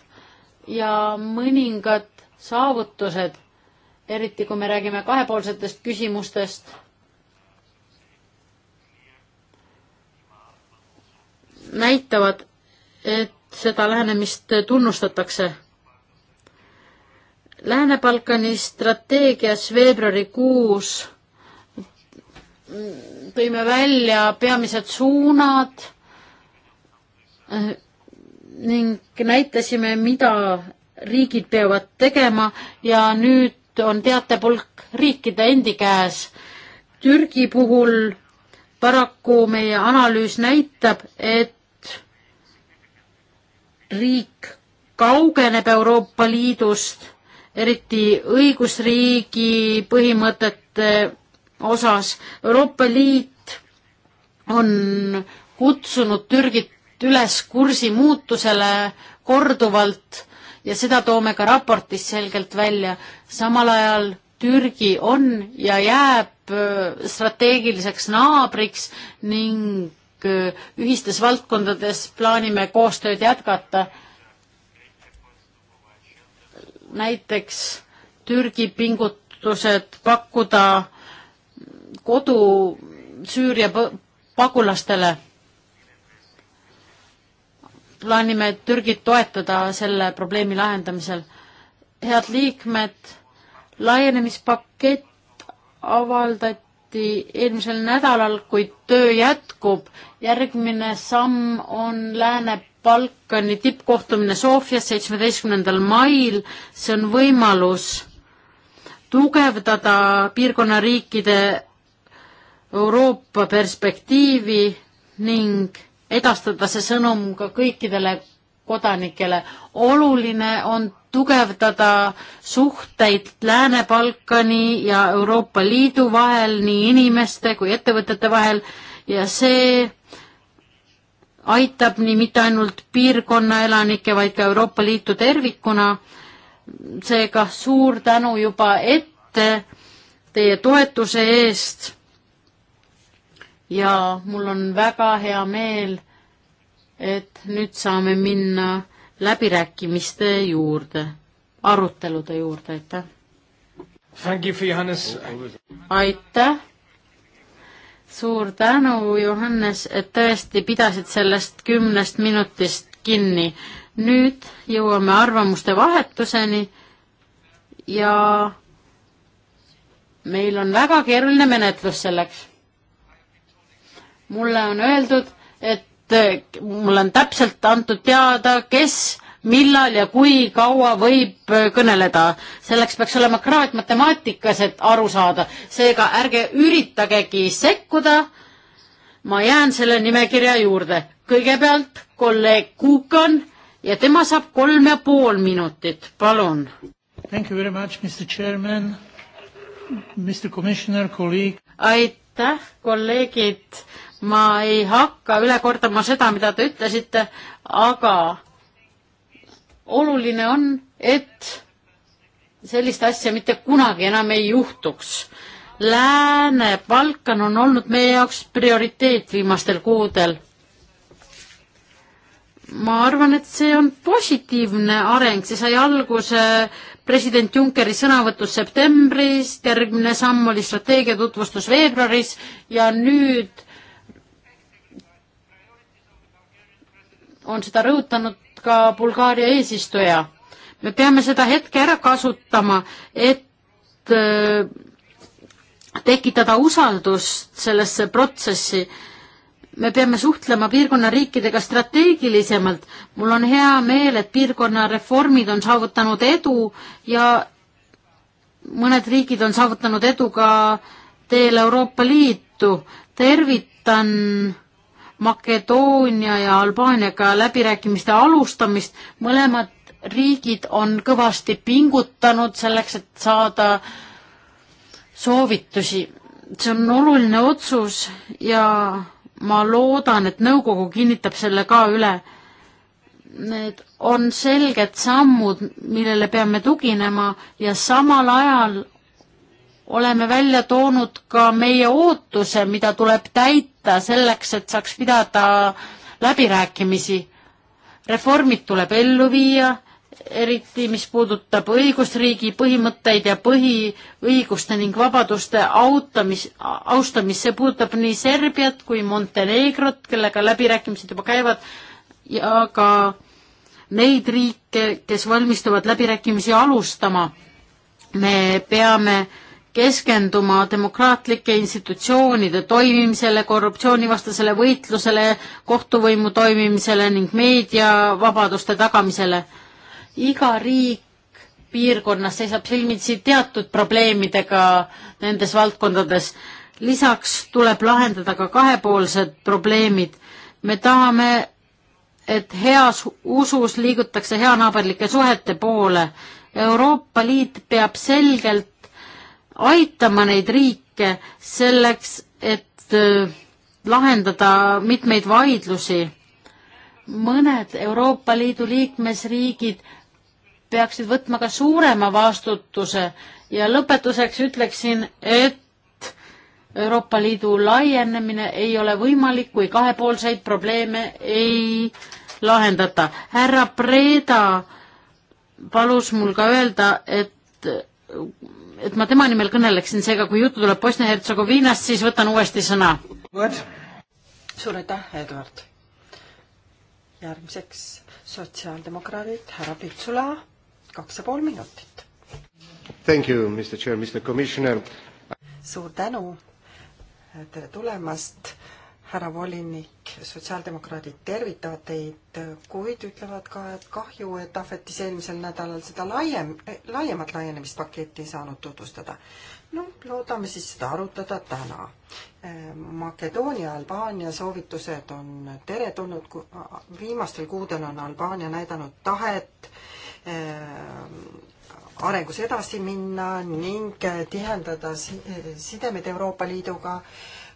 ja mõningad saavutused, eriti kui me räägime kahepoolsetest küsimustest. näitavad, et seda lähenemist tunnustatakse. Lääne-Balkani strateegias veebruarikuus tõime välja peamised suunad ning näitasime, mida riigid peavad tegema ja nüüd on teatepulk riikide endi käes. Türgi puhul paraku meie analüüs näitab, et riik kaugeneb Euroopa Liidust, eriti õigusriigi põhimõtete osas. Euroopa Liit on kutsunud Türgit üles kursi muutusele korduvalt ja seda toome ka raportis selgelt välja. samal ajal Türgi on ja jääb äh, strateegiliseks naabriks ning äh, ühistes valdkondades plaanime koostööd jätkata. näiteks Türgi pingutused pakkuda kodu Süüria pagulastele plaanime Türgit toetada selle probleemi lahendamisel. head liikmed, laienemispakett avaldati eelmisel nädalal, kuid töö jätkub. järgmine samm on Lääne-Balkani tippkohtumine Sofias seitsmeteistkümnendal mail. see on võimalus tugevdada piirkonna riikide Euroopa perspektiivi ning edastada see sõnum ka kõikidele kodanikele. oluline on tugevdada suhteid Lääne-Balkani ja Euroopa Liidu vahel, nii inimeste kui ettevõtete vahel ja see aitab nii mitte ainult piirkonna elanikke, vaid ka Euroopa Liitu tervikuna. seega suur tänu juba ette teie toetuse eest ja mul on väga hea meel, et nüüd saame minna läbirääkimiste juurde, arutelude juurde, aitäh. aitäh. suur tänu, Johannes, et tõesti pidasid sellest kümnest minutist kinni. nüüd jõuame arvamuste vahetuseni ja meil on väga keeruline menetlus selleks mulle on öeldud, et eh, mulle on täpselt antud teada, kes, millal ja kui kaua võib eh, kõneleda. selleks peaks olema kraad matemaatikas, et aru saada. seega ärge üritagegi sekkuda. ma jään selle nimekirja juurde. kõigepealt kolleeg Kuukan ja tema saab kolm ja pool minutit, palun. Thank you very much, Mr Chairman, Mr Commissioner, kolleeg. aitäh, kolleegid ma ei hakka üle kordama seda, mida te ütlesite, aga oluline on, et sellist asja mitte kunagi enam ei juhtuks. Lääne-Balkan on olnud meie jaoks prioriteet viimastel kuudel. ma arvan, et see on positiivne areng, see sai alguse president Junckeri sõnavõtus septembris, järgmine samm oli strateegia tutvustus veebruaris ja nüüd on seda rõhutanud ka Bulgaaria eesistuja. me peame seda hetke ära kasutama, et äh, tekitada usaldust sellesse protsessi. me peame suhtlema piirkonna riikidega strateegilisemalt. mul on hea meel, et piirkonna reformid on saavutanud edu ja mõned riigid on saavutanud edu ka teel Euroopa Liitu. tervitan äh, Makedoonia ja Albaaniaga läbirääkimiste alustamist. mõlemad riigid on kõvasti pingutanud selleks, et saada soovitusi. see on oluline otsus ja ma loodan, et nõukogu kinnitab selle ka üle. Need on selged sammud, millele peame tuginema ja samal ajal oleme välja toonud ka meie ootuse, mida tuleb täita selleks, et saaks pidada läbirääkimisi. reformid tuleb ellu viia, eriti mis puudutab õigusriigi põhimõtteid ja põhiõiguste ning vabaduste autamis, austamist, see puudutab nii Serbiat kui Montenegrot, kellega läbirääkimised juba käivad, ja ka neid riike, kes valmistuvad läbirääkimisi alustama. me peame äh, keskenduma demokraatlike institutsioonide toimimisele, korruptsioonivastasele võitlusele, kohtuvõimu toimimisele ning meediavabaduste tagamisele. iga riik piirkonnas seisab silmitsi teatud probleemidega nendes valdkondades. lisaks tuleb lahendada ka kahepoolsed probleemid. me tahame, et heas usus liigutakse heanaaberlike suhete poole. Euroopa Liit peab selgelt aitama neid riike selleks, et äh, lahendada mitmeid vaidlusi. mõned Euroopa Liidu liikmesriigid peaksid võtma ka suurema vastutuse ja lõpetuseks ütleksin, et Euroopa Liidu laienemine ei ole võimalik, kui kahepoolseid probleeme ei lahendata. härra Preda palus mul ka öelda, et et ma tema nimel kõneleksin, seega kui juttu tuleb Bosnia-Hertsegoviinast, siis võtan uuesti sõna. suur aitäh, Eduard. järgmiseks sotsiaaldemokraadid, härra Pitsula, kaks ja pool minutit. Thank you, Mr Chair, Mr Commissioner. suur tänu, tere tulemast härra volinik, sotsiaaldemokraadid tervitavad teid, kuid ütlevad ka, et kahju, et Ahvetis eelmisel nädalal seda laiem, laiemat laienemispaketti ei saanud tutvustada. noh, loodame siis seda arutada täna. Ehm, Makedoonia, Albaania soovitused on teretulnud, viimastel kuudel on Albaania näidanud tahet ehm, arengus edasi minna ning tihendada sidemed Euroopa Liiduga,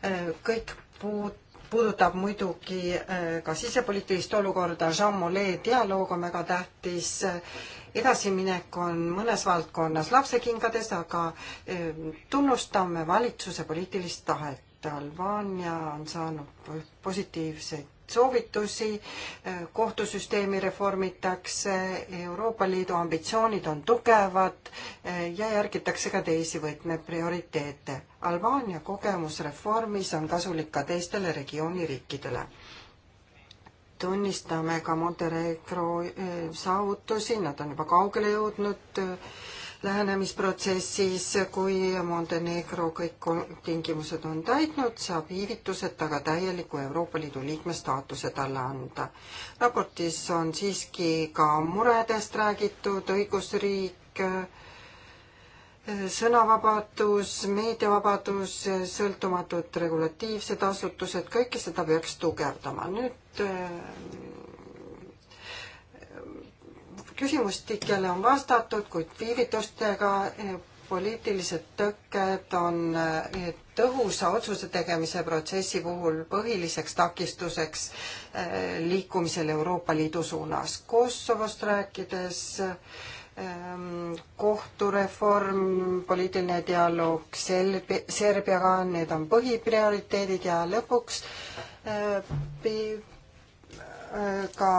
ehm, kõik puud puudutab muidugi äh, ka sisepoliitilist olukorda, Jean Monnet dialoog on väga tähtis, edasiminek on mõnes valdkonnas lapsekingades, aga äh, tunnustame valitsuse poliitilist tahet. Albaania on saanud positiivseid soovitusi, eh, kohtusüsteemi reformitakse, Euroopa Liidu ambitsioonid on tugevad eh, ja järgitakse ka teisi võtmeprioriteete. Albaania kogemus reformis on kasulik ka teistele regiooni riikidele. tunnistame ka Montenegro eh, saavutusi, nad on juba kaugele jõudnud lähenemisprotsessis, kui Montenegro kõik tingimused on täitnud, saab viivituseta ka täieliku Euroopa Liidu liikme staatuse talle anda. raportis on siiski ka muredest räägitud, õigusriik, sõnavabadus, meediavabadus, sõltumatud regulatiivsed asutused, kõike seda peaks tugevdama. nüüd küsimustikele on vastatud, kuid viivitustega eh, poliitilised tõkked on eh, tõhusa otsuse tegemise protsessi puhul põhiliseks takistuseks eh, liikumisel Euroopa Liidu suunas. Kosovost rääkides ehm, kohtureform, poliitiline dialoog Serbi-, Serbiaga, need on põhiprioriteedid ja lõpuks ka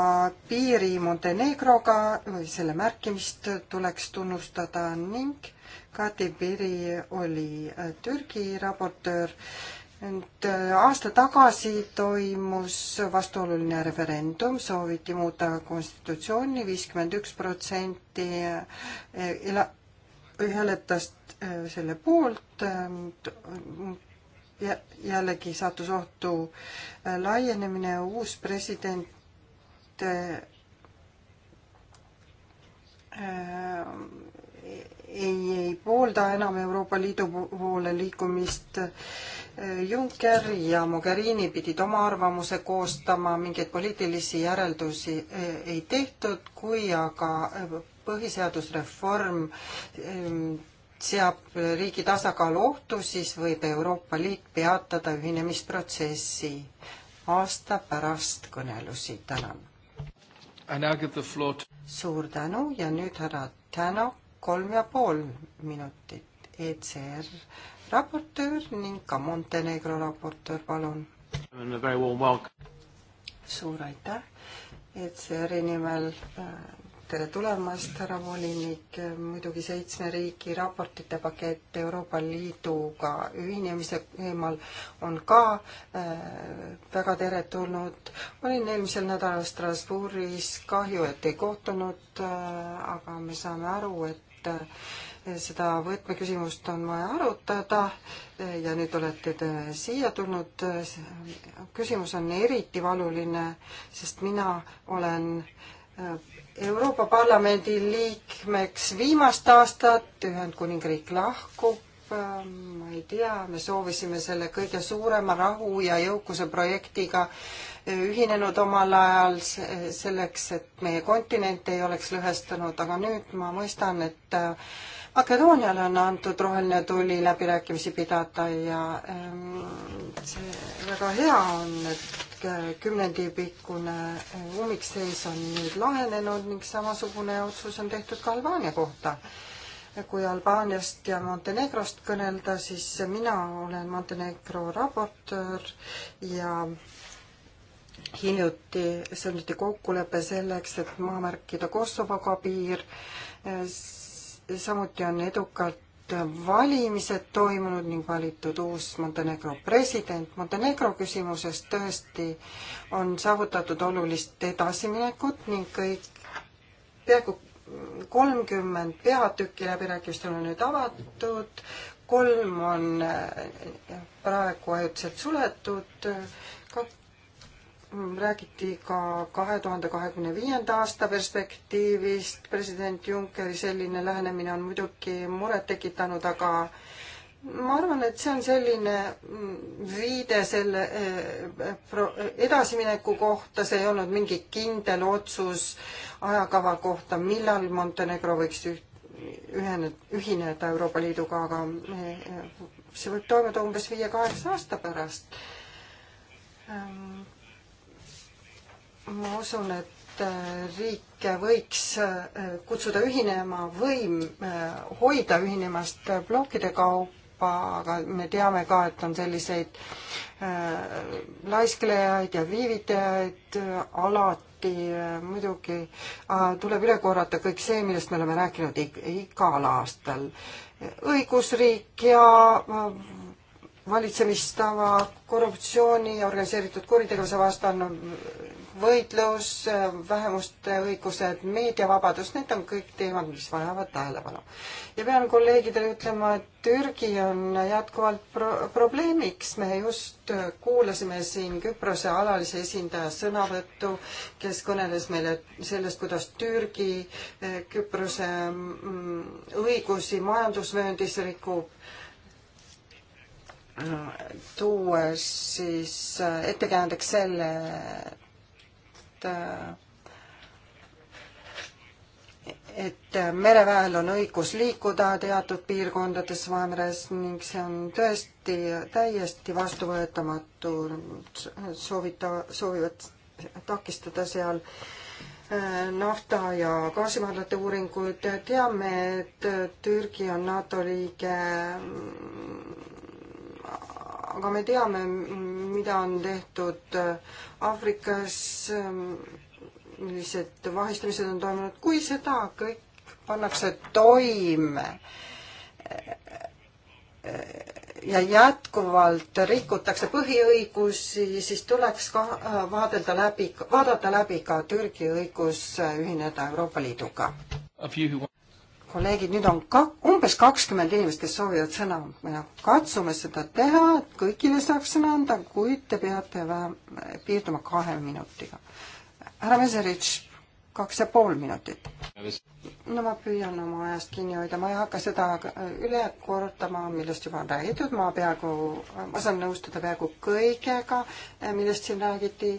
piiri Montenegroga või selle märkimist tuleks tunnustada ning Kati Piri oli äh, Türgi raportöör. nüüd äh, aasta tagasi toimus vastuoluline referendum, sooviti muuta konstitutsiooni, viiskümmend üks protsenti äh, hääletas selle poolt jällegi sattus ohtu laienemine, uus president et äh, ei, ei poolda enam Euroopa Liidu poole liikumist. Juncker ja Mogherini pidid oma arvamuse koostama, mingeid poliitilisi järeldusi äh, ei tehtud, kui aga põhiseadusreform ähm, seab riigi tasakaalu ohtu, siis võib Euroopa Liit peatada ühinemisprotsessi aasta pärast kõnelusi. tänan suur tänu ja nüüd härra Tänak, kolm ja pool minutit. ECR raportöör ning ka Montenegro raportöör, palun. suur aitäh ECR-i nimel äh, tere tulemast, härra volinik. muidugi seitsme riigi raportite pakett Euroopa Liiduga ühinemise teemal on ka äh, väga teretulnud. olin eelmisel nädalal Strasbourgis, kahju, et ei kohtunud äh,, aga me saame aru, et äh, seda võtmeküsimust on vaja arutada äh, ja nüüd olete te siia tulnud. Äh, küsimus on eriti valuline, sest mina olen äh, Euroopa Parlamendi liikmeks viimast aastat, Ühendkuningriik lahkub, ähm, ma ei tea, me soovisime selle kõige suurema rahu ja jõukuse projektiga äh, ühinenud omal ajal selleks, et meie kontinent ei oleks lõhestunud, aga nüüd ma mõistan, et äh, Makedooniale on antud roheline tuli läbirääkimisi pidada ja ähm, see väga hea on, et äh, kümnendipikkune äh, ummikseis on nüüd lahenenud ning samasugune otsus on tehtud ka Albaania kohta kui Albaaniast ja Montenegrost kõnelda, siis mina olen Montenegro raportöör ja hiljuti sõlmiti kokkulepe selleks, et maha märkida Kosovoga piir. Äh, samuti on edukalt valimised toimunud ning valitud uus Montenegro president. Montenegro küsimuses tõesti on saavutatud olulist edasiminekut ning kõik, peaaegu kolmkümmend peatükki läbirääkimistel on nüüd avatud, kolm on äh, praegu ajutiselt suletud, kaks räägiti ka kahe tuhande kahekümne viienda aasta perspektiivist, president Junckeri selline lähenemine on muidugi muret tekitanud, aga ma arvan, et see on selline viide selle eh, edasimineku kohta, see ei olnud mingi kindel otsus ajakava kohta, millal Montenegro võiks ühene, ühineda Euroopa Liiduga, aga eh, see võib toimuda umbes viie-kaheksa aasta pärast ehm, ma usun, et äh, riike võiks äh, kutsuda ühinema või äh, hoida ühinemast plokkide kaupa, aga me teame ka, et on selliseid laisklejaid ja viivitajaid alati muidugi tuleb üle korrata kõik see, millest me oleme rääkinud igal aastal. õigusriik ja valitsemistava, korruptsiooni ja organiseeritud kuritegevuse vastane võitlus, vähemuste õigused, meediavabadus, need on kõik teemad, mis vajavad tähelepanu. ja pean kolleegidele ütlema, et Türgi on jätkuvalt pro-, probleemiks, me just kuulasime siin Küprose alalise esindaja sõnavõttu, kes kõneles meile sellest, kuidas Türgi eh, Küprose mm, õigusi majandusvööndis rikub tuues siis äh, ettekäändeks selle, et äh, et äh, mereväel on õigus liikuda teatud piirkondades Vahemeres ning see on tõesti täiesti vastuvõetamatu, soovita-, soovivad takistada seal nafta- ja gaasimaardlate uuringuid, teame, et Türgi on NATO liige aga me teame, mida on tehtud äh, Aafrikas, ähm, millised vahistamised on toimunud, kui seda kõik pannakse toime äh, ja jätkuvalt rikutakse põhiõigusi, siis tuleks ka äh, vaadelda läbi, vaadata läbi ka Türgi õigus ühineda Euroopa Liiduga kolleegid, nüüd on ka umbes kakskümmend inimest, kes soovivad sõna. me katsume seda teha, et kõigile saaks sõna anda, kuid te peate vähem, piirduma kahe minutiga. härra Meserits, kaks ja pool minutit. no ma püüan oma ajast kinni hoida, ma ei hakka seda äh, üle kordama, millest juba on räägitud, ma peaaegu, ma saan nõustuda peaaegu kõigega, äh, millest siin räägiti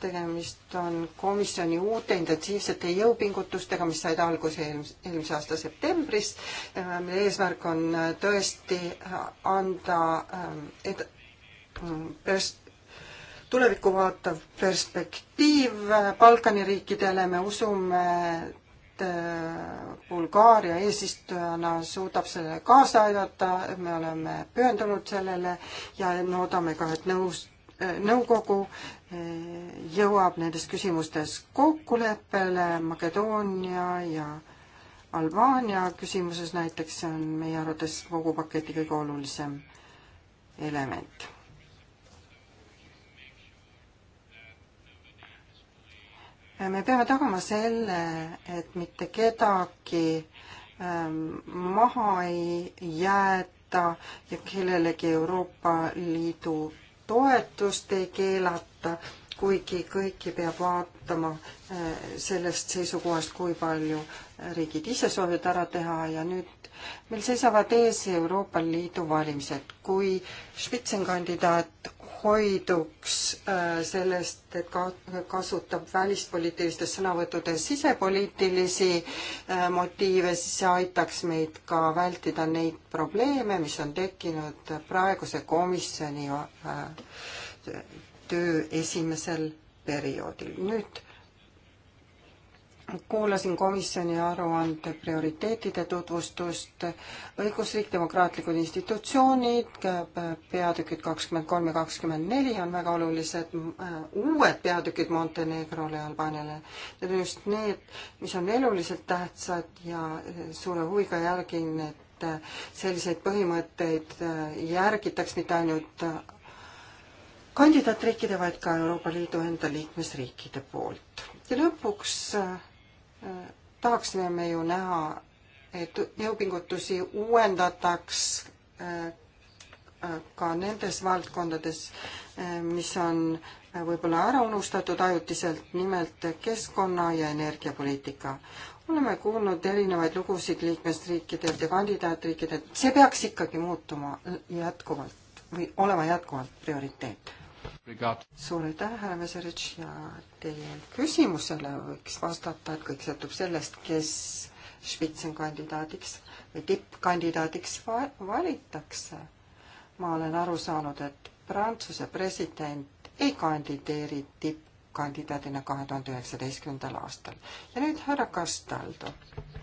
tegemist on komisjoni uute intensiivsete jõupingutustega, mis said alguse eelmise, eelmise aasta septembris, äh, mille eesmärk on äh, tõesti äh, anda ähm, ed-, mm, pers-, tulevikku vaatav perspektiiv Balkani riikidele, me usume, et Bulgaaria eesistujana suudab sellele kaasa aidata, me oleme pühendunud sellele ja me oodame ka, et nõus, nõukogu äh, jõuab nendes küsimustes kokkuleppele Makedoonia ja Albaania küsimuses näiteks on meie arvates kogu paketi kõige olulisem element. me peame tagama selle, et mitte kedagi ähm, maha ei jäeta ja kellelegi Euroopa Liidu toetust ei keelata võtta, kuigi kõiki peab vaatama eh, sellest seisukohast, kui palju riigid ise soovivad ära teha ja nüüd meil seisavad ees Euroopa Liidu valimised. kui spitsenkandidaat hoiduks eh, sellest, et ka-, kasutab välispoliitilistes sõnavõttudes sisepoliitilisi eh, motiive, siis see aitaks meid ka vältida neid probleeme, mis on tekkinud praeguse komisjoni töö esimesel perioodil. nüüd kuulasin komisjoni aruande prioriteetide tutvustust, õigusriik, demokraatlikud institutsioonid, peatükid kakskümmend kolm ja kakskümmend neli on väga olulised, äh, uued peatükid Montenegrole ja Albaaniale. Need on just need, mis on eluliselt tähtsad ja äh, suure huviga jälgin, et äh, selliseid põhimõtteid järgitaks mitte ainult kandidaatriikide, vaid ka Euroopa Liidu enda liikmesriikide poolt. ja lõpuks äh, tahaksime me ju näha, et jõupingutusi uuendataks äh, äh, ka nendes valdkondades, mis on võib-olla ära unustatud ajutiselt, nimelt keskkonna ja energiapoliitika. oleme kuulnud erinevaid lugusid liikmesriikidelt ja kandidaatriikidelt, see peaks ikkagi muutuma jätkuvalt või olema jätkuvalt prioriteet suur aitäh, härra Meserich ja teie küsimusele võiks vastata, et kõik sõltub sellest, kes spitsenkandidaadiks või tippkandidaadiks valitakse. ma olen aru saanud, et Prantsuse president ei kandideeri tippkandidaadina kahe tuhande üheksateistkümnendal aastal. ja nüüd härra Kastaldo.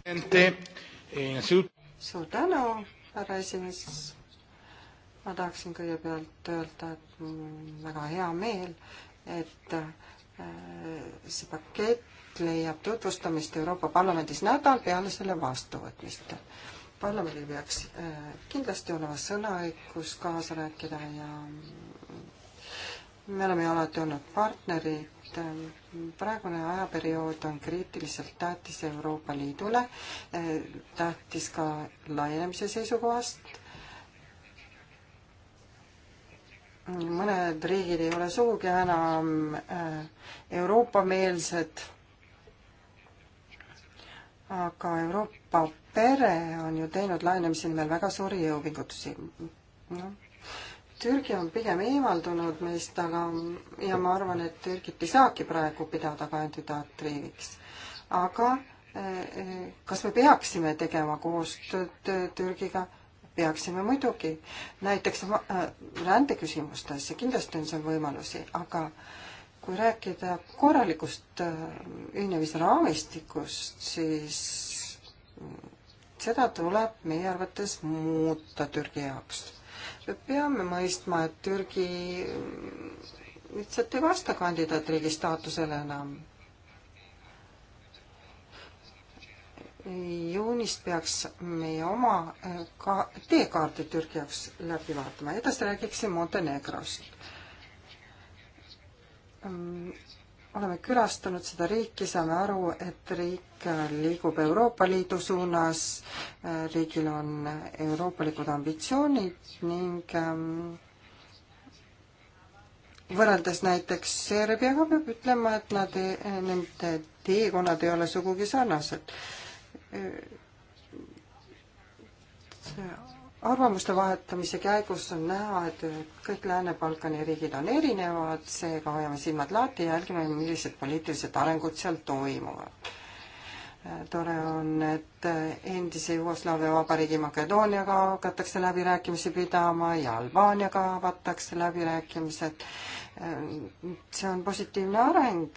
Eh, suur tänu, härra esimees ma tahaksin kõigepealt öelda, et mul on väga hea meel, et äh, see pakett leiab tutvustamist Euroopa Parlamendis nädal peale selle vastuvõtmist. parlamendil peaks äh, kindlasti olema sõnaõigus kaasa rääkida ja mm, me oleme ju alati olnud partnerid. Äh, praegune ajaperiood on kriitiliselt tähtis Euroopa Liidule, tähtis ka laienemise seisukohast mõned riigid ei ole sugugi enam äh, Euroopa-meelsed, aga Euroopa pere on ju teinud laenemise nimel väga suuri jõupingutusi no.. Türgi on pigem eemaldunud meist, aga ja ma arvan, et Türgit ei saagi praegu pidada kandidaatriigiks. aga äh, äh, kas me peaksime tegema koostööd Türgiga? peaksime muidugi näiteks äh, rändeküsimustes ja kindlasti on seal võimalusi, aga kui rääkida korralikust äh, ühinemisraamistikust, siis seda tuleb meie arvates muuta Türgi jaoks. me peame mõistma, et Türgi lihtsalt ei vasta kandidaatriigi staatusele enam juunist peaks meie oma äh, ka teekaardi Türgi jaoks läbi vaatama. edasi räägiksin Montenegrost. Mm, oleme külastanud seda riiki, saame aru, et riik äh, liigub Euroopa Liidu suunas, äh, riigil on euroopalikud ambitsioonid ning ähm, võrreldes näiteks Serbiaga peab ütlema, et nad, nende teekonnad ei ole sugugi sarnased Äh, arvamuste vahetamise käigus on näha, et kõik Lääne-Balkani riigid on erinevad, seega hoiame silmad lahti ja jälgime, millised poliitilised arengud seal toimuvad. Äh, tore on, et endise Jugoslaavia Vabariigi Makedooniaga hakatakse läbirääkimisi pidama ja Albaaniaga avatakse läbirääkimised Ehm, see on positiivne areng.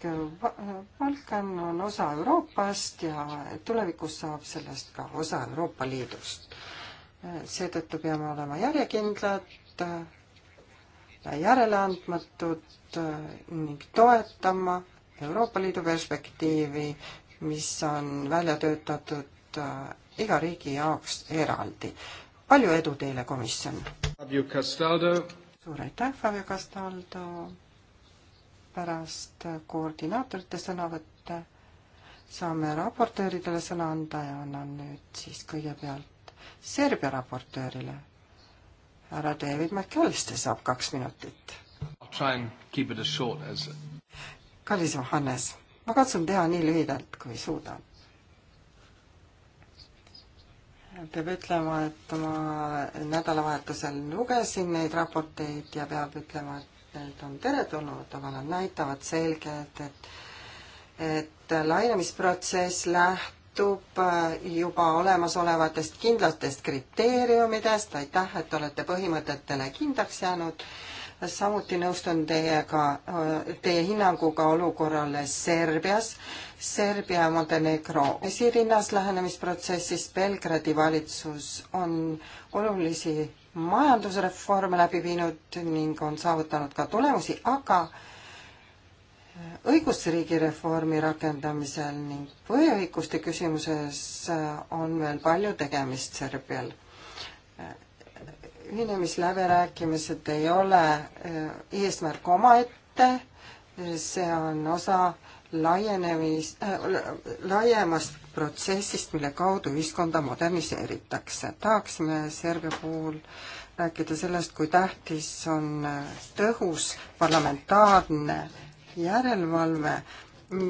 Balkan on osa Euroopast ja tulevikus saab sellest ka osa Euroopa Liidust. Ehm, seetõttu peame olema järjekindlad ja äh, järeleandmatud äh, ning toetama Euroopa Liidu perspektiivi, mis on välja töötatud äh, iga riigi jaoks eraldi. palju edu teile, komisjon! suur aitäh, Fabio Castaldo, pärast koordinaatorite sõnavõtte saame raportööridele sõna anda ja annan nüüd siis kõigepealt Serbia raportöörile. härra David McAllister saab kaks minutit. kallis Johannes, ma katsun teha nii lühidalt, kui suudan peab ütlema, et ma nädalavahetusel lugesin neid raporteid ja peab ütlema, et need on teretulnud, aga nad näitavad selgelt, et et lainemisprotsess lähtub äh, juba olemasolevatest kindlatest kriteeriumidest, aitäh, et olete põhimõtetele kindlaks jäänud samuti nõustun teiega, teie hinnanguga olukorrale Serbias. Serbia ja Montenegro esirinnas lähenemisprotsessis Belgradi valitsus on olulisi majandusreforme läbi viinud ning on saavutanud ka tulemusi, aga õigusriigi reformi rakendamisel ning põhiõiguste küsimuses on veel palju tegemist Serbial ühinemisläbirääkimised ei ole eh, eesmärk omaette, see on osa laienemis äh,, laiemast protsessist, mille kaudu ühiskonda moderniseeritakse. tahaksime Serbia puhul rääkida sellest, kui tähtis on eh, tõhus parlamentaarne järelevalve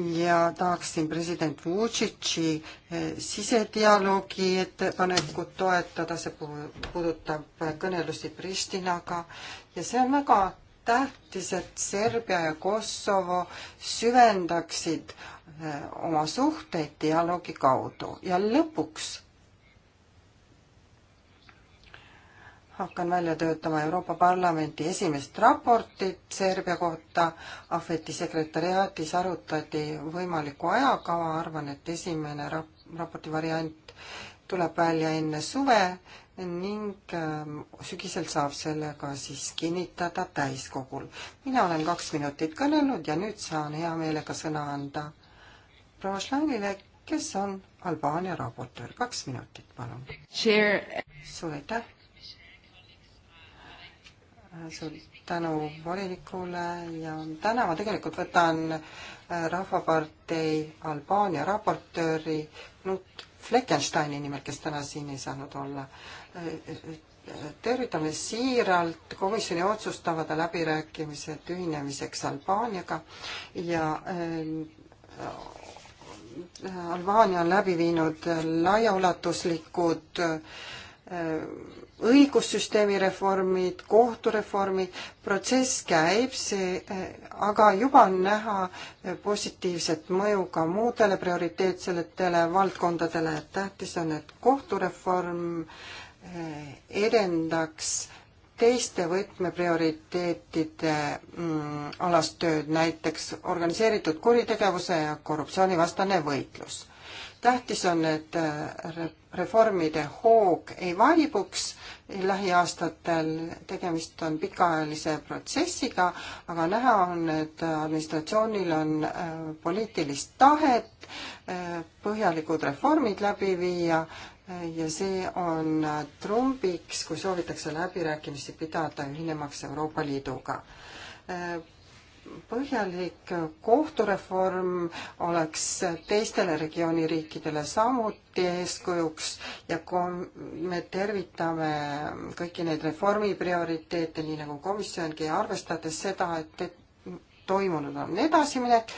ja tahaksin president Vucic'i eh, sisedialoogi ettepanekut toetada, see puudutab eh, kõnelusi Pristinaga ja see on väga tähtis, et Serbia ja Kosovo süvendaksid eh, oma suhteid dialoogi kaudu ja lõpuks hakkan välja töötama Euroopa Parlamenti esimest raportit Serbia kohta. Ahveti sekretäriaatis arutati võimalikku ajakava, arvan, et esimene rap-, raporti variant tuleb välja enne suve ning ähm, sügisel saab sellega siis kinnitada täiskogul. mina olen kaks minutit kõnelnud ja nüüd saan hea meelega sõna anda proua Šlainile, kes on Albaania raportöör. kaks minutit, palun. suur aitäh suur tänu volinikule ja täna ma tegelikult võtan äh, Rahvapartei Albaania raportööri Knut Fleckensteini nimel, kes täna siin ei saanud olla. Äh, äh, tervitame siiralt komisjoni otsustavade läbirääkimised ühinemiseks Albaaniaga ja Albaania on läbi viinud laiaulatuslikud õigussüsteemi reformid, kohtureformid, protsess käib, see, eh, aga juba on näha eh, positiivset mõju ka muudele prioriteetsetele valdkondadele, et tähtis on, et kohtureform eh, edendaks teiste võtmeprioriteetide mm, alast tööd, näiteks organiseeritud kuritegevuse ja korruptsioonivastane võitlus. tähtis on, et reformide hoog ei vaibuks lähiaastatel, tegemist on pikaajalise protsessiga, aga näha on, et administratsioonil on äh, poliitilist tahet äh, põhjalikud reformid läbi viia äh, ja see on trumbiks, kui soovitakse läbirääkimisi pidada ühinemaks Euroopa Liiduga põhjalik kohtureform oleks teistele regiooni riikidele samuti eeskujuks ja kom-, me tervitame kõiki neid reformi prioriteete, nii nagu komisjongi, arvestades seda, et, et toimunud on edasiminek,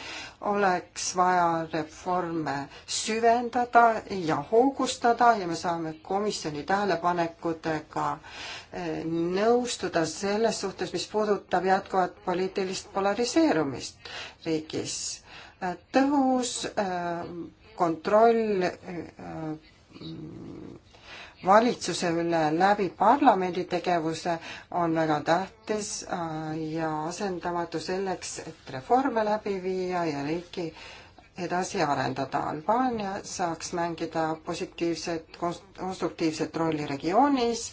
oleks vaja reforme süvendada ja hoogustada ja me saame komisjoni tähelepanekutega eh, nõustuda selles suhtes, mis puudutab jätkuvat poliitilist polariseerumist riigis. Eh, tõhus eh, kontroll valitsuse üle läbi parlamendi tegevuse on väga tähtis äh, ja asendamatu selleks, et reforme läbi viia ja riiki edasi arendada. Albaania saaks mängida positiivset, konstruktiivset rolli regioonis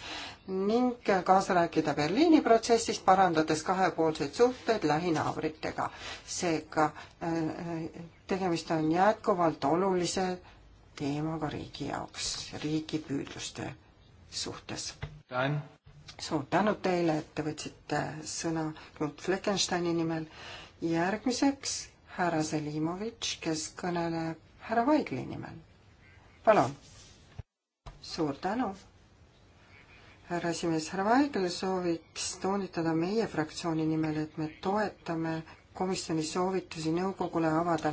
ning kaasa rääkida Berliini protsessis, parandades kahepoolseid suhteid lähinaabritega. seega äh, äh, tegemist on jätkuvalt olulise teema ka riigi jaoks, riigi püüdluste suhtes. suur tänu teile, et te võtsite sõna Knut Fleckensteini nimel. järgmiseks härra Selimovitš, kes kõneleb härra Vaigli nimel. palun. suur tänu. härra esimees, härra Vaigel sooviks toonitada meie fraktsiooni nimel, et me toetame komisjoni soovitusi nõukogule avada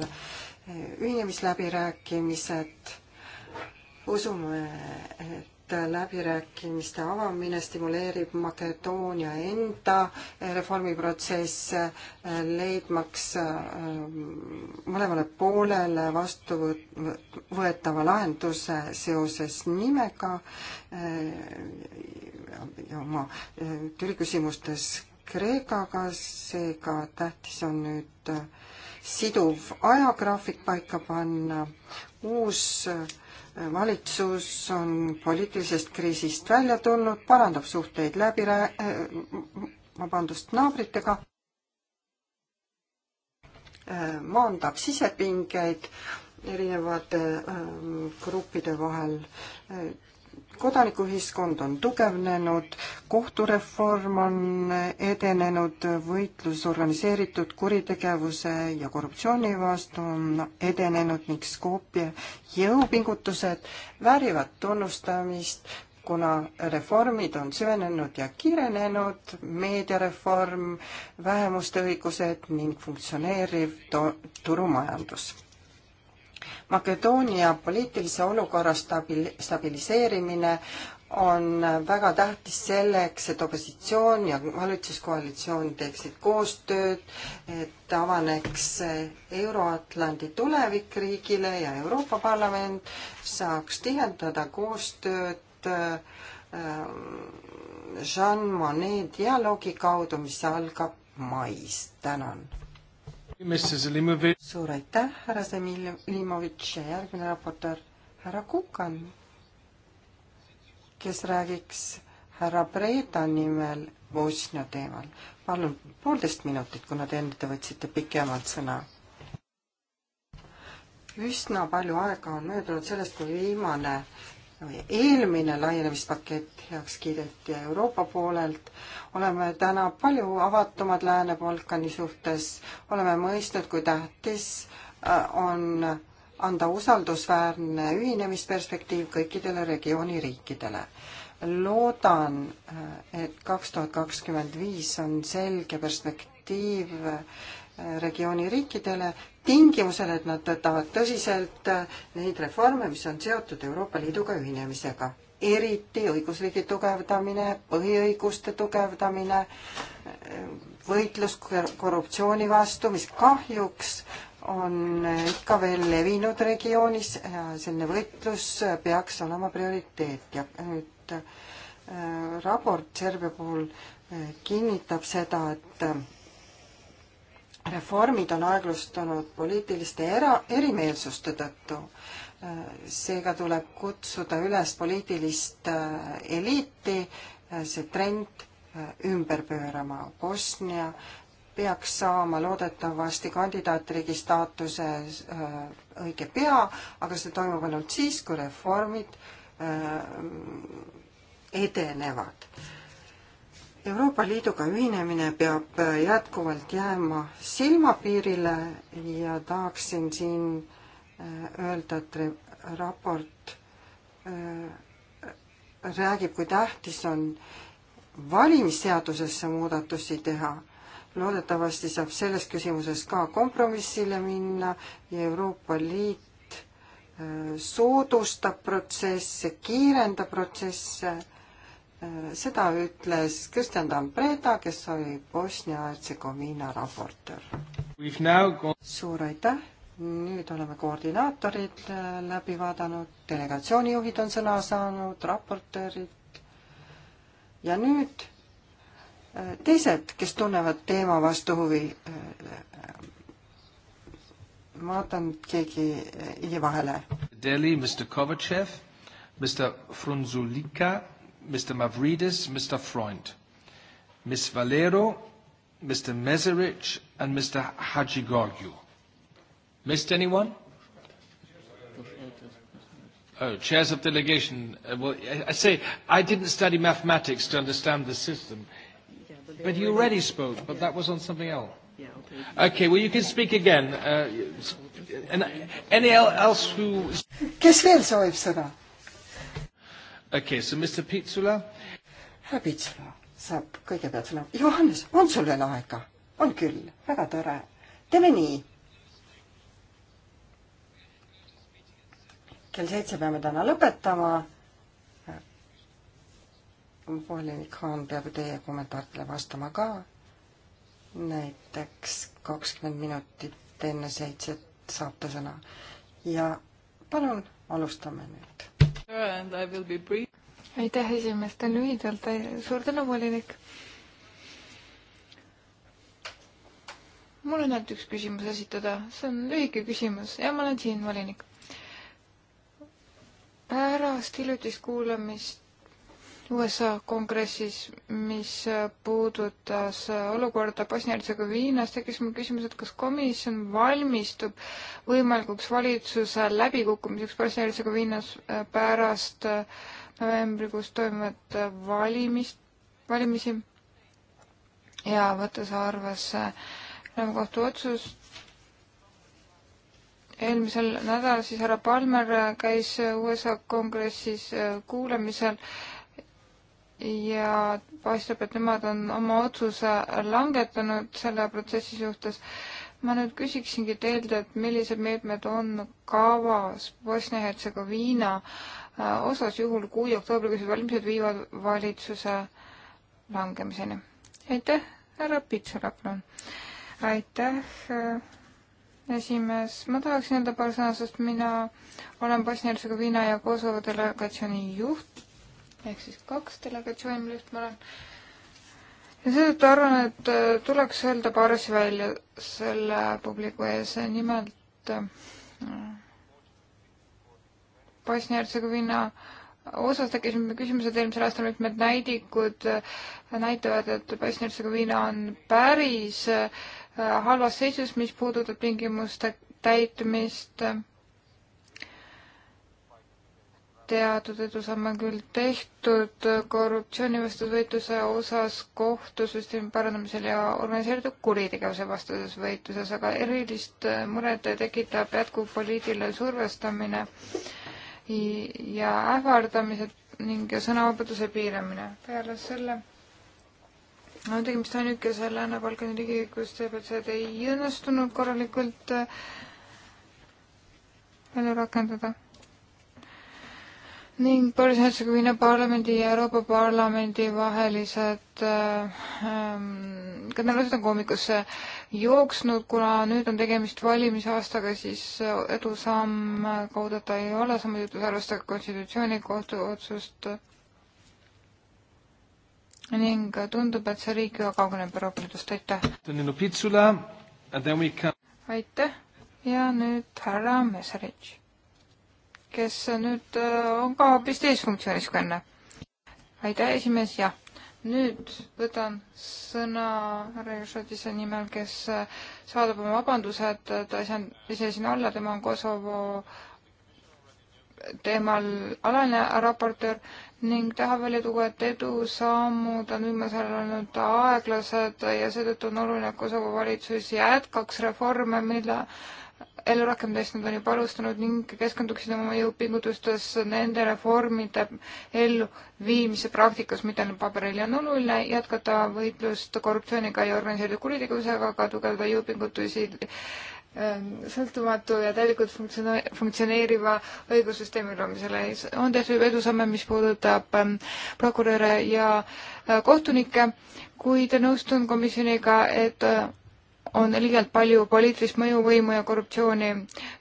ühinemisläbirääkimised. usume, et läbirääkimiste avamine stimuleerib Makedoonia enda reformiprotsesse, leidmaks äh, mõlemale poolele vastuvõetava lahenduse seoses nimega äh, ja oma äh, Türi küsimustes Kreekaga, seega tähtis on nüüd siduv ajagraafik paika panna. uus äh, valitsus on poliitilisest kriisist välja tulnud, parandab suhteid läbi äh,, vabandust, naabritega äh,, maandab sisepingeid erinevate äh, gruppide vahel äh,, kodanikuühiskond on tugevnenud, kohtureform on edenenud, võitlus organiseeritud kuritegevuse ja korruptsiooni vastu on edenenud ning Skopje jõupingutused väärivad tunnustamist, kuna reformid on süvenenud ja kiirenenud, meediareform, vähemuste õigused ning funktsioneeriv turumajandus Makedoonia poliitilise olukorra stabil-, stabiliseerimine on väga tähtis selleks, et opositsioon ja valitsuskoalitsioon teeksid koostööd, et avaneks Euro-Atlandi tulevik riigile ja Euroopa Parlament saaks tihendada koostööd ähm, Jean Monnet dialoogi kaudu, mis algab mais. tänan suur aitäh, härra Semiljimovic ja järgmine raportöör härra Kukan, kes räägiks härra Breda nimel Bosnia teemal. palun poolteist minutit, kuna te enne võtsite pikemalt sõna üsna palju aega on möödunud sellest, kui viimane eelmine laienemispakett heaks kiideti Euroopa poolelt, oleme täna palju avatumad Lääne-Balkani suhtes, oleme mõistnud, kui tähtis äh, on anda usaldusväärne ühinemisperspektiiv kõikidele regiooni riikidele. loodan, äh, et kaks tuhat kakskümmend viis on selge perspektiiv regiooni riikidele tingimusel, et nad võtavad tõsiselt äh, neid reforme, mis on seotud Euroopa Liiduga ühinemisega. eriti õigusriigi tugevdamine, põhiõiguste tugevdamine, äh, võitlus korruptsiooni vastu, mis kahjuks on ikka veel levinud regioonis ja selline võitlus peaks olema prioriteet ja nüüd äh, raport Serbia puhul kinnitab seda, et reformid on aeglustunud poliitiliste era, erimeelsuste tõttu. seega tuleb kutsuda üles poliitilist äh, eliiti see trend äh, ümber pöörama. Bosnia peaks saama loodetavasti kandidaatriigi staatuse äh, õige pea, aga see toimub ainult siis, kui reformid edenevad Euroopa Liiduga ühinemine peab äh, jätkuvalt jääma silmapiirile ja tahaksin siin äh, öelda, et raport äh, räägib, kui tähtis on valimisseadusesse muudatusi teha. loodetavasti saab selles küsimuses ka kompromissile minna ja Euroopa Liit soodustab protsesse, kiirendab protsesse Äh, seda ütles Kristjan Tambreda, kes oli Bosnia-Hertsegoviina raportöör. suur aitäh, nüüd oleme koordinaatorid äh, läbi vaadanud, delegatsioonijuhid on sõna saanud, raportöörid ja nüüd äh, teised, kes tunnevad teema vastu huvi, ma vaatan, keegi jäi vahele. Delhi, Mr Kovatšev, Mr Frunzulika Mr. Mavridis, Mr. Freund, Ms. Valero, Mr. Meserich, and Mr. Hadjigorgiou. Missed anyone? Oh, chairs of delegation. Uh, well, I, I say I didn't study mathematics to understand the system. Yeah, but, but you already spoke, but yeah. that was on something else. Yeah, okay. okay, well, you can speak again. Uh, and any else who... Kes veel soovib sõna? okei okay,, so Mr Pitsula. härra Pitsula saab kõigepealt sõna. Johannes, on sul veel aega? on küll, väga tore. teeme nii. kell seitse peame täna lõpetama. volinik Haan peab teie kommentaaridele vastama ka. näiteks kakskümmend minutit enne seitset saab ta sõna. ja palun alustame nüüd aitäh, esimees, teen lühidalt, suur tänu, volinik. mul on ainult üks küsimus esitada, see on lühike küsimus ja ma olen siin, volinik. pärast hiljutist kuulamist USA kongressis, mis puudutas olukorda Bosnia-Hertsegoviinas, tekkis mul küsimus, et kas komisjon valmistub võimalikuks valitsuse läbikukkumiseks Bosnia-Hertsegoviinas äh, pärast äh, novembrikuus toimuvat äh, valimist, valimisi ja võttes arvesse ülemkohtu otsust, eelmisel nädalal siis härra Palmer käis USA kongressis kuulamisel ja paistab, et nemad on oma otsuse langetanud selle protsessi suhtes. ma nüüd küsiksingi teilt, et millised meetmed on kavas Bosnia-Hertsegoviina äh, osas juhul, kui oktoobrikuised valimised viivad valitsuse langemiseni. aitäh, härra Pitsula, palun. aitäh, äh, esimees. ma tahaksin öelda paar sõna, sest mina olen Bosnia-Hertsegoviina ja Kosovo delegatsiooni juht ehk siis kaks delegatsioonilist ma olen. ja seetõttu arvan, et äh, tuleks öelda paar asja välja selle publiku ees, nimelt äh, Bosnia-Hertsegoviina osas tekkisid küsimused eelmisel aastal, mitmed näidikud äh, näitavad, et Bosnia-Hertsegoviina on päris halvas seisus, mis puudutab tingimuste täitmist teatud edusamme küll tehtud korruptsioonivastase võitluse osas kohtusüsteemi parandamisel ja organiseeritud kuritegevuse vastases võitluses, aga erilist muret tekitab jätkuv poliitiline survestamine ja ähvardamised ning sõnavabaduse piiramine. peale selle on tegemist ainukese Lääne-Balkani riigiga, kus CBC-d ei õnnestunud korralikult äh, välja rakendada ning Bosnia-Hertsegoviina parlamendi ja Euroopa Parlamendi vahelised ähm, kõnelused on koomikusse jooksnud, kuna nüüd on tegemist valimisaastaga, siis edusamm kaudata ei ole, samuti ütles arvestada konstitutsioonikohtu otsust. ning tundub, et see riik väga kaugeneb Euroopa Liidust, aitäh! aitäh ja nüüd härra Meserich kes nüüd äh, on ka hoopis teises funktsioonis kui enne. aitäh, esimees, jah. nüüd võtan sõna härra Jušatise nimel, kes äh, saadab oma vabandused, ta ei saanud ise sinna alla, tema on Kosovo teemal alaline raportöör ning tahab välja tuua, et edusammud on viimasel ajal olnud aeglased ja seetõttu on oluline, et Kosovo valitsus jätkaks reforme, mille ellu rakendamist nad on juba alustanud ning keskenduksid oma jõupingutustes nende reformide elluviimise praktikas, mida neil paberil on oluline jätkata võitlust korruptsiooniga ja organiseeritud kuritegevusega, aga tugevda jõupingutusi ähm, sõltumatu ja täielikult funktsioneeriva, funktsioneeriva õigussüsteemi loomisele. on tehtud juba edusamme, mis puudutab ähm, prokuröre ja äh, kohtunikke, kuid nõustun komisjoniga, et äh, on liialt palju poliitilist mõjuvõimu ja korruptsiooni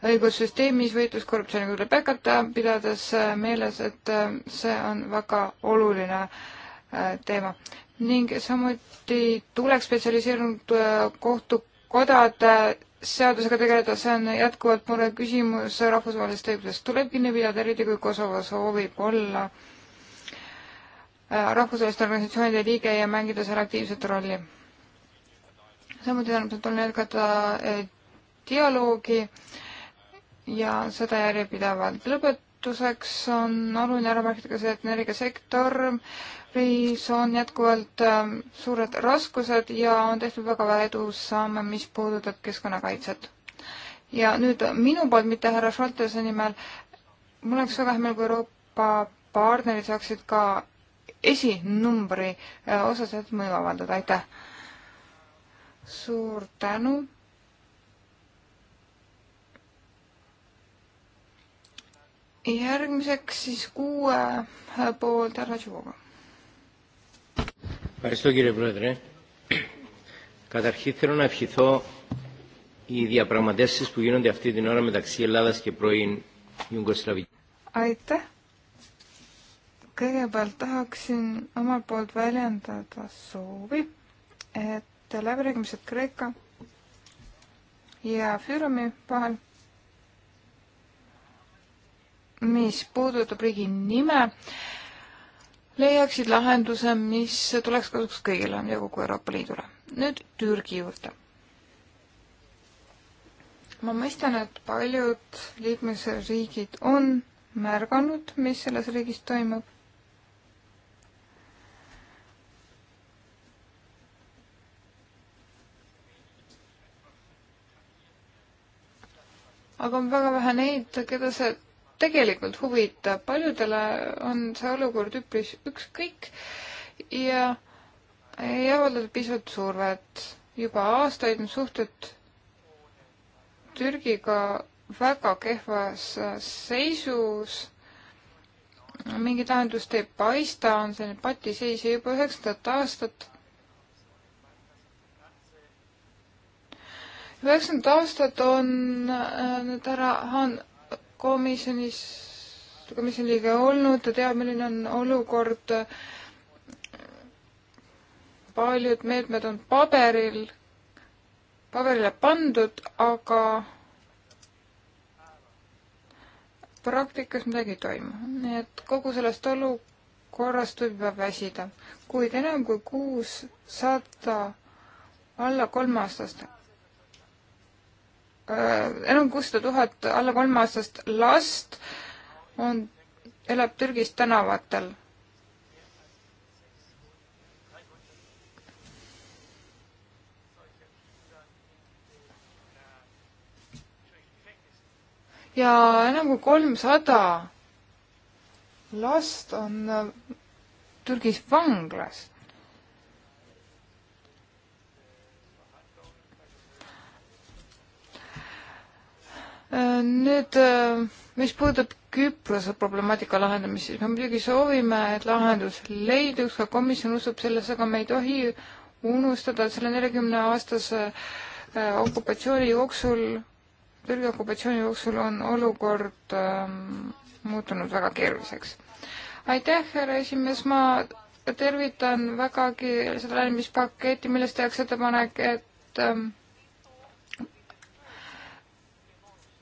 õigussüsteemis, võitlus korruptsiooniga tuleb jätkata, pidades äh, meeles, et äh, see on väga oluline äh, teema. ning samuti tuleks spetsialiseerunud kohtukodade seadusega tegeleda, see on jätkuvalt mure küsimus rahvusvahelisest õigusest. tuleb kinni pidada, eriti kui Kosovo soovib olla rahvusvaheliste organisatsioonide liige ja mängida seal aktiivset rolli samuti äärmiselt oluline jätkata eh, dialoogi ja seda järjepidevalt. lõpetuseks on oluline ära märkida ka see, et energiasektoris on jätkuvalt eh, suured raskused ja on tehtud väga vähe edusamme, mis puudutab keskkonnakaitset. ja nüüd minu poolt, mitte härra Šoltese nimel, mul oleks väga hea meel, kui Euroopa partnerid saaksid ka esinumbri osas, et mõju avaldada, aitäh! suur tänu. järgmiseks siis kuue poolt härra Tšuvoga. Ευχαριστώ κύριε Πρόεδρε. Καταρχήν θέλω να ευχηθώ οι διαπραγματεύσεις που γίνονται αυτή την ώρα μεταξύ Ελλάδας και πρώην Ιουγκοσλαβικής. Aitäh! Kõigepealt tahaksin omalt poolt väljendada soovi, et et läbirääkimised Kreeka ja Füürumi vahel, mis puudutab riigi nime, leiaksid lahenduse, mis tuleks kasuks kõigile ja kogu Euroopa Liidule. nüüd Türgi juurde. ma mõistan, et paljud liikmesriigid on märganud, mis selles riigis toimub aga on väga vähe neid, keda see tegelikult huvitab. paljudele on see olukord üpris ükskõik ja ei avaldada pisut survet. juba aastaid on suhted Türgiga väga kehvas seisus. mingit lahendust ei paista, on selline patiseis ja juba üheksandat aastat üheksandat aastat on äh, nüüd härra Haan komisjonis, komisjoni liige olnud, ta teab, milline on olukord. paljud meetmed on paberil, paberile pandud, aga praktikas midagi ei toimu, nii et kogu sellest olukorrast võib juba väsida, kuid enam kui kuussada alla kolmeaastast Äh, enam kuussada tuhat alla kolmeaastast last on, elab Türgis tänavatel. ja enam kui kolmsada last on äh, Türgis vanglas Nüüd, äh, mis puudutab Küprose problemaatika lahendamist, siis me muidugi soovime, et lahendus leiduks, ka komisjon usub sellesse, aga me ei tohi unustada, et selle neljakümne aastase äh, okupatsiooni jooksul, Türgi okupatsiooni jooksul on olukord ähm, muutunud väga keeruliseks. aitäh, härra esimees, ma tervitan vägagi seda lähenemispaketti, milles tehakse ettepanek, et ähm,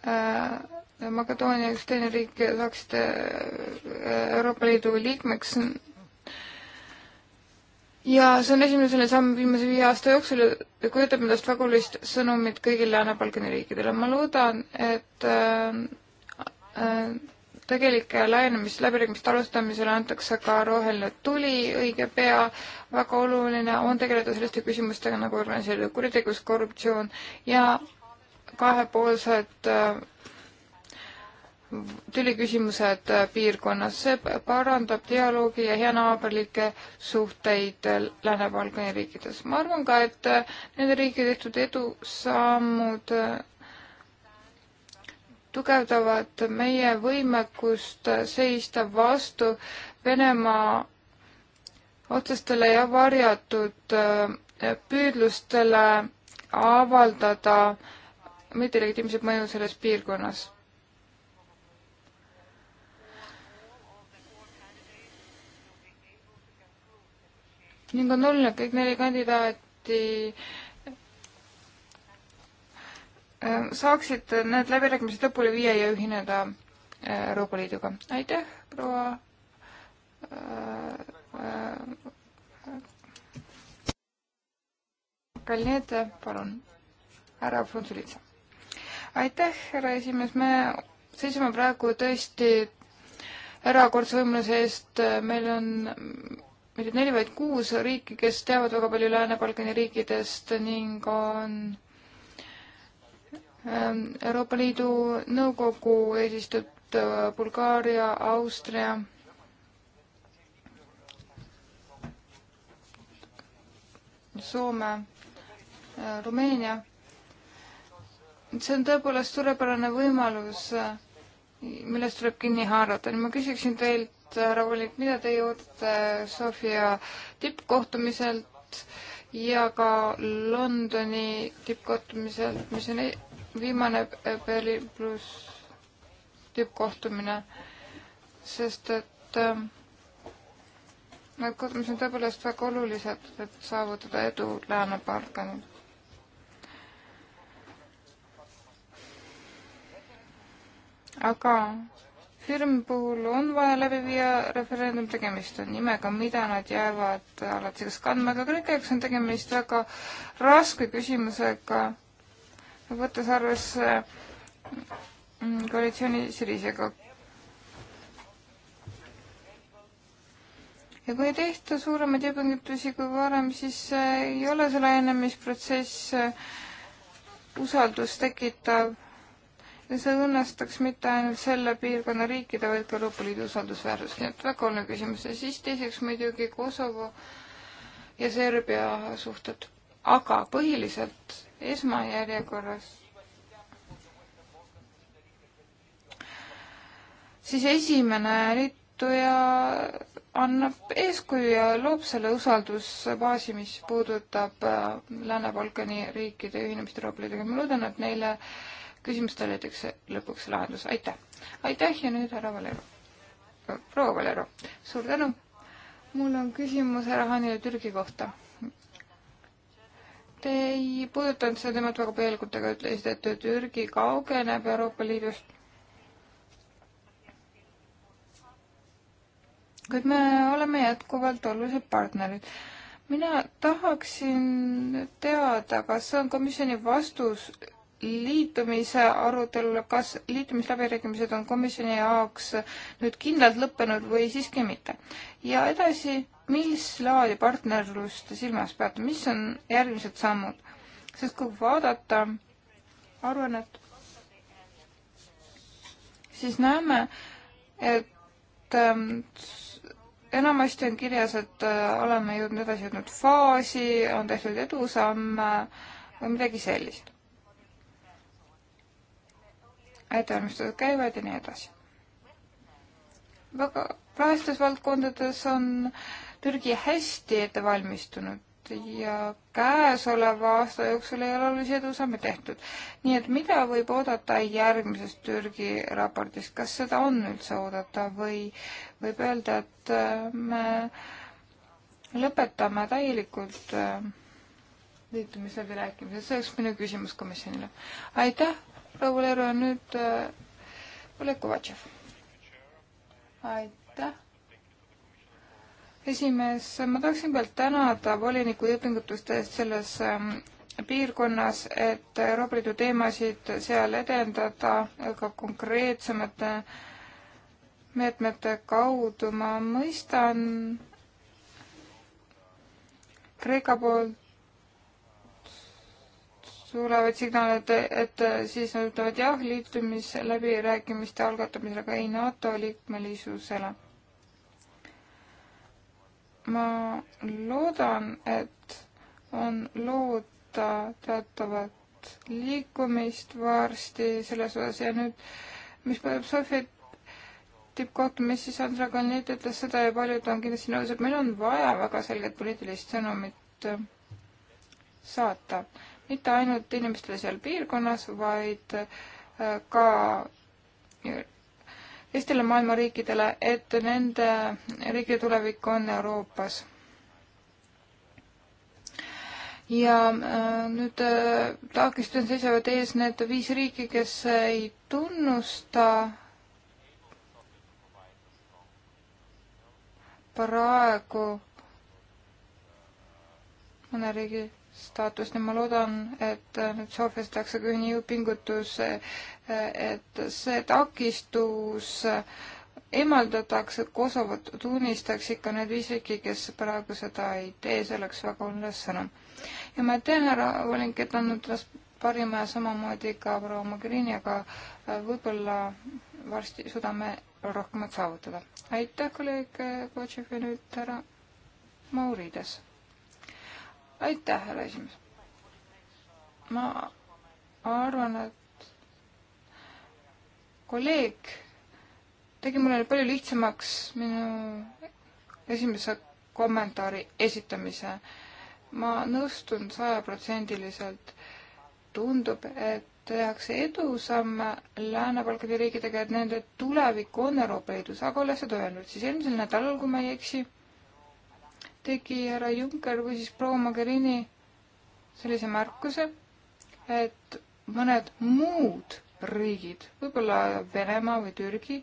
Äh, Makedoonia üks teine riik saaks äh, Euroopa Liidu liikmeks. ja see on esimene selline samm viimase viie aasta jooksul ja kujutab endast väga olulist sõnumit kõigile Lääne-Balkani riikidele. ma loodan, et äh, tegelike laienemisläbirääkimiste alustamisele antakse ka roheline tuli õige pea. väga oluline on tegeleda selliste küsimustega nagu organiseeritud kuritegus, korruptsioon ja kahepoolsed äh, tüliküsimused äh, piirkonnas, see parandab dialoogi ja heanaaberlikke suhteid äh, Lääne-Balkani riikides. ma arvan ka, et nende riikide tehtud edusammud tugevdavad meie võimekust seista vastu Venemaa otsestele ja varjatud püüdlustele avaldada äh, mittelegitiimse mõju selles piirkonnas. ning on olnud kõik neli kandidaati äh, saaksid need läbirääkimised lõpule viia ja ühineda äh, Euroopa Liiduga. aitäh, proua äh, Kalniete, palun, härra Frunzulitsa aitäh, härra esimees, me seisame praegu tõesti erakordse võimaluse eest, meil on mitte neli, vaid kuus riiki, kes teavad väga palju Lääne-Balkani riikidest ning on ähm, Euroopa Liidu Nõukogu eesistujad äh, Bulgaaria, Austria Soome, äh, Rumeenia see on tõepoolest suurepärane võimalus, millest tuleb kinni haarata. ma küsiksin teilt, härra volinik, mida teie ootate Sofia tippkohtumiselt ja ka Londoni tippkohtumiselt, mis on e-, viimane Berli pluss tippkohtumine, sest et äh, need kohtumised on tõepoolest väga olulised, et saavutada edu Lääne-Balkanil aga firm puhul on vaja läbi viia referendum, tegemist on nimega, mida nad jäävad alati kas kandma, aga kõige jaoks on tegemist väga raske küsimusega, võttes arvesse mm, koalitsiooni sellisega. ja kui ei tehta suuremaid jõupingutusi kui varem, siis äh, ei ole see laienemisprotsess äh, usaldust tekitav ja see õnnestaks mitte ainult selle piirkonna riikide, vaid ka Euroopa Liidu usaldusväärsust, nii et väga oluline küsimus ja siis teiseks muidugi Kosovo ja Serbia suhted, aga põhiliselt esmajärjekorras siis esimene liituja annab eeskuju ja loob selle usaldusbaasi, mis puudutab Lääne-Balkani riikide ühinemist Euroopa Liiduga. ma loodan, et neile äh, küsimustele leitakse lõpuks lahendus. aitäh! aitäh ja nüüd härra Valero. Äh, proua Valero, suur tänu! mul on küsimus härra Hanile Türgi kohta. Te ei puudutanud seda teemat väga põhjalikult, aga ütlesite, et Türgi kaugeneb Euroopa Liidust. kuid me oleme jätkuvalt olulised partnerid mina tahaksin teada, kas see on komisjoni vastus liitumise arutelule, kas liitumisläbirääkimised on komisjoni jaoks nüüd kindlalt lõppenud või siiski mitte. ja edasi, mis laadi partnerlust te silmas peate, mis on järgmised sammud? sest kui vaadata aruannet, siis näeme, et ähm, enamasti on kirjas, et äh, oleme jõudnud edasi jõudnud faasi, on tehtud edusamme või midagi sellist ettevalmistused käivad ja nii edasi. väga, praegustes valdkondades on Türgi hästi ette valmistunud ja käesoleva aasta jooksul ei ole olulisi edusamme tehtud. nii et mida võib oodata järgmisest Türgi raportist, kas seda on üldse oodata või võib öelda, et äh, me lõpetame täielikult äh, liitumisläbirääkimised, see oleks minu küsimus komisjonile. aitäh proua Valero, nüüd äh, Oleg Kovatšev. aitäh. esimees, ma tahaksin pealt tänada voliniku jõupingutuste eest selles ähm, piirkonnas, et Euroopa Liidu teemasid seal edendada ka konkreetsemate meetmete kaudu. ma mõistan Kreeka poolt tulevaid signaale, et, et siis nad ütlevad jah liitumisläbirääkimiste algatamisele, aga ei NATO liikmelisusele. ma loodan, et on loota teatavat liikumist varsti selles osas ja nüüd, mis puudutab Sofiat, tippkohtumist, siis Andra Kalniit ütles seda ja paljud on kindlasti nõus, et meil on vaja väga selget poliitilist sõnumit saata mitte ainult inimestele seal piirkonnas, vaid äh, ka teistele maailma riikidele, et nende riigi tulevik on Euroopas. ja äh, nüüd äh, Taakistan seisavad ees need viis riiki, kes ei tunnusta praegu mõne riigi staatust ja ma loodan, et äh, nüüd Soofias tehakse ka jõupingutus, äh, et see takistus äh, eemaldatakse, et Kosovot tunnistaks ikka need viis riiki, kes praegu seda ei tee, see oleks väga oluline sõnum. ja ma tean, härra Volink, et andnud parima ja samamoodi ka proua Mogherini, aga võib-olla varsti suudame rohkemat saavutada. aitäh, kolleeg Kotšev ja nüüd härra Maurides aitäh, härra esimees. ma arvan, et kolleeg tegi mulle palju lihtsamaks minu esimese kommentaari esitamise. ma nõustun sajaprotsendiliselt. tundub, et tehakse edusamme Lääne-Balkani riikidega, et nende tulevik on Euroopa Liidus, aga olles seda öelnud, siis eelmisel nädalal, kui ma ei eksi, tegi härra Juncker või siis proua Mogherini sellise märkuse, et mõned muud riigid, võib-olla Venemaa või Türgi,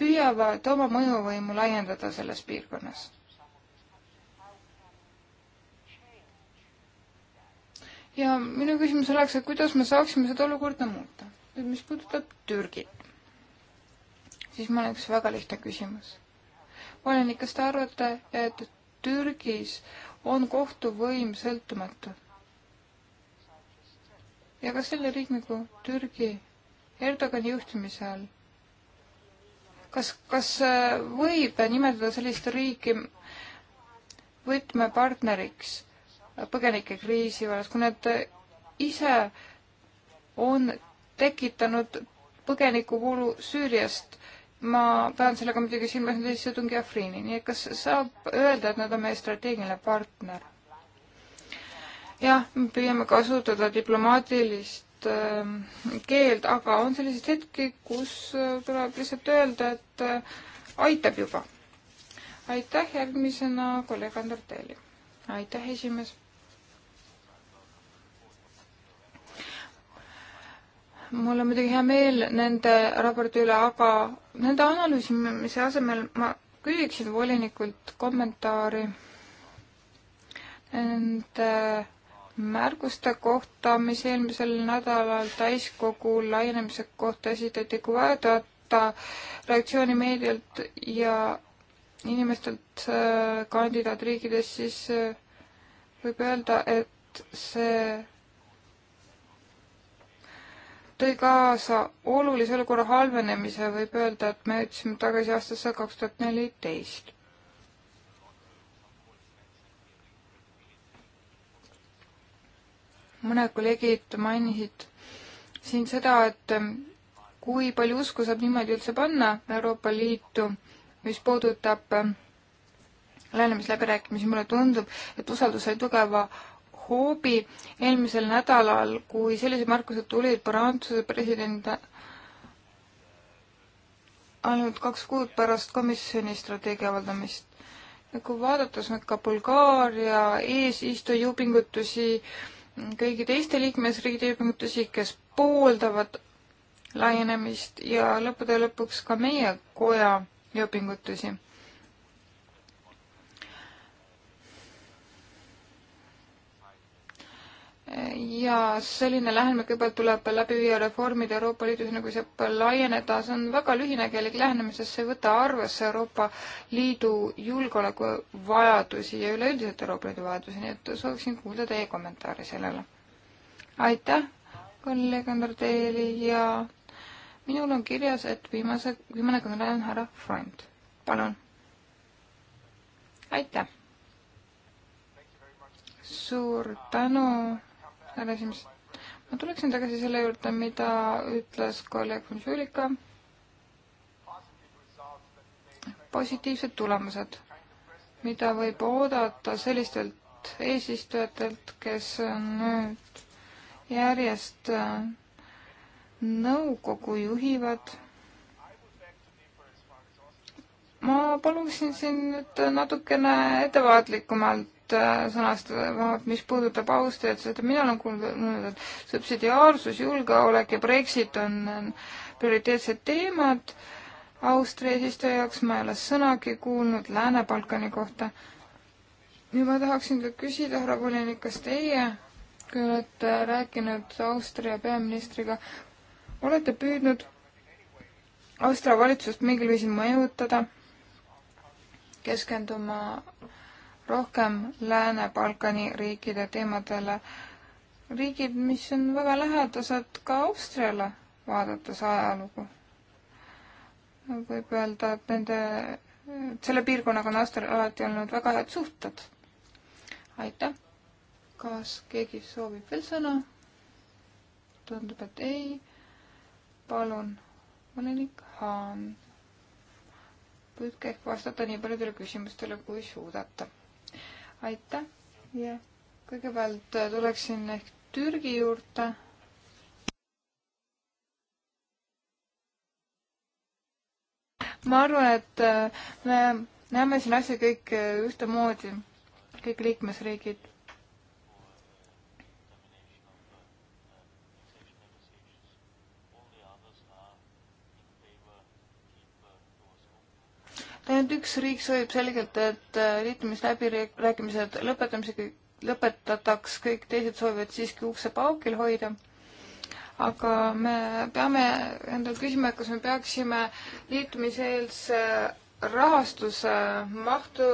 püüavad oma mõjuvõimu laiendada selles piirkonnas. ja minu küsimus oleks, et kuidas me saaksime seda olukorda muuta, mis puudutab Türgit siis mul on üks väga lihtne küsimus. volinik, kas te arvate, et Türgis on kohtuvõim sõltumatu? ja kas selle riik nagu Türgi Erdogani juhtimise all, kas, kas äh, võib nimetada sellist riiki võtmepartneriks põgenikekriisi vallas, kui nad ise on tekitanud põgenikuvoolu Süüriast äh, ma pean sellega muidugi silmas nüüd lihtsalt tungi Afrini, nii et kas saab öelda, et nad on meie strateegiline partner? jah, me püüame kasutada diplomaatilist äh, keelt, aga on selliseid hetki, kus äh, tuleb lihtsalt öelda, et äh, aitab juba. aitäh, järgmisena kolleeg Andor Teeli. aitäh, esimees mul on muidugi hea meel nende raporti üle, aga nende analüüsimise asemel ma küsiksin volinikult kommentaari nende märguste kohta, mis eelmisel nädalal täiskogu laienemise kohta esitati, kui vaadata reaktsiooni meedialt ja inimestelt äh, kandidaatriikides, siis äh, võib öelda, et see tõi kaasa olulise olukorra halvenemise, võib öelda, et me jõudsime tagasi aastasse kaks tuhat neliteist. mõned kolleegid mainisid siin seda, et kui palju usku saab niimoodi üldse panna Euroopa Liitu, mis puudutab lähenemisläbirääkimisi, mulle tundub, et usaldus sai tugeva hoobi eelmisel nädalal, kui sellised märkused tulid Prantsuse president ainult kaks kuud pärast komisjoni strateegia avaldamist. ja kui vaadates nüüd ka Bulgaaria eesistuja jõupingutusi, kõigi teiste liikmesriikide jõupingutusi, kes pooldavad laienemist ja lõppude lõpuks ka meie koja jõupingutusi ja selline lähenemine kõigepealt tuleb läbi viia reformid Euroopa Liidus, nagu saab laieneda, see on väga lühinägelik lähenemine, sest see ei võta arvesse Euroopa Liidu julgeolekuvajadusi ja üleüldiselt Euroopa Liidu vajadusi, nii et sooviksin kuulda teie kommentaari sellele. aitäh, kolleeg Andor Teeli ja minul on kirjas, et viimase, viimane kõneleja on härra Freund. palun. aitäh. suur tänu härra esimees. ma tuleksin tagasi selle juurde, mida ütles kolleeg Fonsulika. positiivsed tulemused, mida võib oodata sellistelt eesistujatelt, kes on nüüd järjest äh, nõukogu juhivad ma paluksin siin nüüd natukene ettevaatlikumalt Äh, sõnastada, mis puudutab Austriat, seda mina olen kuulnud, et subsidiaarsus, julgeolek ja Brexit on prioriteetsed teemad. Austria eesistuja jaoks ma ei ole sõnagi kuulnud Lääne-Balkani kohta. ja ma tahaksin ka küsida, härra volinik, kas teie, kui olete rääkinud Austria peaministriga, olete püüdnud Austria valitsust mingil viisil mõjutada, keskenduma rohkem Lääne-Balkani riikide teemadele. riigid, mis on väga lähedased ka Austriale, vaadates ajalugu. võib öelda, et nende, selle piirkonnaga on Austrial alati olnud väga head suhted. aitäh. kas keegi soovib veel sõna? tundub, et ei. palun, volinik Haan püüdke ehk vastata nii paljudele küsimustele, kui suudate aitäh ja kõigepealt tuleksin ehk Türgi juurde. ma arvan, et äh, me näeme siin asja kõik äh, ühtemoodi, kõik liikmesriigid ainult üks riik soovib selgelt, et äh, liitumisläbirääkimised lõpetamisega lõpetataks, kõik teised soovivad siiski ukse paugil hoida. aga me peame endale küsima, kas me peaksime liitumiseelse rahastuse mahtu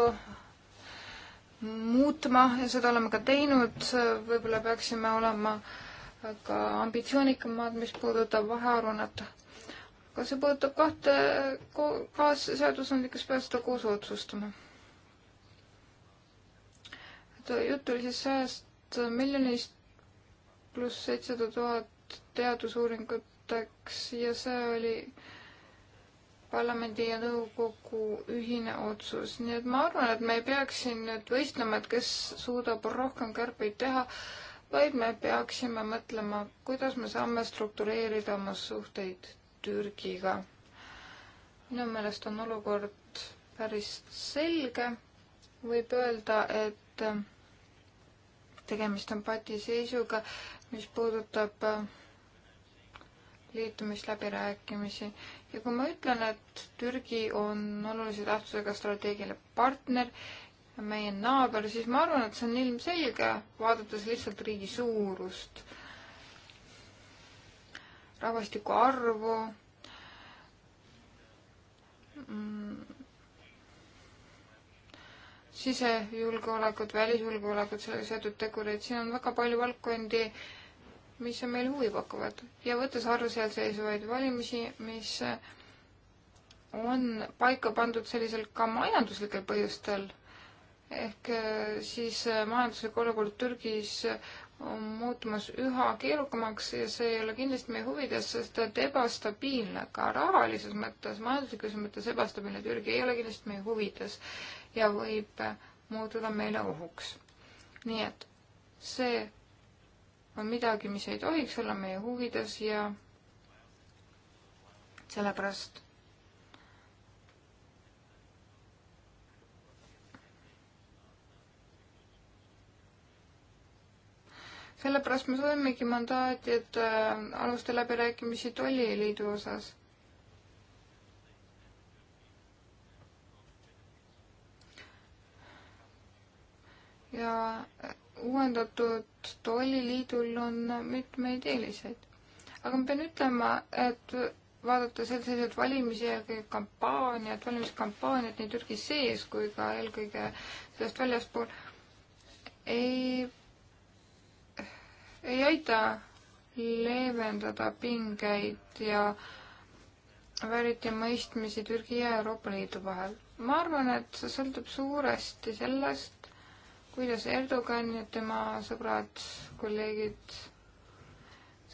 muutma ja seda oleme ka teinud, võib-olla peaksime olema ka ambitsioonikamad, mis puudutab vahearuannet aga see puudutab kahte kaasseadusandlikust peast seda koos otsustama. et jutt oli siis sajast miljonist pluss seitsesada tuhat teadusuuringuteks ja see oli parlamendi ja nõukogu ühine otsus, nii et ma arvan, et me ei peaks siin nüüd võistlema, et kes suudab rohkem kärpeid teha, vaid me peaksime mõtlema, kuidas me saame struktureerida oma suhteid Türgiga. minu meelest on olukord päris selge, võib öelda, et äh, tegemist on patiseisuga, mis puudutab äh, liitumisläbirääkimisi ja kui ma ütlen, et Türgi on olulise tähtsusega strateegiline partner ja meie naaber, siis ma arvan, et see on ilmselge, vaadates lihtsalt riigi suurust rahvastiku arvu sisejulgeolekut, välisjulgeolekut, sellega seotud tegureid, siin on väga palju valdkondi, mis on meil huvi pakkuvad ja võttes arvesse eelseisvaid valimisi, mis on paika pandud selliselt ka majanduslikel põhjustel, ehk siis majanduslik olukord Türgis on muutumas üha keerukamaks ja see ei ole kindlasti meie huvides, sest et ebastabiilne ka rahalises mõttes, majanduslikus mõttes ebastabiilne Türgi ei ole kindlasti meie huvides ja võib muutuda meile ohuks. nii et see on midagi, mis ei tohiks olla meie huvides ja sellepärast sellepärast me saimegi mandaadi, et äh, alusta läbirääkimisi tolliliidu osas. ja äh, uuendatud tolliliidul on mitmeid eeliseid. aga ma pean ütlema, et vaadata selliseid valimisi ja kampaaniat, valimiskampaaniat nii Türgi sees kui ka eelkõige sellest väljaspool, ei ei aita leevendada pingeid ja vääriti mõistmisi Türgi ja Euroopa Liidu vahel. ma arvan, et see sõltub suuresti sellest, kuidas Erdogan ja tema sõbrad, kolleegid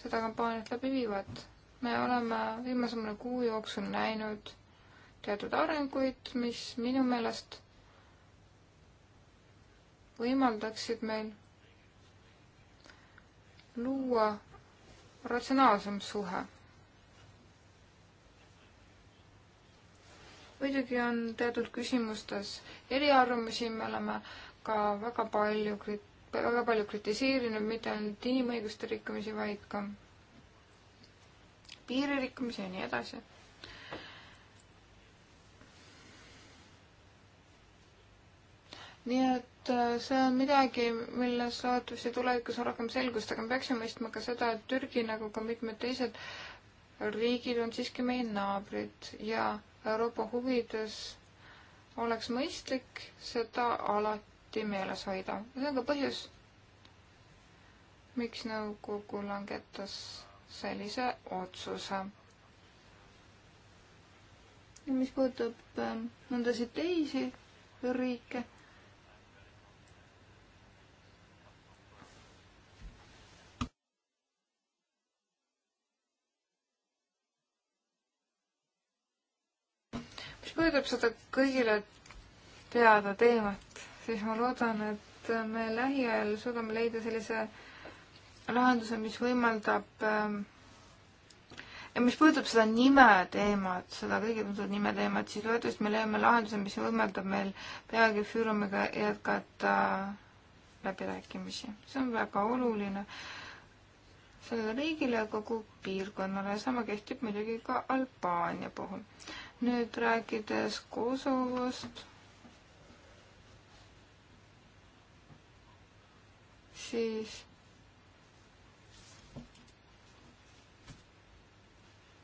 seda kampaaniat läbi viivad. me oleme viimase mõne kuu jooksul näinud teatud arenguid, mis minu meelest võimaldaksid meil luua ratsionaalsem suhe. muidugi on teatud küsimustes eriarvamusi, me oleme ka väga palju krit-, väga palju kritiseerinud mitte ainult inimõiguste rikkumisi, vaid ka piiririkkumisi ja nii edasi. nii et Äh, see on midagi, milles loodetavasti tulevikus on rohkem selgust, aga me peaksime mõistma ka seda, et Türgi, nagu ka mitmed teised riigid, on siiski meie naabrid ja Euroopa huvides oleks mõistlik seda alati meeles hoida. see on ka põhjus, miks nõukogu langetas sellise otsuse ja mis puudutab mõndasid äh, teisi riike, puudutab seda kõigile teada teemat, siis ma loodan, et me lähiajal suudame leida sellise lahenduse, mis võimaldab ähm, ja mis puudutab seda nime teemat, seda kõige tuntud nime teemat, siis loodetavasti me leiame lahenduse, mis võimaldab meil peagi Füürumiga jätkata läbirääkimisi. see on väga oluline sellele riigile ja kogu piirkonnale ja sama kehtib muidugi ka Albaania puhul nüüd rääkides Kosovost, siis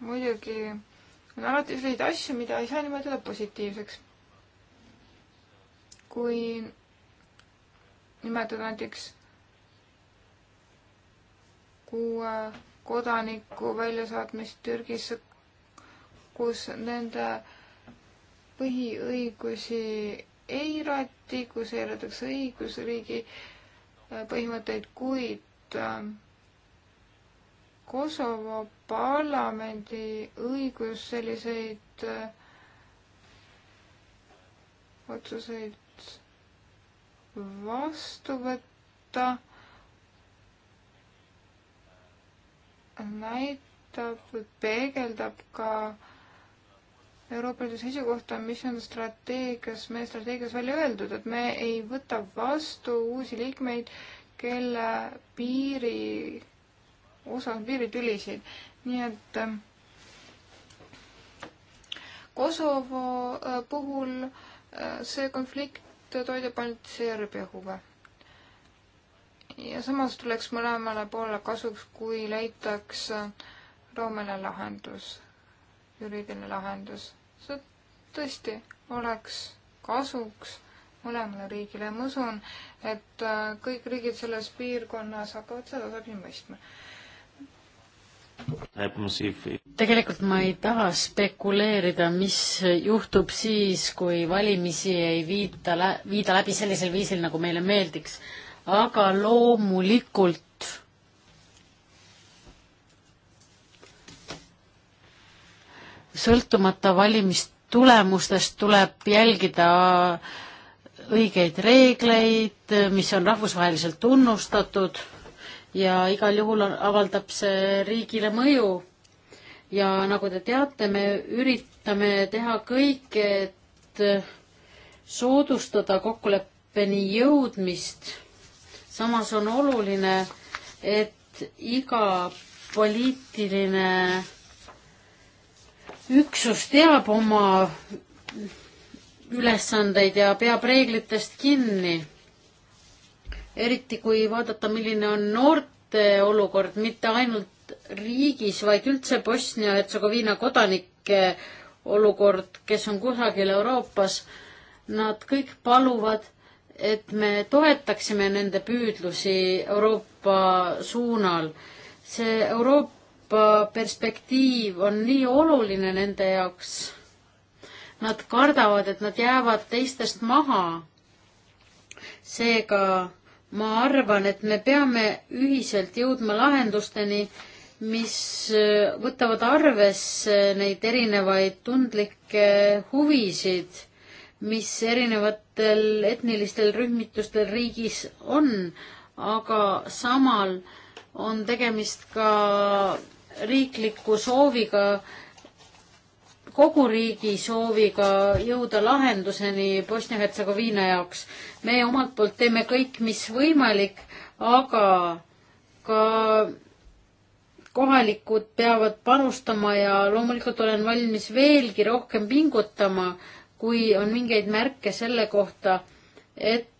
muidugi on alati selliseid asju, mida ei saa nimetada positiivseks. kui nimetada näiteks kuue kodaniku väljasaatmist Türgisse kus nende põhiõigusi eirati, kus eiratakse õigusriigi äh, põhimõtteid, kuid äh, Kosovo parlamendi õigus selliseid äh, otsuseid vastu võtta näitab, peegeldab ka äh, Euroopa Liidu seisukohta, mis on strateegias, meie strateegias välja öeldud, et me ei võta vastu uusi liikmeid, kelle piiri osas on piiritülisid. nii et ähm, Kosovo äh, puhul äh, see konflikt toidab ainult Serbia huve. ja samas tuleks mõlemale poole kasuks, kui leitakse äh, rahumeelne lahendus, juriidiline lahendus see tõesti oleks kasuks mõlemale riigile ja ma usun, et äh, kõik riigid selles piirkonnas hakkavad seda läbi mõistma. tegelikult ma ei taha spekuleerida, mis juhtub siis, kui valimisi ei viita, viida läbi sellisel viisil, nagu meile meeldiks. aga loomulikult sõltumata valimistulemustest tuleb jälgida õigeid reegleid, mis on rahvusvaheliselt tunnustatud ja igal juhul avaldab see riigile mõju. ja nagu te teate, me üritame teha kõik, et soodustada kokkuleppeni jõudmist. samas on oluline, et iga poliitiline üksus teab oma ülesandeid ja peab reeglitest kinni. eriti kui vaadata, milline on noorte olukord, mitte ainult riigis, vaid üldse Bosnia-Hertsegoviina kodanike olukord, kes on kusagil Euroopas. Nad kõik paluvad, et me toetaksime nende püüdlusi Euroopa suunal. see Euroopa Euroopa perspektiiv on nii oluline nende jaoks. Nad kardavad, et nad jäävad teistest maha. seega ma arvan, et me peame ühiselt jõudma lahendusteni, mis võtavad arvesse neid erinevaid tundlikke huvisid, mis erinevatel etnilistel rühmitustel riigis on, aga samal on tegemist ka riikliku sooviga, kogu riigi sooviga jõuda lahenduseni Bosnia-Hertsegoviina jaoks. me omalt poolt teeme kõik, mis võimalik, aga ka kohalikud peavad panustama ja loomulikult olen valmis veelgi rohkem pingutama, kui on mingeid märke selle kohta, et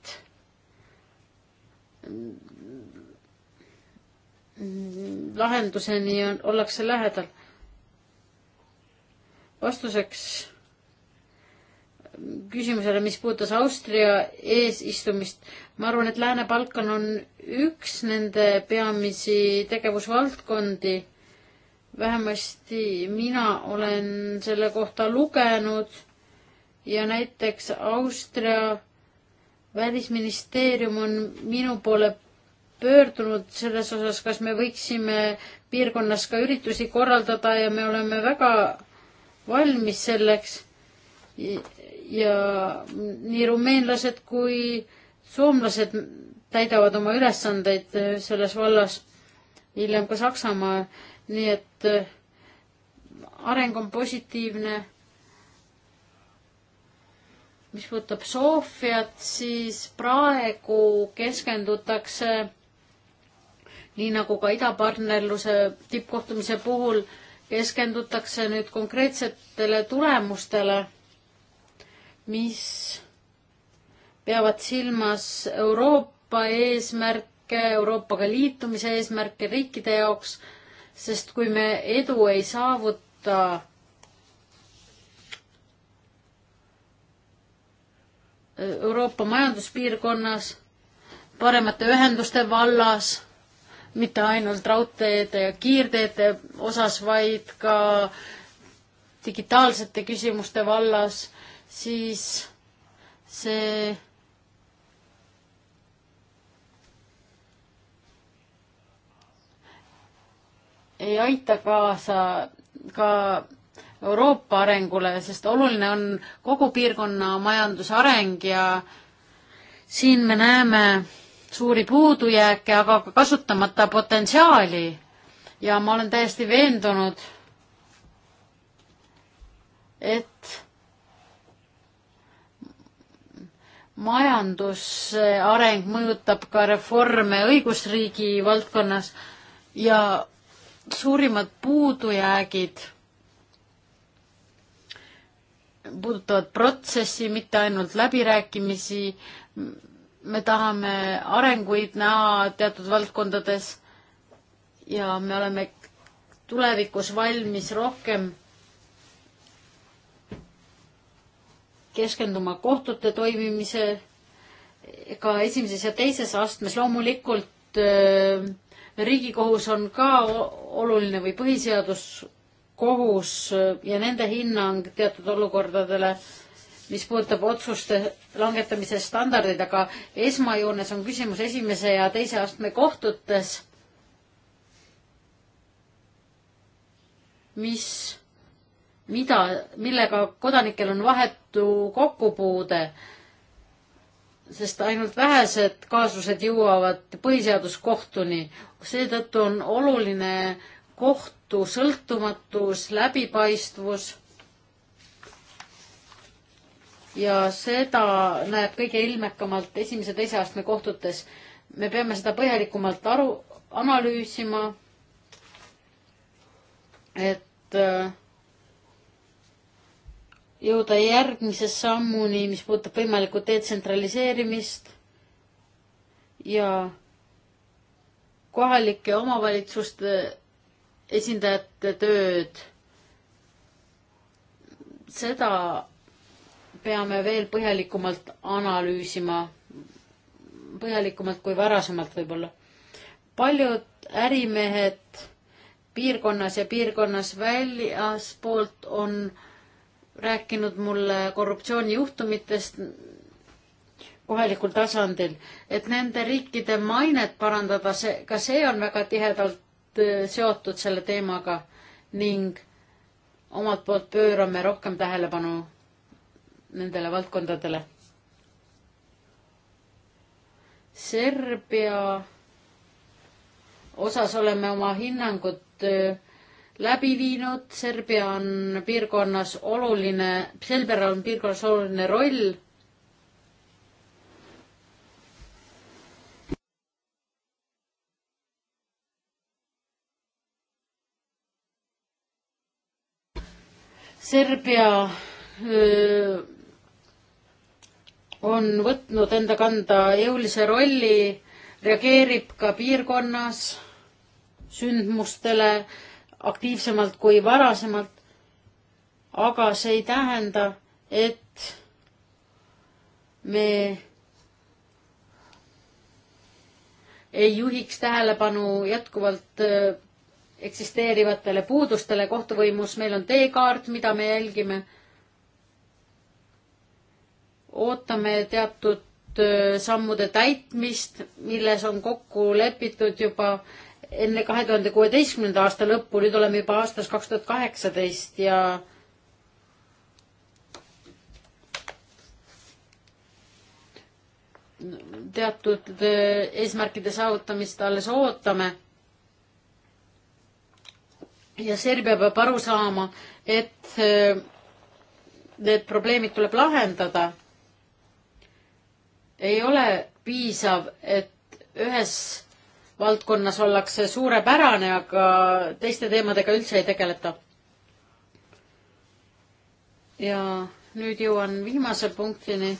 Mm, lahenduseni on, ollakse lähedal. vastuseks küsimusele, mis puudutas Austria eesistumist, ma arvan, et Lääne-Balkan on üks nende peamisi tegevusvaldkondi. vähemasti mina olen selle kohta lugenud ja näiteks Austria välisministeerium on minu poole pöördunud selles osas, kas me võiksime piirkonnas ka üritusi korraldada ja me oleme väga valmis selleks. ja nii rumeenlased kui soomlased täidavad oma ülesandeid äh, selles vallas, hiljem ka Saksamaa, nii et äh, areng on positiivne. mis puudutab Sofiat, siis praegu keskendutakse nii nagu ka idapartnerluse tippkohtumise puhul keskendutakse nüüd konkreetsetele tulemustele, mis peavad silmas Euroopa eesmärke, Euroopaga liitumise eesmärke riikide jaoks, sest kui me edu ei saavuta Euroopa majanduspiirkonnas, paremate ühenduste vallas mitte ainult raudteede ja kiirteede osas, vaid ka digitaalsete küsimuste vallas, siis see ei aita kaasa ka Euroopa arengule, sest oluline on kogu piirkonna majanduse areng ja siin me näeme suuri puudujääke, aga ka kasutamata potentsiaali. ja ma olen täiesti veendunud, et majanduse areng mõjutab ka reforme õigusriigi valdkonnas ja suurimad puudujäägid puudutavad protsessi, mitte ainult läbirääkimisi, me tahame arenguid näha teatud valdkondades ja me oleme tulevikus valmis rohkem keskenduma kohtute toimimise ka esimeses ja teises astmes. loomulikult öö, äh, Riigikohus on ka oluline või põhiseaduskohus äh, ja nende hinnang teatud olukordadele mis puudutab otsuste langetamise standardid, aga esmajoones on küsimus esimese ja teise astme kohtutes, mis, mida, millega kodanikel on vahetu kokkupuude, sest ainult vähesed kaasused jõuavad põhiseaduskohtuni. seetõttu on oluline kohtu sõltumatus, läbipaistvus ja seda näeb kõige ilmekamalt esimese, teise astme kohtutes. me peame seda põhjalikumalt aru, analüüsima, et äh, jõuda järgmise sammuni, mis puudutab võimalikku detsentraliseerimist ja kohalike omavalitsuste esindajate tööd. seda peame veel põhjalikumalt analüüsima, põhjalikumalt kui varasemalt võib-olla. paljud ärimehed piirkonnas ja piirkonnas väljaspoolt on rääkinud mulle korruptsioonijuhtumitest kohalikul tasandil, et nende riikide mainet parandada, see, ka see on väga tihedalt äh, seotud selle teemaga ning omalt poolt pöörame rohkem tähelepanu nendele valdkondadele. Serbia osas oleme oma hinnangut äh, läbi viinud, Serbia on piirkonnas oluline, Serbial on piirkonnas oluline roll. Serbia öö, äh, on võtnud enda kanda jõulise rolli, reageerib ka piirkonnas sündmustele aktiivsemalt kui varasemalt. aga see ei tähenda, et me ei juhiks tähelepanu jätkuvalt äh, eksisteerivatele puudustele kohtuvõimus, meil on teekaart, mida me jälgime ootame teatud sammude täitmist, milles on kokku lepitud juba enne kahe tuhande kuueteistkümnenda aasta lõppu, nüüd oleme juba aastas kaks tuhat kaheksateist ja teatud eesmärkide saavutamist alles ootame. ja Serbia peab aru saama, et need probleemid tuleb lahendada ei ole piisav, et ühes valdkonnas ollakse suurepärane, aga teiste teemadega üldse ei tegeleta. ja nüüd jõuan viimase punktini.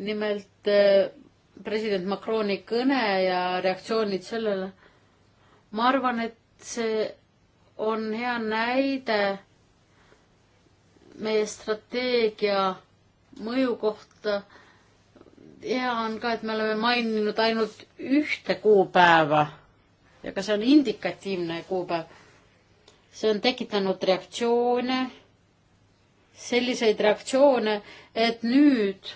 nimelt eh, president Macroni kõne ja reaktsioonid sellele. ma arvan, et see on hea näide meie strateegia mõju kohta. hea on ka, et me oleme maininud ainult ühte kuupäeva ja ka see on indikatiivne kuupäev. see on tekitanud reaktsioone, selliseid reaktsioone, et nüüd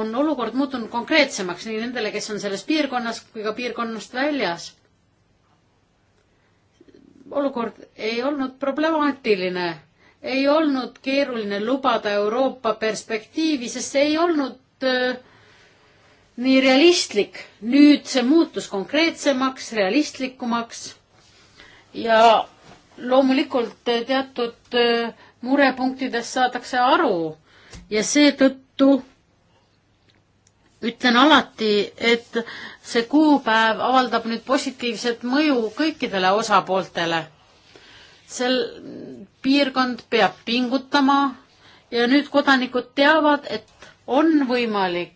on olukord muutunud konkreetsemaks nii nendele, kes on selles piirkonnas kui ka piirkonnast väljas olukord ei olnud problemaatiline, ei olnud keeruline lubada Euroopa perspektiivi, sest see ei olnud äh, nii realistlik. nüüd see muutus konkreetsemaks, realistlikumaks ja loomulikult äh, teatud äh, murepunktidest saadakse aru ja seetõttu ütlen alati, et see kuupäev avaldab nüüd positiivset mõju kõikidele osapooltele. sel piirkond peab pingutama ja nüüd kodanikud teavad, et on võimalik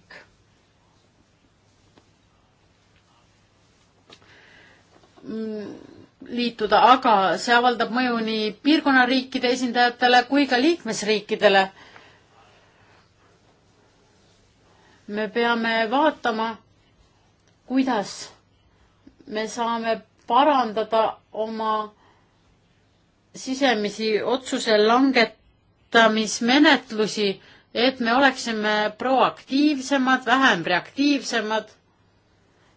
liituda, aga see avaldab mõju nii piirkonna riikide esindajatele kui ka liikmesriikidele me peame vaatama, kuidas me saame parandada oma sisemisi otsuse langetamismenetlusi, et me oleksime proaktiivsemad, vähem reaktiivsemad.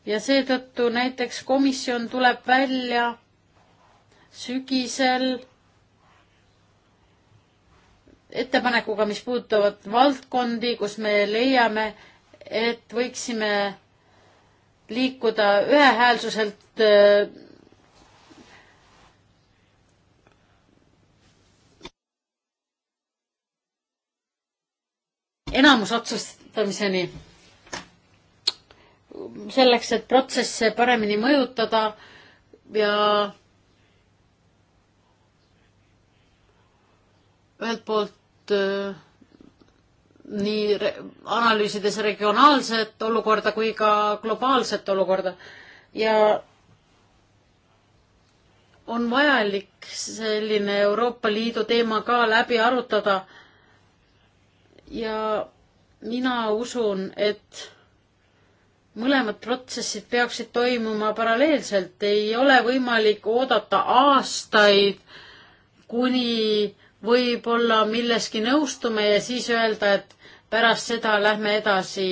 ja seetõttu näiteks komisjon tuleb välja sügisel ettepanekuga, mis puudutavad valdkondi, kus me leiame, et võiksime liikuda ühehäälsuselt äh, enamusotsustamiseni. selleks, et protsesse paremini mõjutada ja ühelt poolt äh, nii re analüüsides regionaalset olukorda kui ka globaalset olukorda ja on vajalik selline Euroopa Liidu teema ka läbi arutada. ja mina usun, et mõlemad protsessid peaksid toimuma paralleelselt, ei ole võimalik oodata aastaid, kuni võib-olla milleski nõustume ja siis öelda, et pärast seda lähme edasi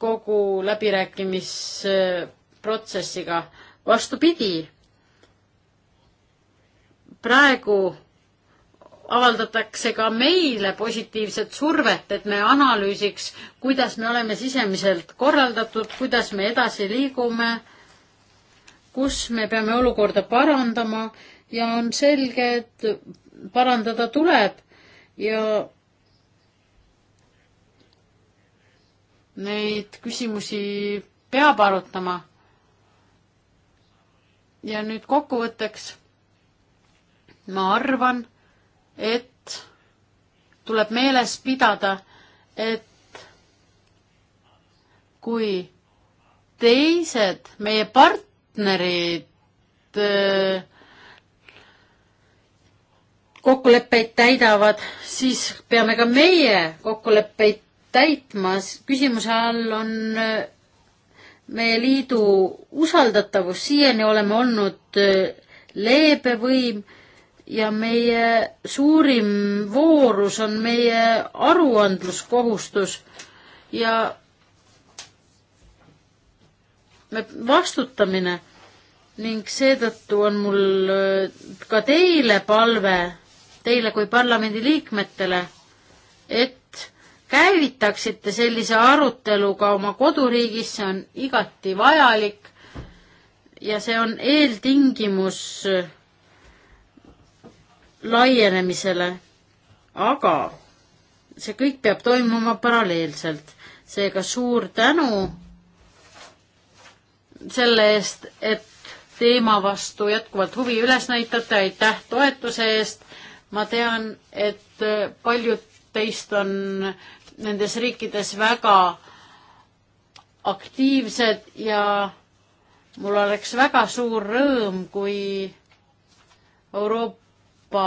kogu läbirääkimisprotsessiga. vastupidi, praegu avaldatakse ka meile positiivset survet, et me analüüsiks, kuidas me oleme sisemiselt korraldatud, kuidas me edasi liigume, kus me peame olukorda parandama ja on selge, et parandada tuleb ja neid küsimusi peab arutama. ja nüüd kokkuvõtteks ma arvan, et tuleb meeles pidada, et kui teised meie partnerid öö, äh, kokkuleppeid täidavad, siis peame ka meie kokkuleppeid täitma. küsimuse all on äh, meie liidu usaldatavus. siiani oleme olnud äh, leebe võim ja meie suurim voorus on meie aruandluskohustus ja vastutamine ning seetõttu on mul äh, ka teile palve teile kui parlamendi liikmetele, et käivitaksite sellise arutelu ka oma koduriigis, see on igati vajalik ja see on eeltingimus laienemisele. aga see kõik peab toimuma paralleelselt, seega suur tänu selle eest, et teema vastu jätkuvalt huvi üles näitate, aitäh toetuse eest ma tean, et äh, paljud teist on nendes riikides väga aktiivsed ja mul oleks väga suur rõõm, kui Euroopa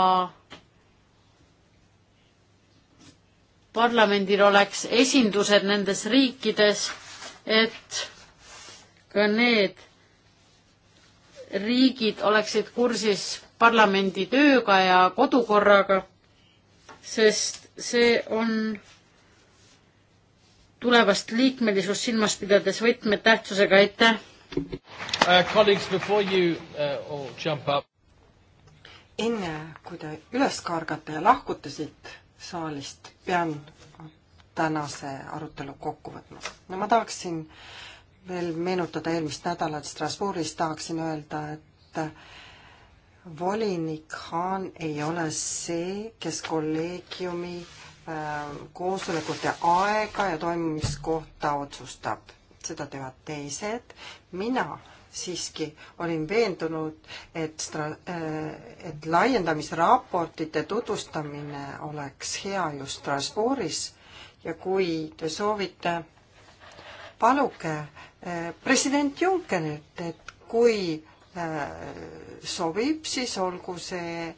parlamendil oleks esindused nendes riikides, et ka need riigid oleksid kursis parlamendi tööga ja kodukorraga, sest see on tulevast liikmelisust silmas pidades võtmetähtsusega, aitäh uh,! uh enne, kui te üles kargate ja lahkute siit saalist, pean tänase arutelu kokku võtma. no ma tahaksin veel meenutada eelmist nädalat Strasbourgis, tahaksin öelda, et volinik Haan ei ole see, kes kolleegiumi äh, koosolekute aega ja toimumiskohta otsustab. seda teevad teised. mina siiski olin veendunud, et stra-, äh, et laiendamisraportite tutvustamine oleks hea just Strasbourgis ja kui te soovite, paluge äh, president Junckerilt, et kui Äh, sobib, siis olgu see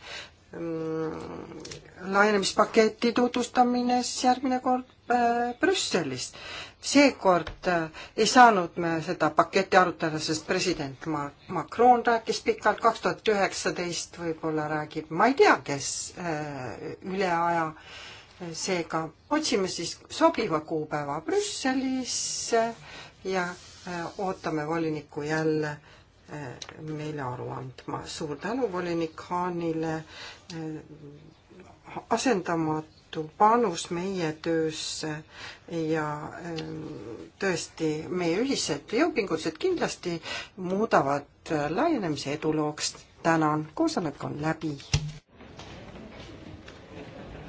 mm, laienemispaketi tutvustamine siis järgmine kord äh, Brüsselis. seekord äh, ei saanud me seda paketti arutada, sest president Ma-, Macron rääkis pikalt, kaks tuhat üheksateist võib-olla räägib ma ei tea, kes üle aja, seega otsime siis sobiva kuupäeva Brüsselis ja ootame volinikku jälle meile aru andma. suur tänu volinik Haanile äh, asendamatu panus meie töösse ja äh, tõesti, meie ühised jõupingutused kindlasti muudavad laienemise edulooks. tänan, koosolek on läbi.